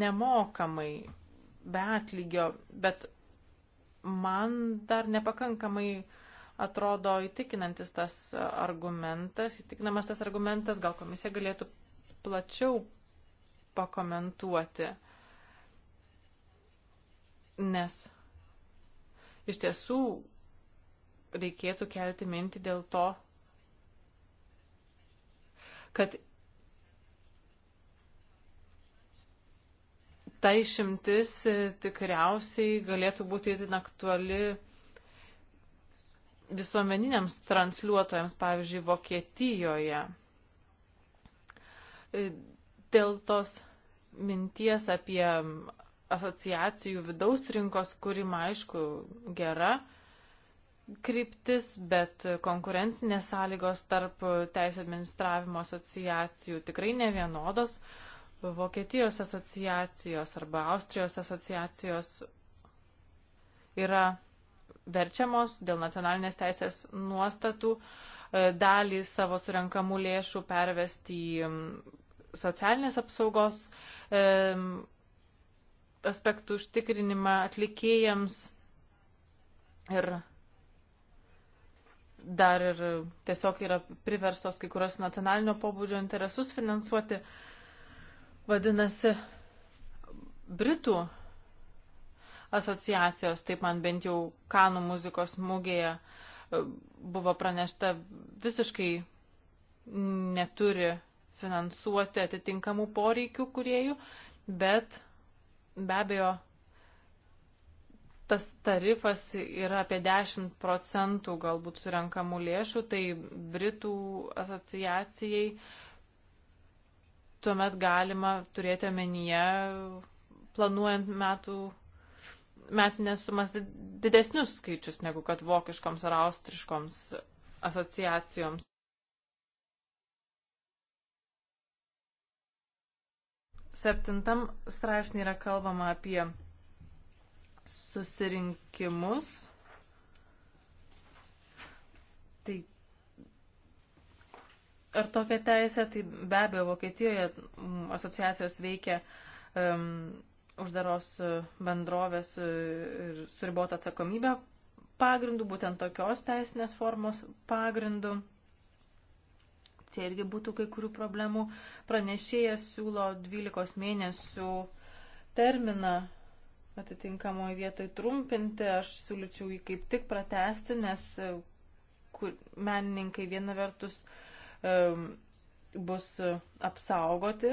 nemokamai, be atlygio, bet man dar nepakankamai atrodo įtikinantis tas argumentas, įtikinamas tas argumentas, gal komisija galėtų plačiau pakomentuoti. Nes iš tiesų reikėtų kelti mintį dėl to, kad ta išimtis e, tikriausiai galėtų būti itin aktuali visuomeniniams transliuotojams, pavyzdžiui, Vokietijoje. E, dėl tos minties apie asociacijų vidaus rinkos kūrimą, aišku, gera kryptis, bet konkurencinės sąlygos tarp teisų administravimo asociacijų tikrai ne vienodos. Vokietijos asociacijos arba Austrijos asociacijos yra verčiamos dėl nacionalinės teisės nuostatų e, dalį savo surenkamų lėšų pervesti į socialinės apsaugos e, aspektų užtikrinimą atlikėjams ir dar ir tiesiog yra priverstos kai kurios nacionalinio pobūdžio interesus finansuoti. Vadinasi, Britų asociacijos, taip man bent jau Kanų muzikos mūgėje e, buvo pranešta, visiškai neturi finansuoti atitinkamų poreikių kuriejų, bet be abejo tas tarifas yra apie 10 procentų galbūt surenkamų lėšų, tai Britų asociacijai tuomet galima turėti omenyje, planuojant metų, metinės sumas didesnius skaičius negu kad vokiškoms ar austriškoms asociacijoms. Septintam straipsnį yra kalbama apie susirinkimus. Tai ar tokia teisė, tai be abejo, Vokietijoje mm, asociacijos veikia um, uždaros e, bendrovės e, ir suribota atsakomybė pagrindų, būtent tokios teisinės formos pagrindų. Čia irgi būtų kai kurių problemų. Pranešėjas siūlo 12 mėnesių terminą atitinkamoje vietoje trumpinti, aš siūlyčiau jį kaip tik pratesti, nes e, kur, menininkai viena vertus um, bus e, apsaugoti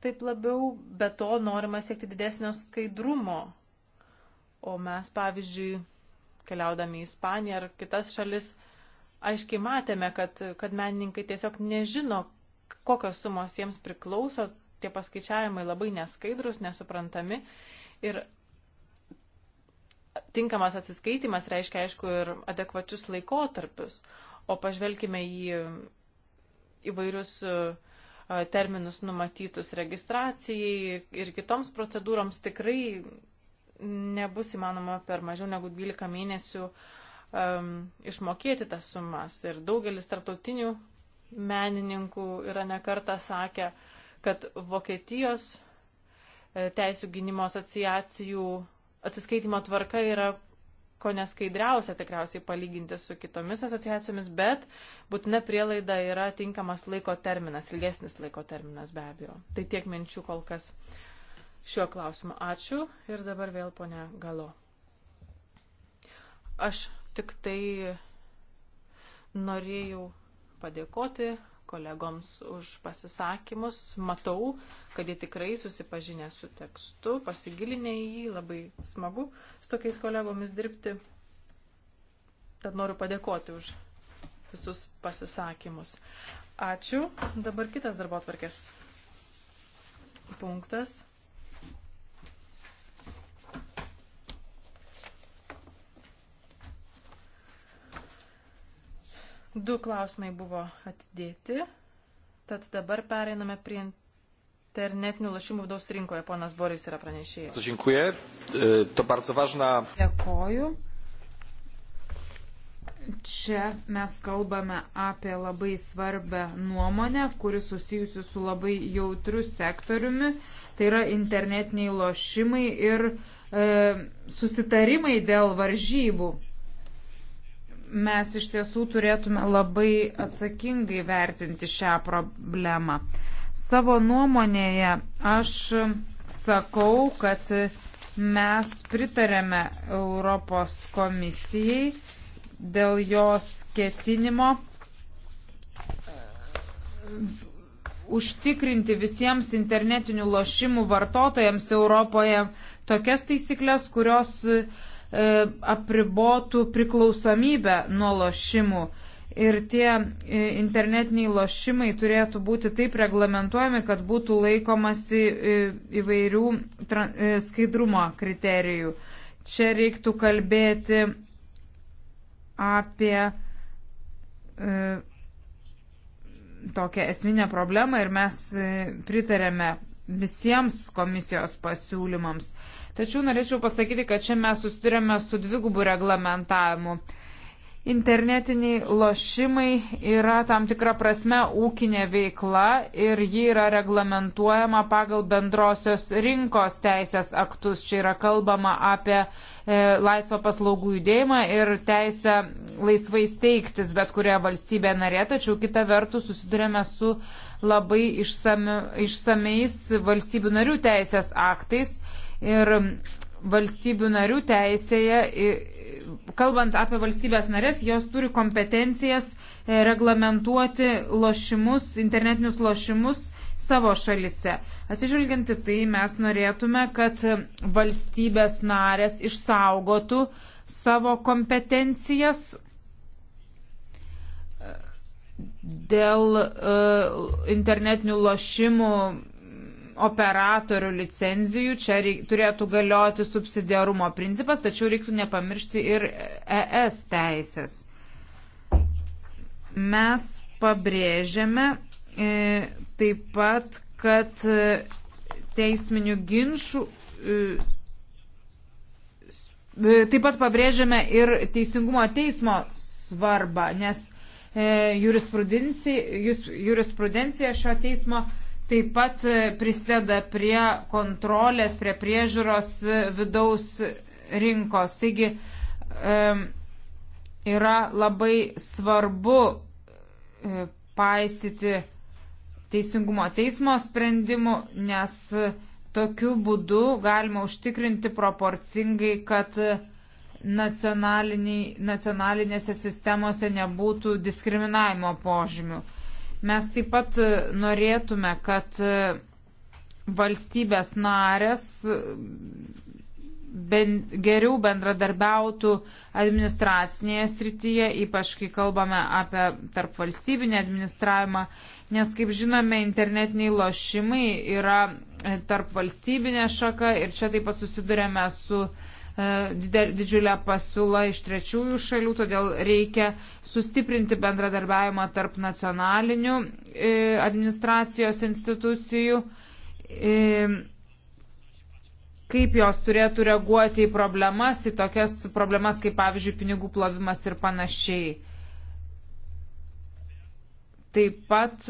taip labiau, bet to norima siekti didesnio skaidrumo. O mes, pavyzdžiui, keliaudami į Ispaniją ar kitas šalis, aiškiai matėme, kad, kad menininkai tiesiog nežino, kokios sumos jiems priklauso, tie paskaičiavimai labai neskaidrus, nesuprantami. Ir tinkamas atsiskaitimas reiškia, aišku, ir adekvačius laikotarpius. O pažvelkime į įvairius e, terminus numatytus registracijai ir kitoms procedūroms tikrai nebus įmanoma per mažiau negu 12 mėnesių um, išmokėti tas sumas. Ir daugelis tarptautinių menininkų yra nekarta sakę, uh, kad Vokietijos e, teisų gynimo asociacijų atsiskaitimo tvarka yra ko neskaidriausia tikriausiai palyginti su kitomis asociacijomis, bet būtina prielaida yra tinkamas laiko terminas, ilgesnis laiko terminas be abejo. Tai tiek minčių kol kas šiuo klausimu. Ačiū ir dabar vėl ponia Galo. Aš tik tai norėjau padėkoti kolegoms už pasisakymus. Matau, kad jie tikrai susipažinę su tekstu, pasigilinę į jį, labai smagu su tokiais kolegomis dirbti. Tad noriu padėkoti už visus pasisakymus. Ačiū. Dabar kitas darbo atvarkės punktas. Du klausimai buvo atidėti, tad dabar pereiname prie internetinių lašimų vidaus rinkoje. Ponas Boris yra pranešėjas. Dziękuję. E, to bardzo ważna. Dėkoju. Čia mes kalbame apie labai svarbę nuomonę, kuri susijusi su labai jautriu sektoriumi. Tai yra internetiniai lošimai ir e, susitarimai dėl varžybų mes iš tiesų turėtume labai atsakingai vertinti šią problemą. Savo nuomonėje aš sakau, kad mes pritarėme Europos komisijai dėl jos ketinimo uh, užtikrinti visiems internetinių lošimų vartotojams Europoje tokias taisyklės, kurios uh, E, apribotų priklausomybę nuo lošimų. Ir tie e, internetiniai lošimai turėtų būti taip reglamentuojami, kad būtų laikomasi e, įvairių skaidrumo kriterijų. Čia reiktų kalbėti apie tokią esminę problemą ir mes pritarėme visiems komisijos pasiūlymams. E, Tačiau norėčiau pasakyti, kad čia mes susidurėme su dvigubu reglamentavimu. Internetiniai lošimai yra tam tikra prasme ūkinė veikla ir ji yra reglamentuojama pagal bendrosios rinkos teisės aktus. Čia yra kalbama apie e, laisvą paslaugų judėjimą ir teisę laisvai steigtis bet kurioje valstybėje narė, tačiau kita vertus susidurėme su labai išsami, išsamiais valstybių narių teisės aktais ir valstybių narių teisėje, kalbant apie valstybės narės, jos turi kompetencijas e, reglamentuoti lošimus, internetinius lošimus savo šalise. Atsižvelginti tai mes norėtume, kad valstybės narės išsaugotų savo kompetencijas e, dėl uh, internetinių lošimų operatorių licenzijų. Čia reik, turėtų galioti subsidiarumo principas, tačiau reiktų nepamiršti ir ES teisės. Mes pabrėžiame e, taip pat, kad e, teisminių ginčių. E, e, Taip pat pabrėžiame ir teisingumo teismo svarbą, nes e, jurisprudencija, jus, jurisprudencija šio teismo e, taip pat e, prisėda prie kontrolės, prie priežiūros e, vidaus rinkos. Taigi e, yra labai svarbu paisyti teisingumo teismo sprendimų, nes tokiu būdu galima užtikrinti proporcingai, kad nacionalinėse sistemose nebūtų diskriminavimo požymių. Mes taip pat e, norėtume, kad e, valstybės narės e, ben, geriau bendradarbiautų administracinėje srityje, ypač kai kalbame apie tarp valstybinį administravimą, nes, kaip žinome, internetiniai lošimai yra tarp valstybinė šaka ir čia taip pat susidurėme su uh, E, didžiulę pasiūlą iš trečiųjų šalių, todėl reikia sustiprinti bendradarbiavimą tarp nacionalinių e, administracijos institucijų. E, kaip jos turėtų reaguoti į problemas, į tokias problemas kaip, pavyzdžiui, pinigų plovimas ir panašiai. Taip pat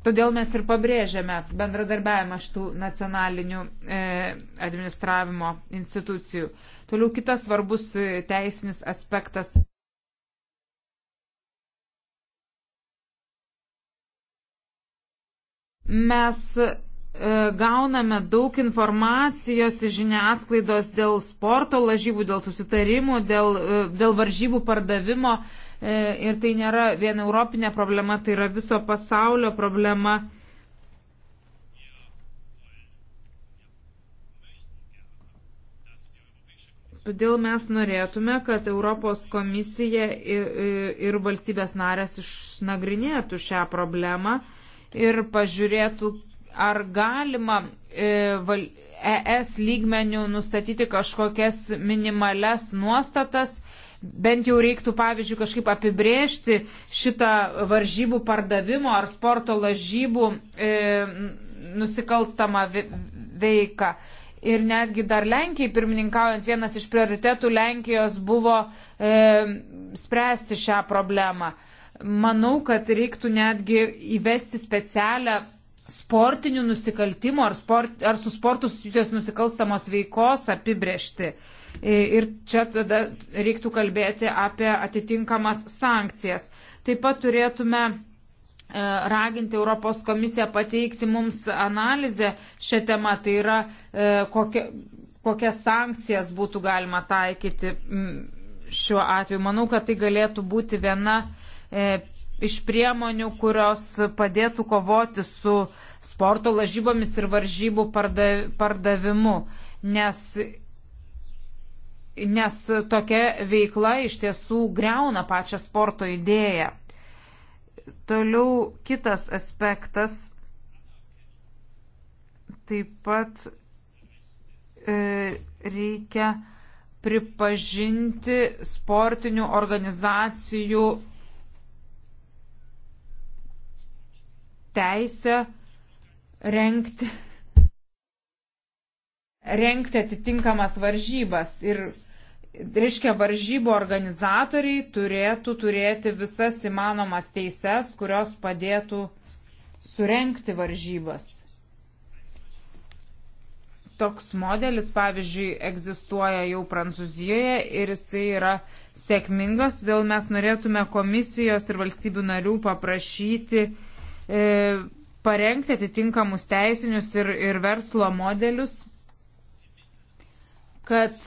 Todėl mes ir pabrėžiame bendradarbiavimą šitų nacionalinių e, administravimo institucijų. Toliau kitas svarbus e, teisinis aspektas. Mes e, gauname daug informacijos iš žiniasklaidos dėl sporto lažybų, dėl susitarimų, dėl, e, dėl varžybų pardavimo. E, E, ir tai nėra vien europinė problema, tai yra viso pasaulio problema. Todėl mes norėtume, kad Europos komisija ir valstybės narės išnagrinėtų šią problemą ir pažiūrėtų, ar galima ES e lygmenių nustatyti kažkokias minimales nuostatas, bent jau reiktų, pavyzdžiui, kažkaip apibrėžti šitą varžybų pardavimo ar sporto lažybų e, nusikalstamą veiką. Ir netgi dar Lenkijai pirmininkaujant vienas iš prioritetų Lenkijos buvo e, spręsti šią problemą. Manau, kad reiktų netgi įvesti specialią sportinių nusikaltimų ar, sport, ar su sportu susijusios nusikalstamos veikos apibriežti. E, E, ir čia tada reiktų kalbėti apie atitinkamas sankcijas. Taip pat turėtume e, raginti Europos komisiją pateikti mums analizę šią temą, tai yra e, kokia, kokias sankcijas būtų galima taikyti šiuo atveju. Manau, kad tai galėtų būti viena iš priemonių, kurios padėtų kovoti su sporto lažybomis ir varžybų pardavimu, nes nes tokia veikla iš tiesų greuna pačią sporto idėją. Toliau kitas aspektas taip pat e, reikia pripažinti sportinių organizacijų teisę renkti, renkti atitinkamas varžybas ir reiškia varžybų organizatoriai turėtų turėti visas įmanomas teises, kurios padėtų surenkti varžybas. Toks modelis, pavyzdžiui, egzistuoja jau Prancūzijoje ir jisai yra sėkmingas, todėl mes norėtume komisijos ir valstybių narių paprašyti e, parengti atitinkamus teisinius ir, ir verslo modelius, kad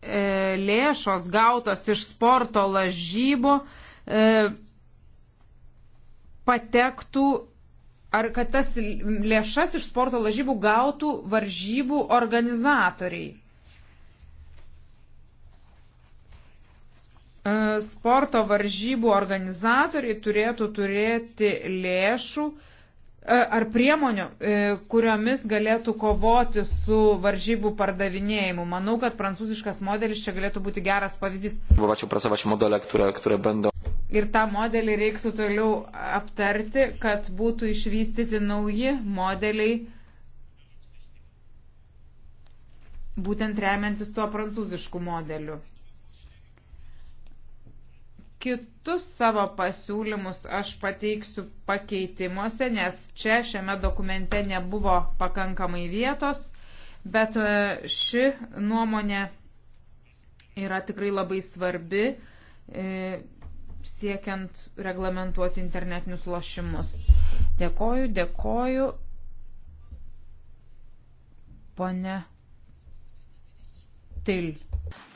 E, lėšos gautos iš sporto lažybų e, patektų ar kad tas lėšas iš sporto lažybų gautų varžybų organizatoriai. E, sporto varžybų organizatoriai turėtų turėti lėšų, E, ar priemonių, e, kuriomis galėtų kovoti su varžybų pardavinėjimu. Manau, kad prancūziškas modelis čia galėtų būti geras pavyzdys. Modele, które, które będą... Ir tą modelį reiktų toliau aptarti, kad būtų išvystyti nauji modeliai, būtent remiantis tuo prancūzišku modeliu kitus savo pasiūlymus aš pateiksiu pakeitimuose, nes čia šiame dokumente nebuvo pakankamai vietos, bet e, ši nuomonė yra tikrai labai svarbi e, siekiant reglamentuoti internetinius lošimus. Dėkoju, dėkoju. Pone Til.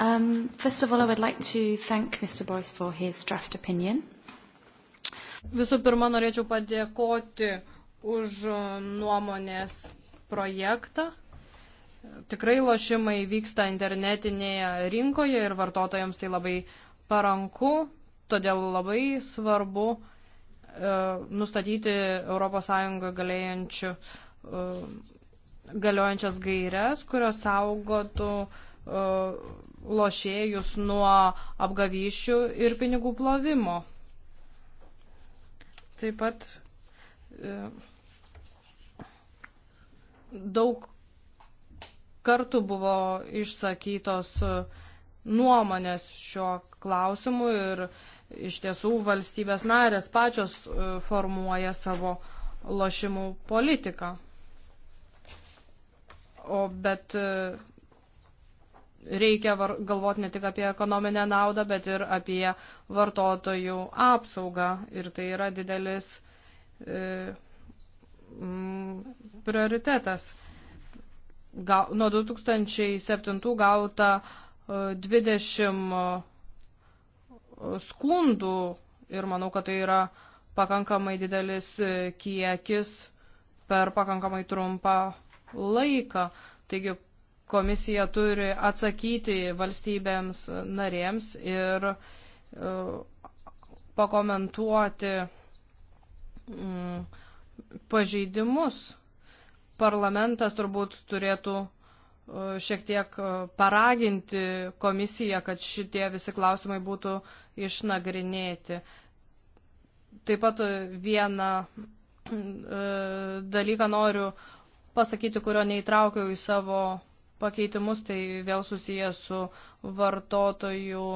Um, first of all, I would like to thank Mr. Boyce for his draft opinion. Visų pirma, norėčiau padėkoti už uh, nuomonės projektą. Tikrai lošimai vyksta internetinėje rinkoje ir vartotojams tai labai paranku, todėl labai svarbu e, nustatyti ES uh, galiojančias gairias, kurios saugotų e, E, lošėjus nuo apgavyšių ir pinigų plovimo. Taip pat e, daug kartų buvo išsakytos nuomonės šio klausimu ir iš tiesų valstybės narės pačios e, formuoja savo lošimų politiką. O bet reikia var, galvoti ne tik apie ekonominę naudą, bet ir apie vartotojų apsaugą. Ir tai yra didelis e, m, prioritetas. Ga, nuo 2007 gauta e, 20 e, skundų ir manau, kad tai yra pakankamai didelis e, kiekis per pakankamai trumpą laiką. Taigi Komisija turi atsakyti valstybėms narėms ir e, pakomentuoti mm, pažeidimus. Parlamentas turbūt turėtų e, šiek tiek e, paraginti komisiją, kad šitie visi klausimai būtų išnagrinėti. Taip pat vieną dalyką noriu pasakyti, kurio neįtraukiau į savo pakeitimus, tai vėl susijęs su vartotojų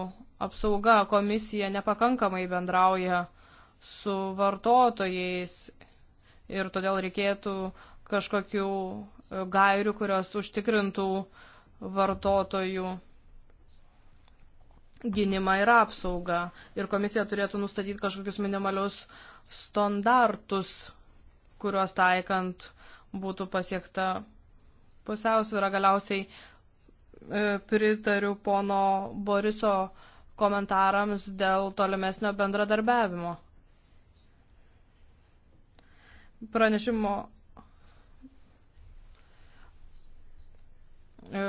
apsauga. Komisija nepakankamai bendrauja su vartotojais ir todėl reikėtų kažkokių e, gairių, kurios užtikrintų vartotojų gynimą ir apsaugą. Ir komisija turėtų nustatyti kažkokius minimalius standartus, kuriuos taikant būtų pasiekta pusiausvyrą galiausiai e, pritariu pono Boriso komentarams dėl tolimesnio bendradarbiavimo. Pranešimo e,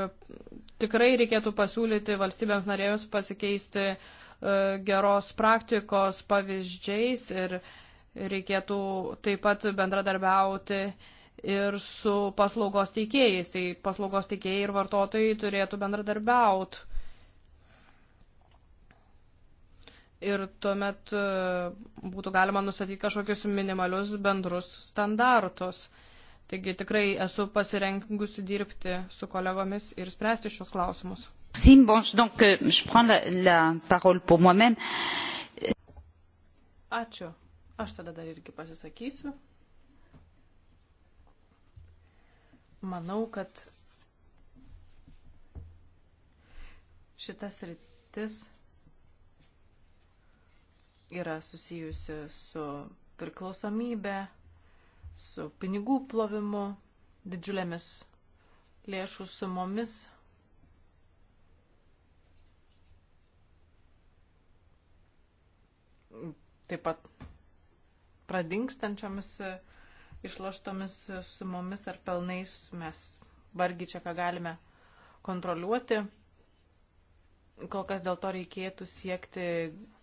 tikrai reikėtų pasiūlyti valstybėms narėjus pasikeisti e, geros praktikos pavyzdžiais ir reikėtų taip pat bendradarbiauti uh, ir su paslaugos teikėjais. Tai paslaugos teikėjai ir vartotojai turėtų bendradarbiauti. Ir tuomet e, būtų galima nustatyti kažkokius minimalius bendrus standartus. Taigi tikrai esu pasirengusi dirbti su kolegomis ir spręsti šios klausimus. Euh, Ačiū. Aš tada dar irgi pasisakysiu. manau, kad šitas rytis yra susijusi su priklausomybė, su pinigų plovimu, didžiulėmis lėšų sumomis. Taip pat pradingstančiomis išloštomis sumomis ar pelnais mes vargi čia ką galime kontroliuoti. Kol kas dėl to reikėtų siekti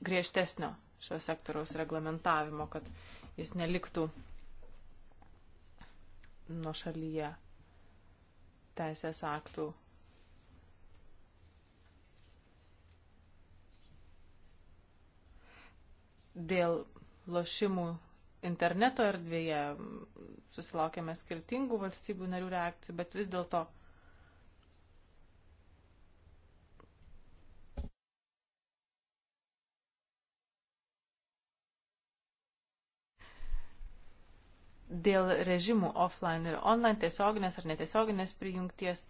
griežtesnio šio sektoriaus reglamentavimo, kad jis neliktų nuo šalyje teisės aktų. Dėl lošimų interneto erdvėje susilaukėme skirtingų valstybių narių reakcijų, bet vis dėlto dėl režimų offline ir online tiesioginės ar netiesioginės prijungties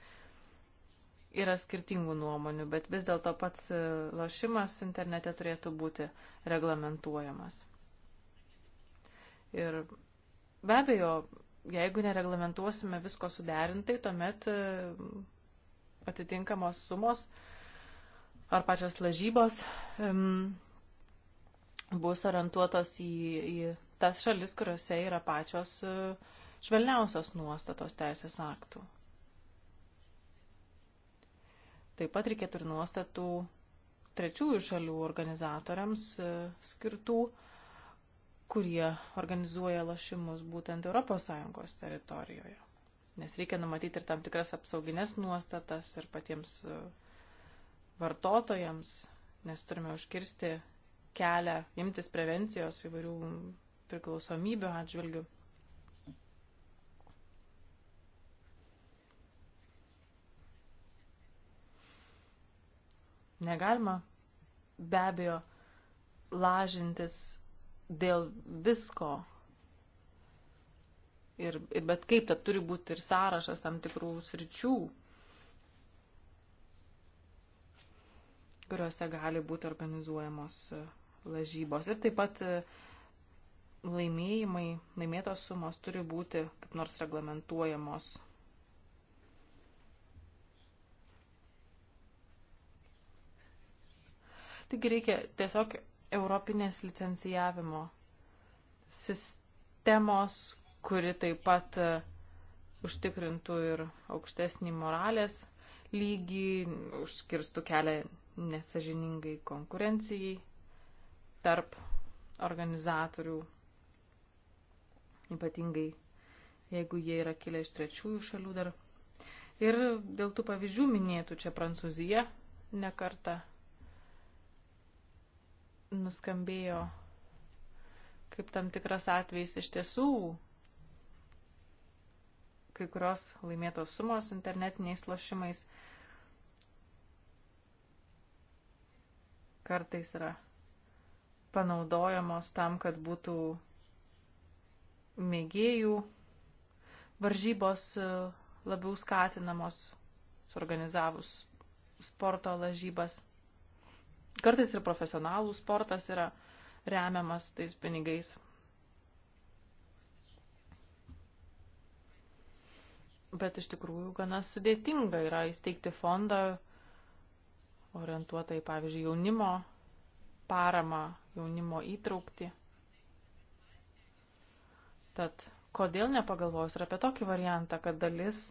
yra skirtingų nuomonių, bet vis dėlto pats e, lošimas internete turėtų būti reglamentuojamas. Ir be abejo, jeigu nereglamentuosime visko suderintai, tuomet e, atitinkamos sumos ar pačios lažybos um, bus orientuotos į, į tas šalis, kuriuose yra pačios e, švelniausios nuostatos teisės aktų. Taip pat reikėtų ir nuostatų trečiųjų šalių organizatoriams e, skirtų uh, kurie organizuoja lašimus būtent ES teritorijoje. Nes reikia numatyti ir tam tikras apsauginės nuostatas ir patiems e, vartotojams, nes turime užkirsti kelią imtis prevencijos įvairių priklausomybių atžvilgių. Negalima be abejo lažintis dėl visko. Ir, ir bet kaip, tad turi būti ir sąrašas tam tikrų sričių, kuriuose gali būti organizuojamos e, lažybos. Ir taip pat e, laimėjimai, laimėtos sumos turi būti kaip nors reglamentuojamos. Taigi reikia tiesiog Europinės licencijavimo sistemos, kuri taip pat e, užtikrintų ir aukštesnį moralės lygį, užkirstų kelią nesažiningai konkurencijai tarp organizatorių, ypatingai jeigu jie yra kilę iš trečiųjų šalių dar. Ir dėl tų pavyzdžių minėtų čia Prancūzija nekarta nuskambėjo kaip tam tikras atvejis iš tiesų. Kai kurios laimėtos sumos internetiniais lošimais kartais yra panaudojamos tam, kad būtų mėgėjų varžybos e, labiau skatinamos, suorganizavus sporto lažybas. Kartais ir profesionalų sportas yra remiamas tais pinigais. Bet iš tikrųjų gana sudėtinga yra įsteigti fondą orientuotą į, pavyzdžiui, jaunimo paramą, jaunimo įtraukti. Tad kodėl nepagalvojus ir apie tokį variantą, kad dalis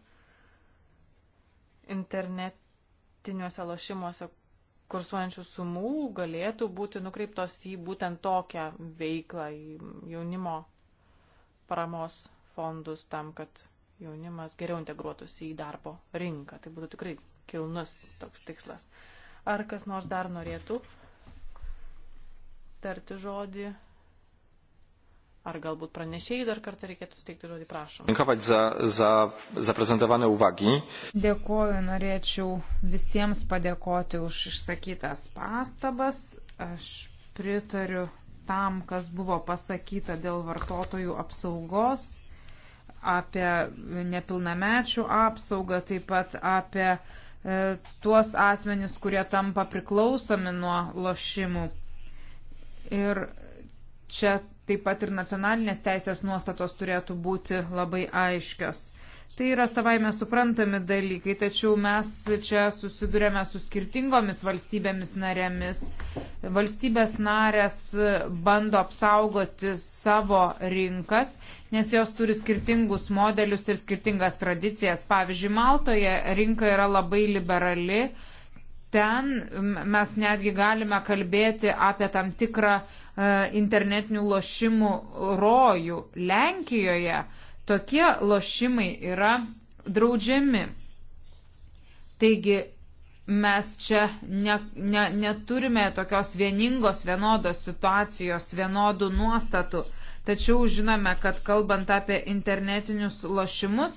internetiniuose lošimuose kursuojančių sumų galėtų būti nukreiptos į būtent tokią veiklą, į jaunimo paramos fondus tam, kad jaunimas geriau integruotųsi į darbo rinką. Tai būtų tikrai kilnus toks tikslas. Ar kas nors dar norėtų tarti žodį? Ar galbūt pranešėjai dar kartą reikėtų suteikti žodį, prašom. Dėkoju za, za, za prezentowane uwagi. Dėkoju, norėčiau visiems padėkoti už išsakytas pastabas. Aš pritariu tam, kas buvo pasakyta dėl vartotojų apsaugos, apie nepilnamečių apsaugą, taip pat apie e, tuos asmenys, kurie tampa priklausomi nuo lošimų. Ir čia taip pat ir nacionalinės teisės nuostatos turėtų būti labai aiškios. Tai yra savaime suprantami dalykai, tačiau mes čia susidurėme su skirtingomis valstybėmis narėmis. Valstybės narės bando apsaugoti savo rinkas, nes jos turi skirtingus modelius ir skirtingas tradicijas. Pavyzdžiui, Maltoje rinka yra labai liberali, ten mes netgi galime kalbėti apie tam tikrą e, internetinių lošimų rojų. Lenkijoje tokie lošimai yra draudžiami. Taigi mes čia ne, ne, neturime tokios vieningos, vienodos situacijos, vienodų nuostatų. Tačiau žinome, kad kalbant apie internetinius lošimus,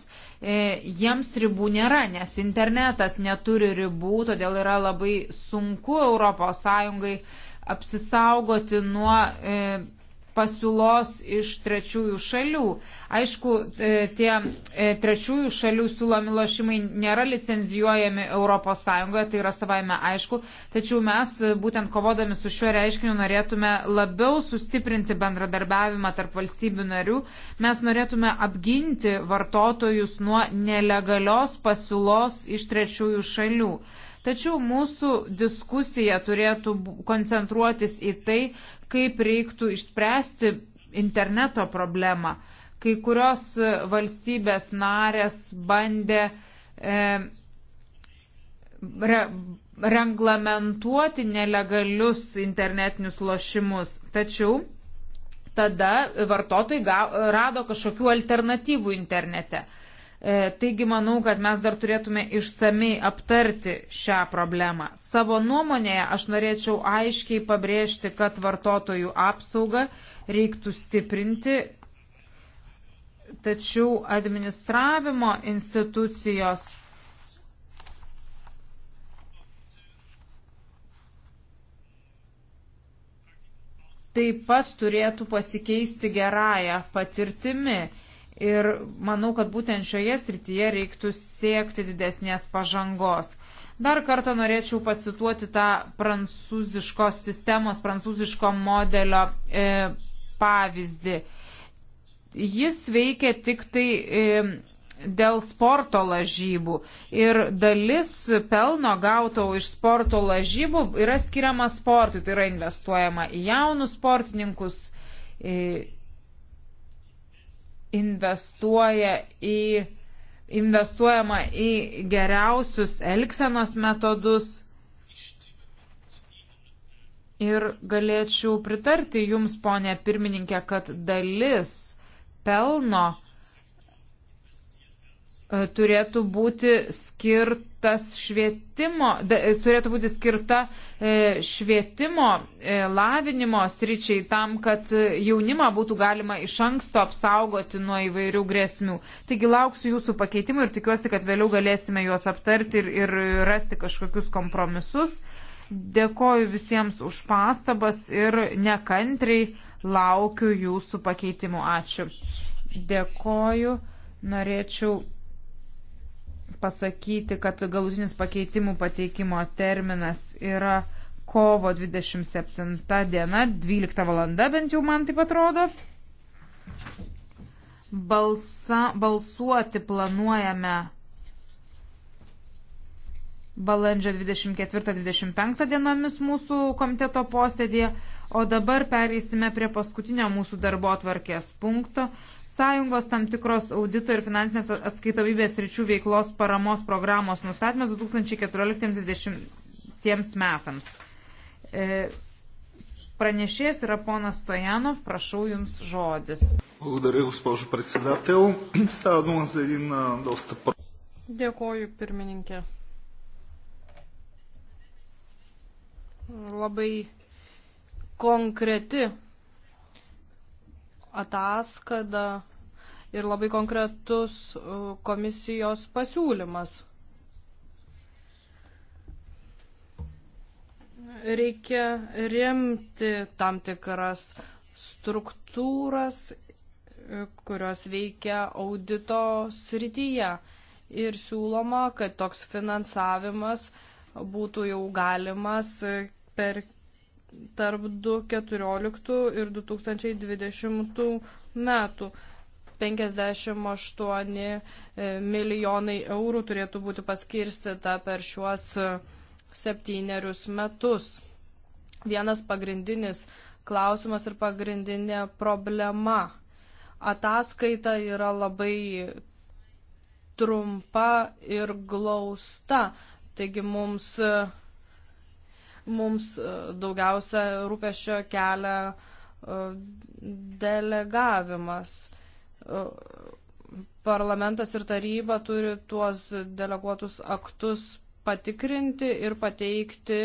e, jiems ribų nėra, nes internetas neturi ribų, todėl yra labai sunku ES apsisaugoti nuo e, pasiūlos iš trečiųjų šalių. Aišku, e, tie e, trečiųjų šalių siūlomi lošimai nėra licenzijuojami ES, tai yra savaime aišku, tačiau mes e, būtent kovodami su šiuo reiškiniu norėtume labiau sustiprinti bendradarbiavimą tarp valstybių narių. Mes norėtume apginti vartotojus nuo nelegalios pasiūlos iš trečiųjų šalių. Tačiau mūsų diskusija turėtų koncentruotis į tai, kaip reiktų išspręsti interneto problemą. Kai kurios e, valstybės narės bandė e, re, reglamentuoti nelegalius internetinius lošimus. Tačiau tada vartotojai rado kažkokių alternatyvų internete. E, E, taigi manau, kad mes dar turėtume išsamei aptarti šią problemą. Savo nuomonėje aš norėčiau aiškiai pabrėžti, kad vartotojų apsaugą reiktų stiprinti, tačiau administravimo institucijos taip pat turėtų pasikeisti gerąją patirtimi Ir manau, kad būtent šioje srityje reiktų siekti didesnės pažangos. Dar kartą norėčiau pacituoti tą prancūziškos sistemos, prancūziško modelio e, pavyzdį. Jis veikia tik tai. E, dėl sporto lažybų. Ir dalis pelno gauto iš sporto lažybų yra skiriama sportui. Tai yra investuojama į jaunus sportininkus, į investuoja į, investuojama į geriausius elgsenos metodus. Ir galėčiau pritarti Jums, ponė pirmininkė, kad dalis pelno e, turėtų būti skirta skirtas švietimo, e, turėtų būti skirta e, švietimo e, lavinimo sričiai tam, kad jaunimą būtų galima iš anksto apsaugoti nuo įvairių grėsmių. Taigi lauksiu jūsų pakeitimų ir tikiuosi, kad vėliau galėsime juos aptarti ir, ir rasti kažkokius kompromisus. Dėkoju visiems už pastabas ir nekantriai laukiu jūsų pakeitimų. Ačiū. Dėkoju. Norėčiau pasakyti, kad galutinis pakeitimų pateikimo terminas yra kovo 27 diena, 12 valanda, bent jau man taip atrodo. Balsa, balsuoti planuojame balandžio 24-25 dienomis mūsų komiteto posėdėje. O dabar pereisime prie paskutinio mūsų darbo atvarkės punkto. Sąjungos tam tikros audito ir finansinės atskaitovybės ryčių veiklos paramos programos nustatymas 2014-2020 metams. E, pranešėjas yra ponas Stojanov, prašau Jums žodis. Благодаря, госпожо председател. (clears throat) Става дума за един доста... Dėkoju, pirmininkė. labai konkreti ataskada ir labai konkretus e, komisijos pasiūlymas. Reikia remti tam tikras struktūras, e, kurios veikia audito srityje. Ir siūloma, kad toks finansavimas būtų jau galimas e, per tarp 2014 ir 2020 metų. 58 e, milijonai eurų turėtų būti paskirstita per šiuos e, septynerius metus. Vienas pagrindinis klausimas ir pagrindinė problema. Ataskaita yra labai trumpa ir glausta, taigi mums e, mums e, daugiausia rūpešio kelia e, delegavimas. E, parlamentas ir taryba turi tuos deleguotus aktus patikrinti ir pateikti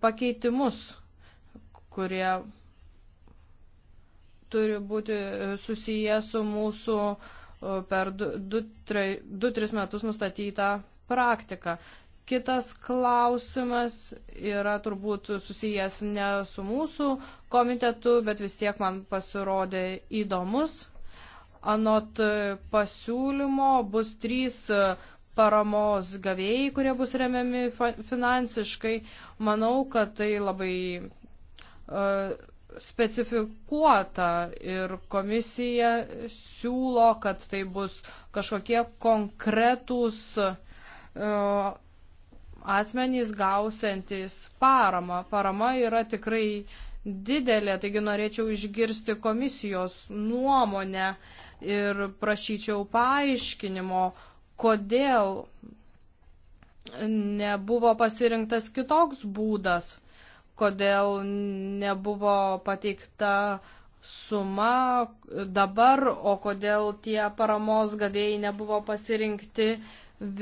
pakeitimus, kurie turi būti susiję su mūsų per 2-3 metus nustatytą praktiką. Kitas klausimas yra turbūt susijęs ne su mūsų komitetu, bet vis tiek man pasirodė įdomus. Anot pasiūlymo bus trys paramos gavėjai, kurie bus remiami finansiškai. Manau, kad tai labai uh, specifikuota ir komisija siūlo, kad tai bus kažkokie konkretūs uh, asmenys gausiantis paramą. Parama yra tikrai didelė, taigi norėčiau išgirsti komisijos nuomonę ir prašyčiau paaiškinimo, kodėl nebuvo pasirinktas kitoks būdas, kodėl nebuvo pateikta suma dabar, o kodėl tie paramos gavėjai nebuvo pasirinkti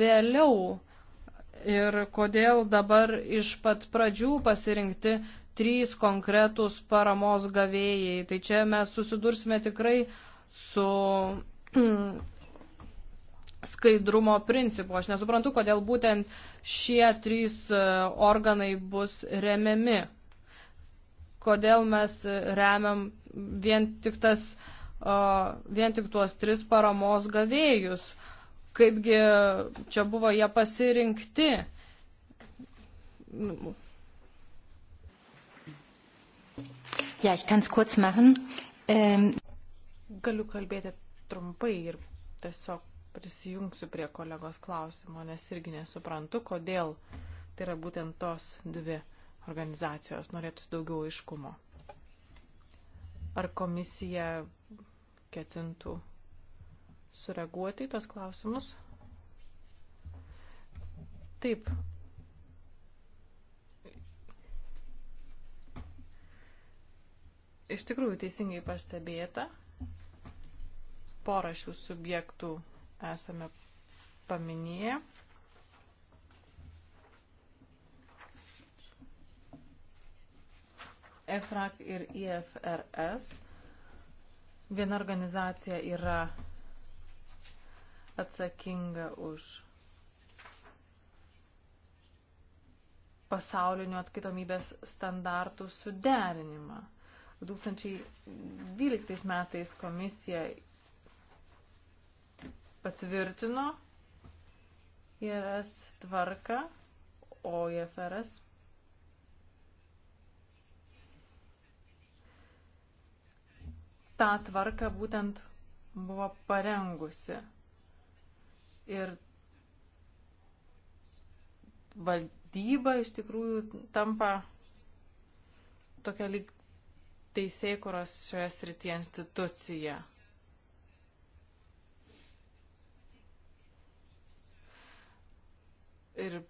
vėliau ir kodėl dabar iš pat pradžių pasirinkti trys konkretūs paramos gavėjai. Tai čia mes susidursime tikrai su (clears throat) skaidrumo principu. Aš nesuprantu, kodėl būtent šie trys e, organai bus remiami. Kodėl mes remiam vien tik, tas, e, vien tik tuos tris paramos gavėjus. Uh, kaipgi čia buvo jie pasirinkti. Ja, ich kann es kurz machen. Ähm Galiu kalbėti trumpai ir tiesiog prisijungsiu prie kolegos klausimo, nes irgi nesuprantu, kodėl tai yra būtent tos dvi organizacijos. Norėtų daugiau aiškumo. Ar komisija ketintų sureaguoti į tas klausimus? Taip. Iš tikrųjų teisingai pastebėta, porą šių subjektų esame paminėję. EFRAK ir IFRS. Viena organizacija yra atsakinga už pasaulinių atskaitomybės standartų suderinimą. 2012 metais komisija patvirtino IRS tvarką, o IFRS tą tvarką būtent buvo parengusi ir valdyba iš tikrųjų tampa tokia lyg teisėjai, kurios šioje srityje institucija. Ir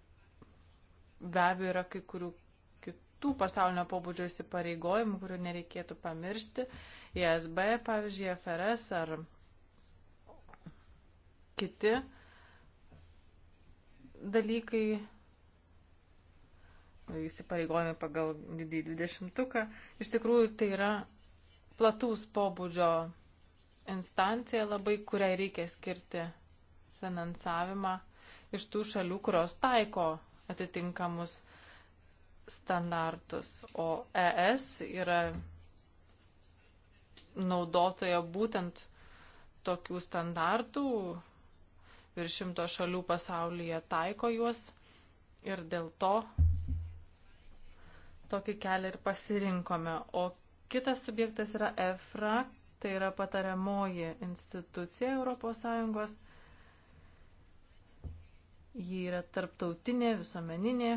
be abejo yra kai kurių kitų pasaulinio pobūdžio įsipareigojimų, kurių nereikėtų pamiršti. ISB, pavyzdžiui, FRS ar kiti dalykai, įsipareigojimai pagal didį dvidešimtuką, iš tikrųjų tai yra plataus pobūdžio instancija labai, kuriai reikia skirti finansavimą iš tų šalių, kurios taiko atitinkamus standartus. O ES yra naudotoja būtent tokių standartų, virš šimto šalių pasaulyje taiko juos ir dėl to tokį kelią ir pasirinkome. O kitas subjektas yra EFRA, tai yra patariamoji institucija ES. Ji yra tarptautinė, visuomeninė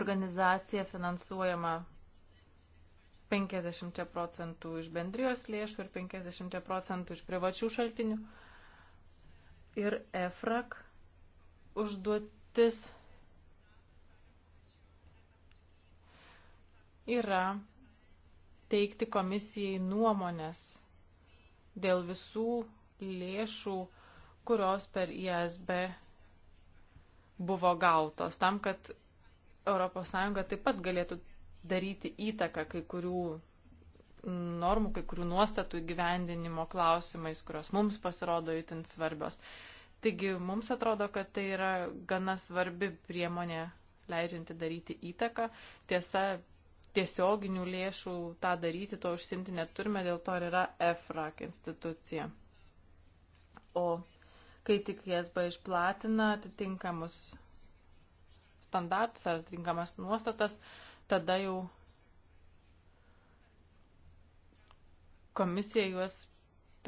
organizacija finansuojama 50 procentų iš bendrijos lėšų ir 50 procentų iš privačių šaltinių ir EFRAK užduotis yra teikti komisijai nuomonės dėl visų lėšų, kurios per ISB buvo gautos, tam, kad ES taip pat galėtų daryti įtaką kai kurių normų, kai kurių nuostatų įgyvendinimo klausimais, kurios mums pasirodo itin svarbios. Taigi mums atrodo, kad tai yra gana svarbi priemonė leidžianti daryti įtaką. Tiesa, tiesioginių lėšų tą daryti, to užsimti neturime, dėl to ir yra EFRAK institucija. O kai tik JSB išplatina atitinkamus standartus ar atitinkamas nuostatas, tada jau komisija juos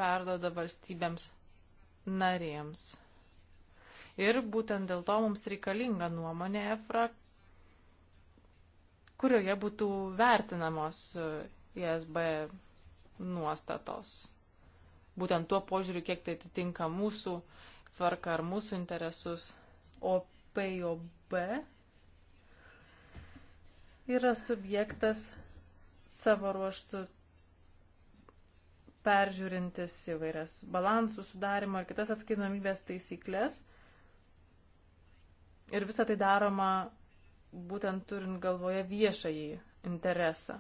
perdoda valstybėms narėms. Ir būtent dėl to mums reikalinga nuomonė EFRA, kurioje būtų vertinamos e, ISB nuostatos. Būtent tuo požiūriu, kiek tai atitinka mūsų tvarką ar mūsų interesus. O PJB yra subjektas savo ruoštų peržiūrintis įvairias balansų sudarimo ir kitas atskaitomybės taisyklės Ir visą tai daroma būtent turint galvoje viešąjį interesą.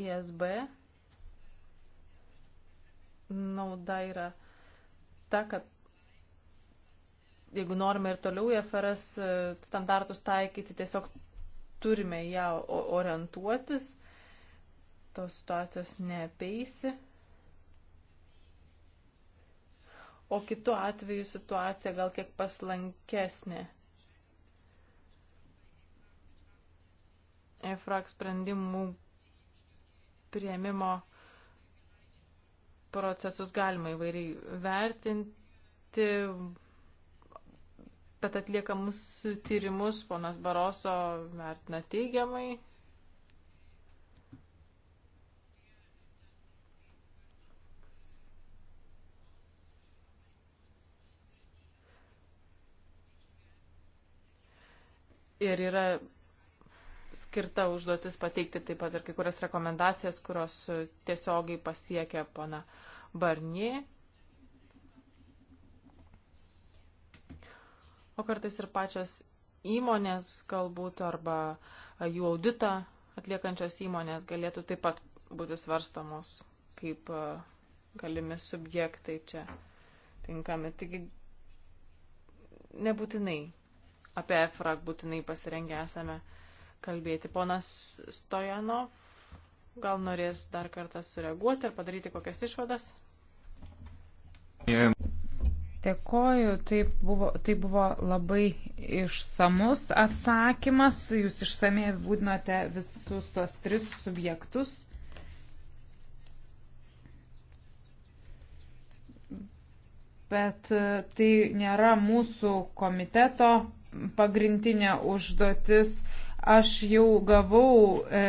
ISB nauda yra ta, kad jeigu norime ir toliau FRS e, standartus taikyti, tiesiog turime ją orientuotis, tos situacijos neapeisi. o kitu atveju situacija gal kiek paslankesnė. EFRAG sprendimų prieimimo procesus galima įvairiai vertinti, bet atliekamus tyrimus ponas Baroso vertina teigiamai, ir yra skirta užduotis pateikti taip pat ir kai kurias rekomendacijas, kurios tiesiogiai pasiekia pana Barnie. O kartais ir pačios įmonės galbūt arba jų auditą atliekančios įmonės galėtų taip pat būti svarstamos kaip e, galimi subjektai čia tinkami. Taigi nebūtinai apie EFRA būtinai pasirengę esame kalbėti. Ponas Stojanov gal norės dar kartą sureaguoti ir padaryti kokias išvadas? Dėkoju, tai buvo, tai buvo labai išsamus atsakymas, jūs išsamei būdinote visus tos tris subjektus. Bet e, tai nėra mūsų komiteto pagrindinė užduotis. Aš jau gavau. E,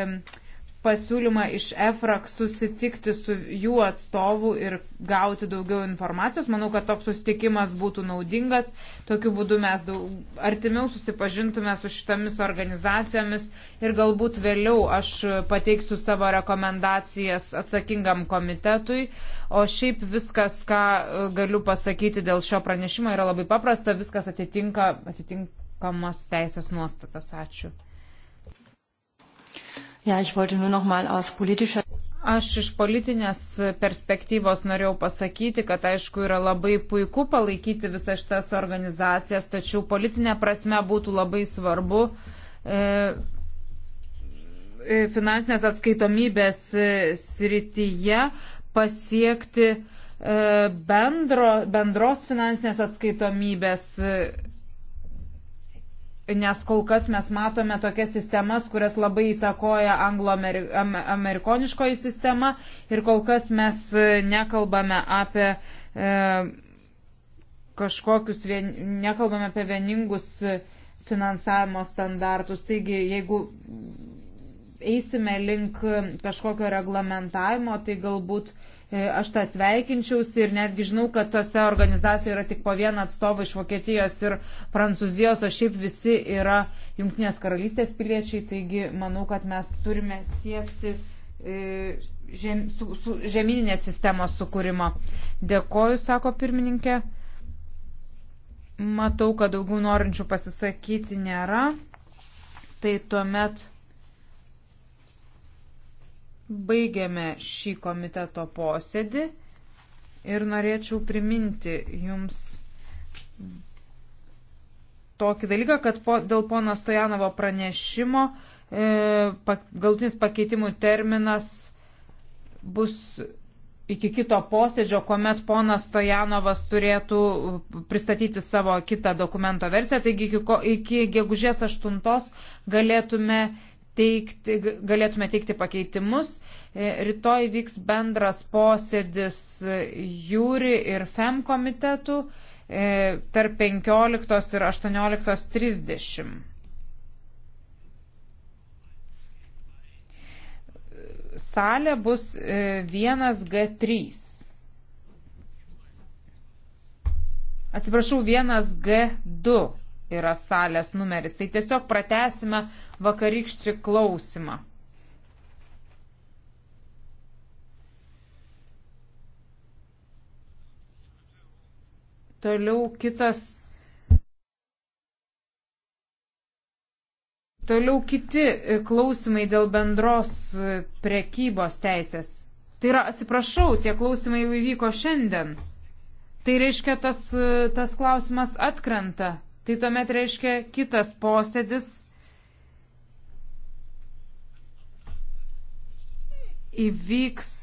pasiūlymą iš EFRAK susitikti su jų atstovu ir gauti daugiau informacijos. Manau, kad toks susitikimas būtų naudingas. Tokiu būdu mes daug artimiau susipažintume su šitomis organizacijomis ir galbūt vėliau aš pateiksiu savo rekomendacijas atsakingam komitetui. O šiaip viskas, ką e, galiu pasakyti dėl šio pranešimo, yra labai paprasta. Viskas atitinka atitinkamas teisės nuostatas. Ačiū. Ja, ich wollte nur noch mal aus politischer Aš iš politinės perspektyvos norėjau pasakyti, kad aišku yra labai puiku palaikyti visas šitas organizacijas, tačiau politinė prasme būtų labai svarbu e, e finansinės atskaitomybės e, srityje pasiekti e, bendro, bendros finansinės atskaitomybės. E, nes kol kas mes matome tokias sistemas, kurias labai įtakoja anglo-amerikoniškoji sistema ir kol kas mes e, nekalbame apie e, kažkokius, vien, nekalbame apie vieningus e, finansavimo standartus. Taigi, jeigu eisime link e, kažkokio reglamentavimo, tai galbūt e, E, aš tą sveikinčiausi ir netgi žinau, kad tose organizacijoje yra tik po vieną atstovą iš Vokietijos ir Prancūzijos, o šiaip visi yra Junktinės karalystės piliečiai, taigi manau, kad mes turime siekti e, žem, su, su, žemyninės sistemos sukūrimo. Dėkoju, sako pirmininkė. Matau, kad daugiau norinčių pasisakyti nėra. Tai tuomet Baigiame šį komiteto posėdį ir norėčiau priminti jums tokį dalyką, kad po, dėl pono Stojanovo pranešimo e, pa, galtinis pakeitimų terminas bus iki kito posėdžio, kuomet ponas Stojanovas turėtų pristatyti savo kitą dokumento versiją. Taigi iki, iki gegužės 8 galėtume teikti, galėtume teikti pakeitimus. E, rytoj vyks bendras posėdis jūri ir FEM komitetų e, tarp 15 ir 18.30. salė bus 1G3. E, Atsiprašau, 1G2 yra salės numeris. Tai tiesiog pratesime vakarykštį klausimą. Toliau kitas. Toliau kiti klausimai dėl bendros prekybos teisės. Tai yra, atsiprašau, tie klausimai jau įvyko šiandien. Tai reiškia, tas, tas klausimas atkrenta tai tuomet reiškia kitas posėdis įvyks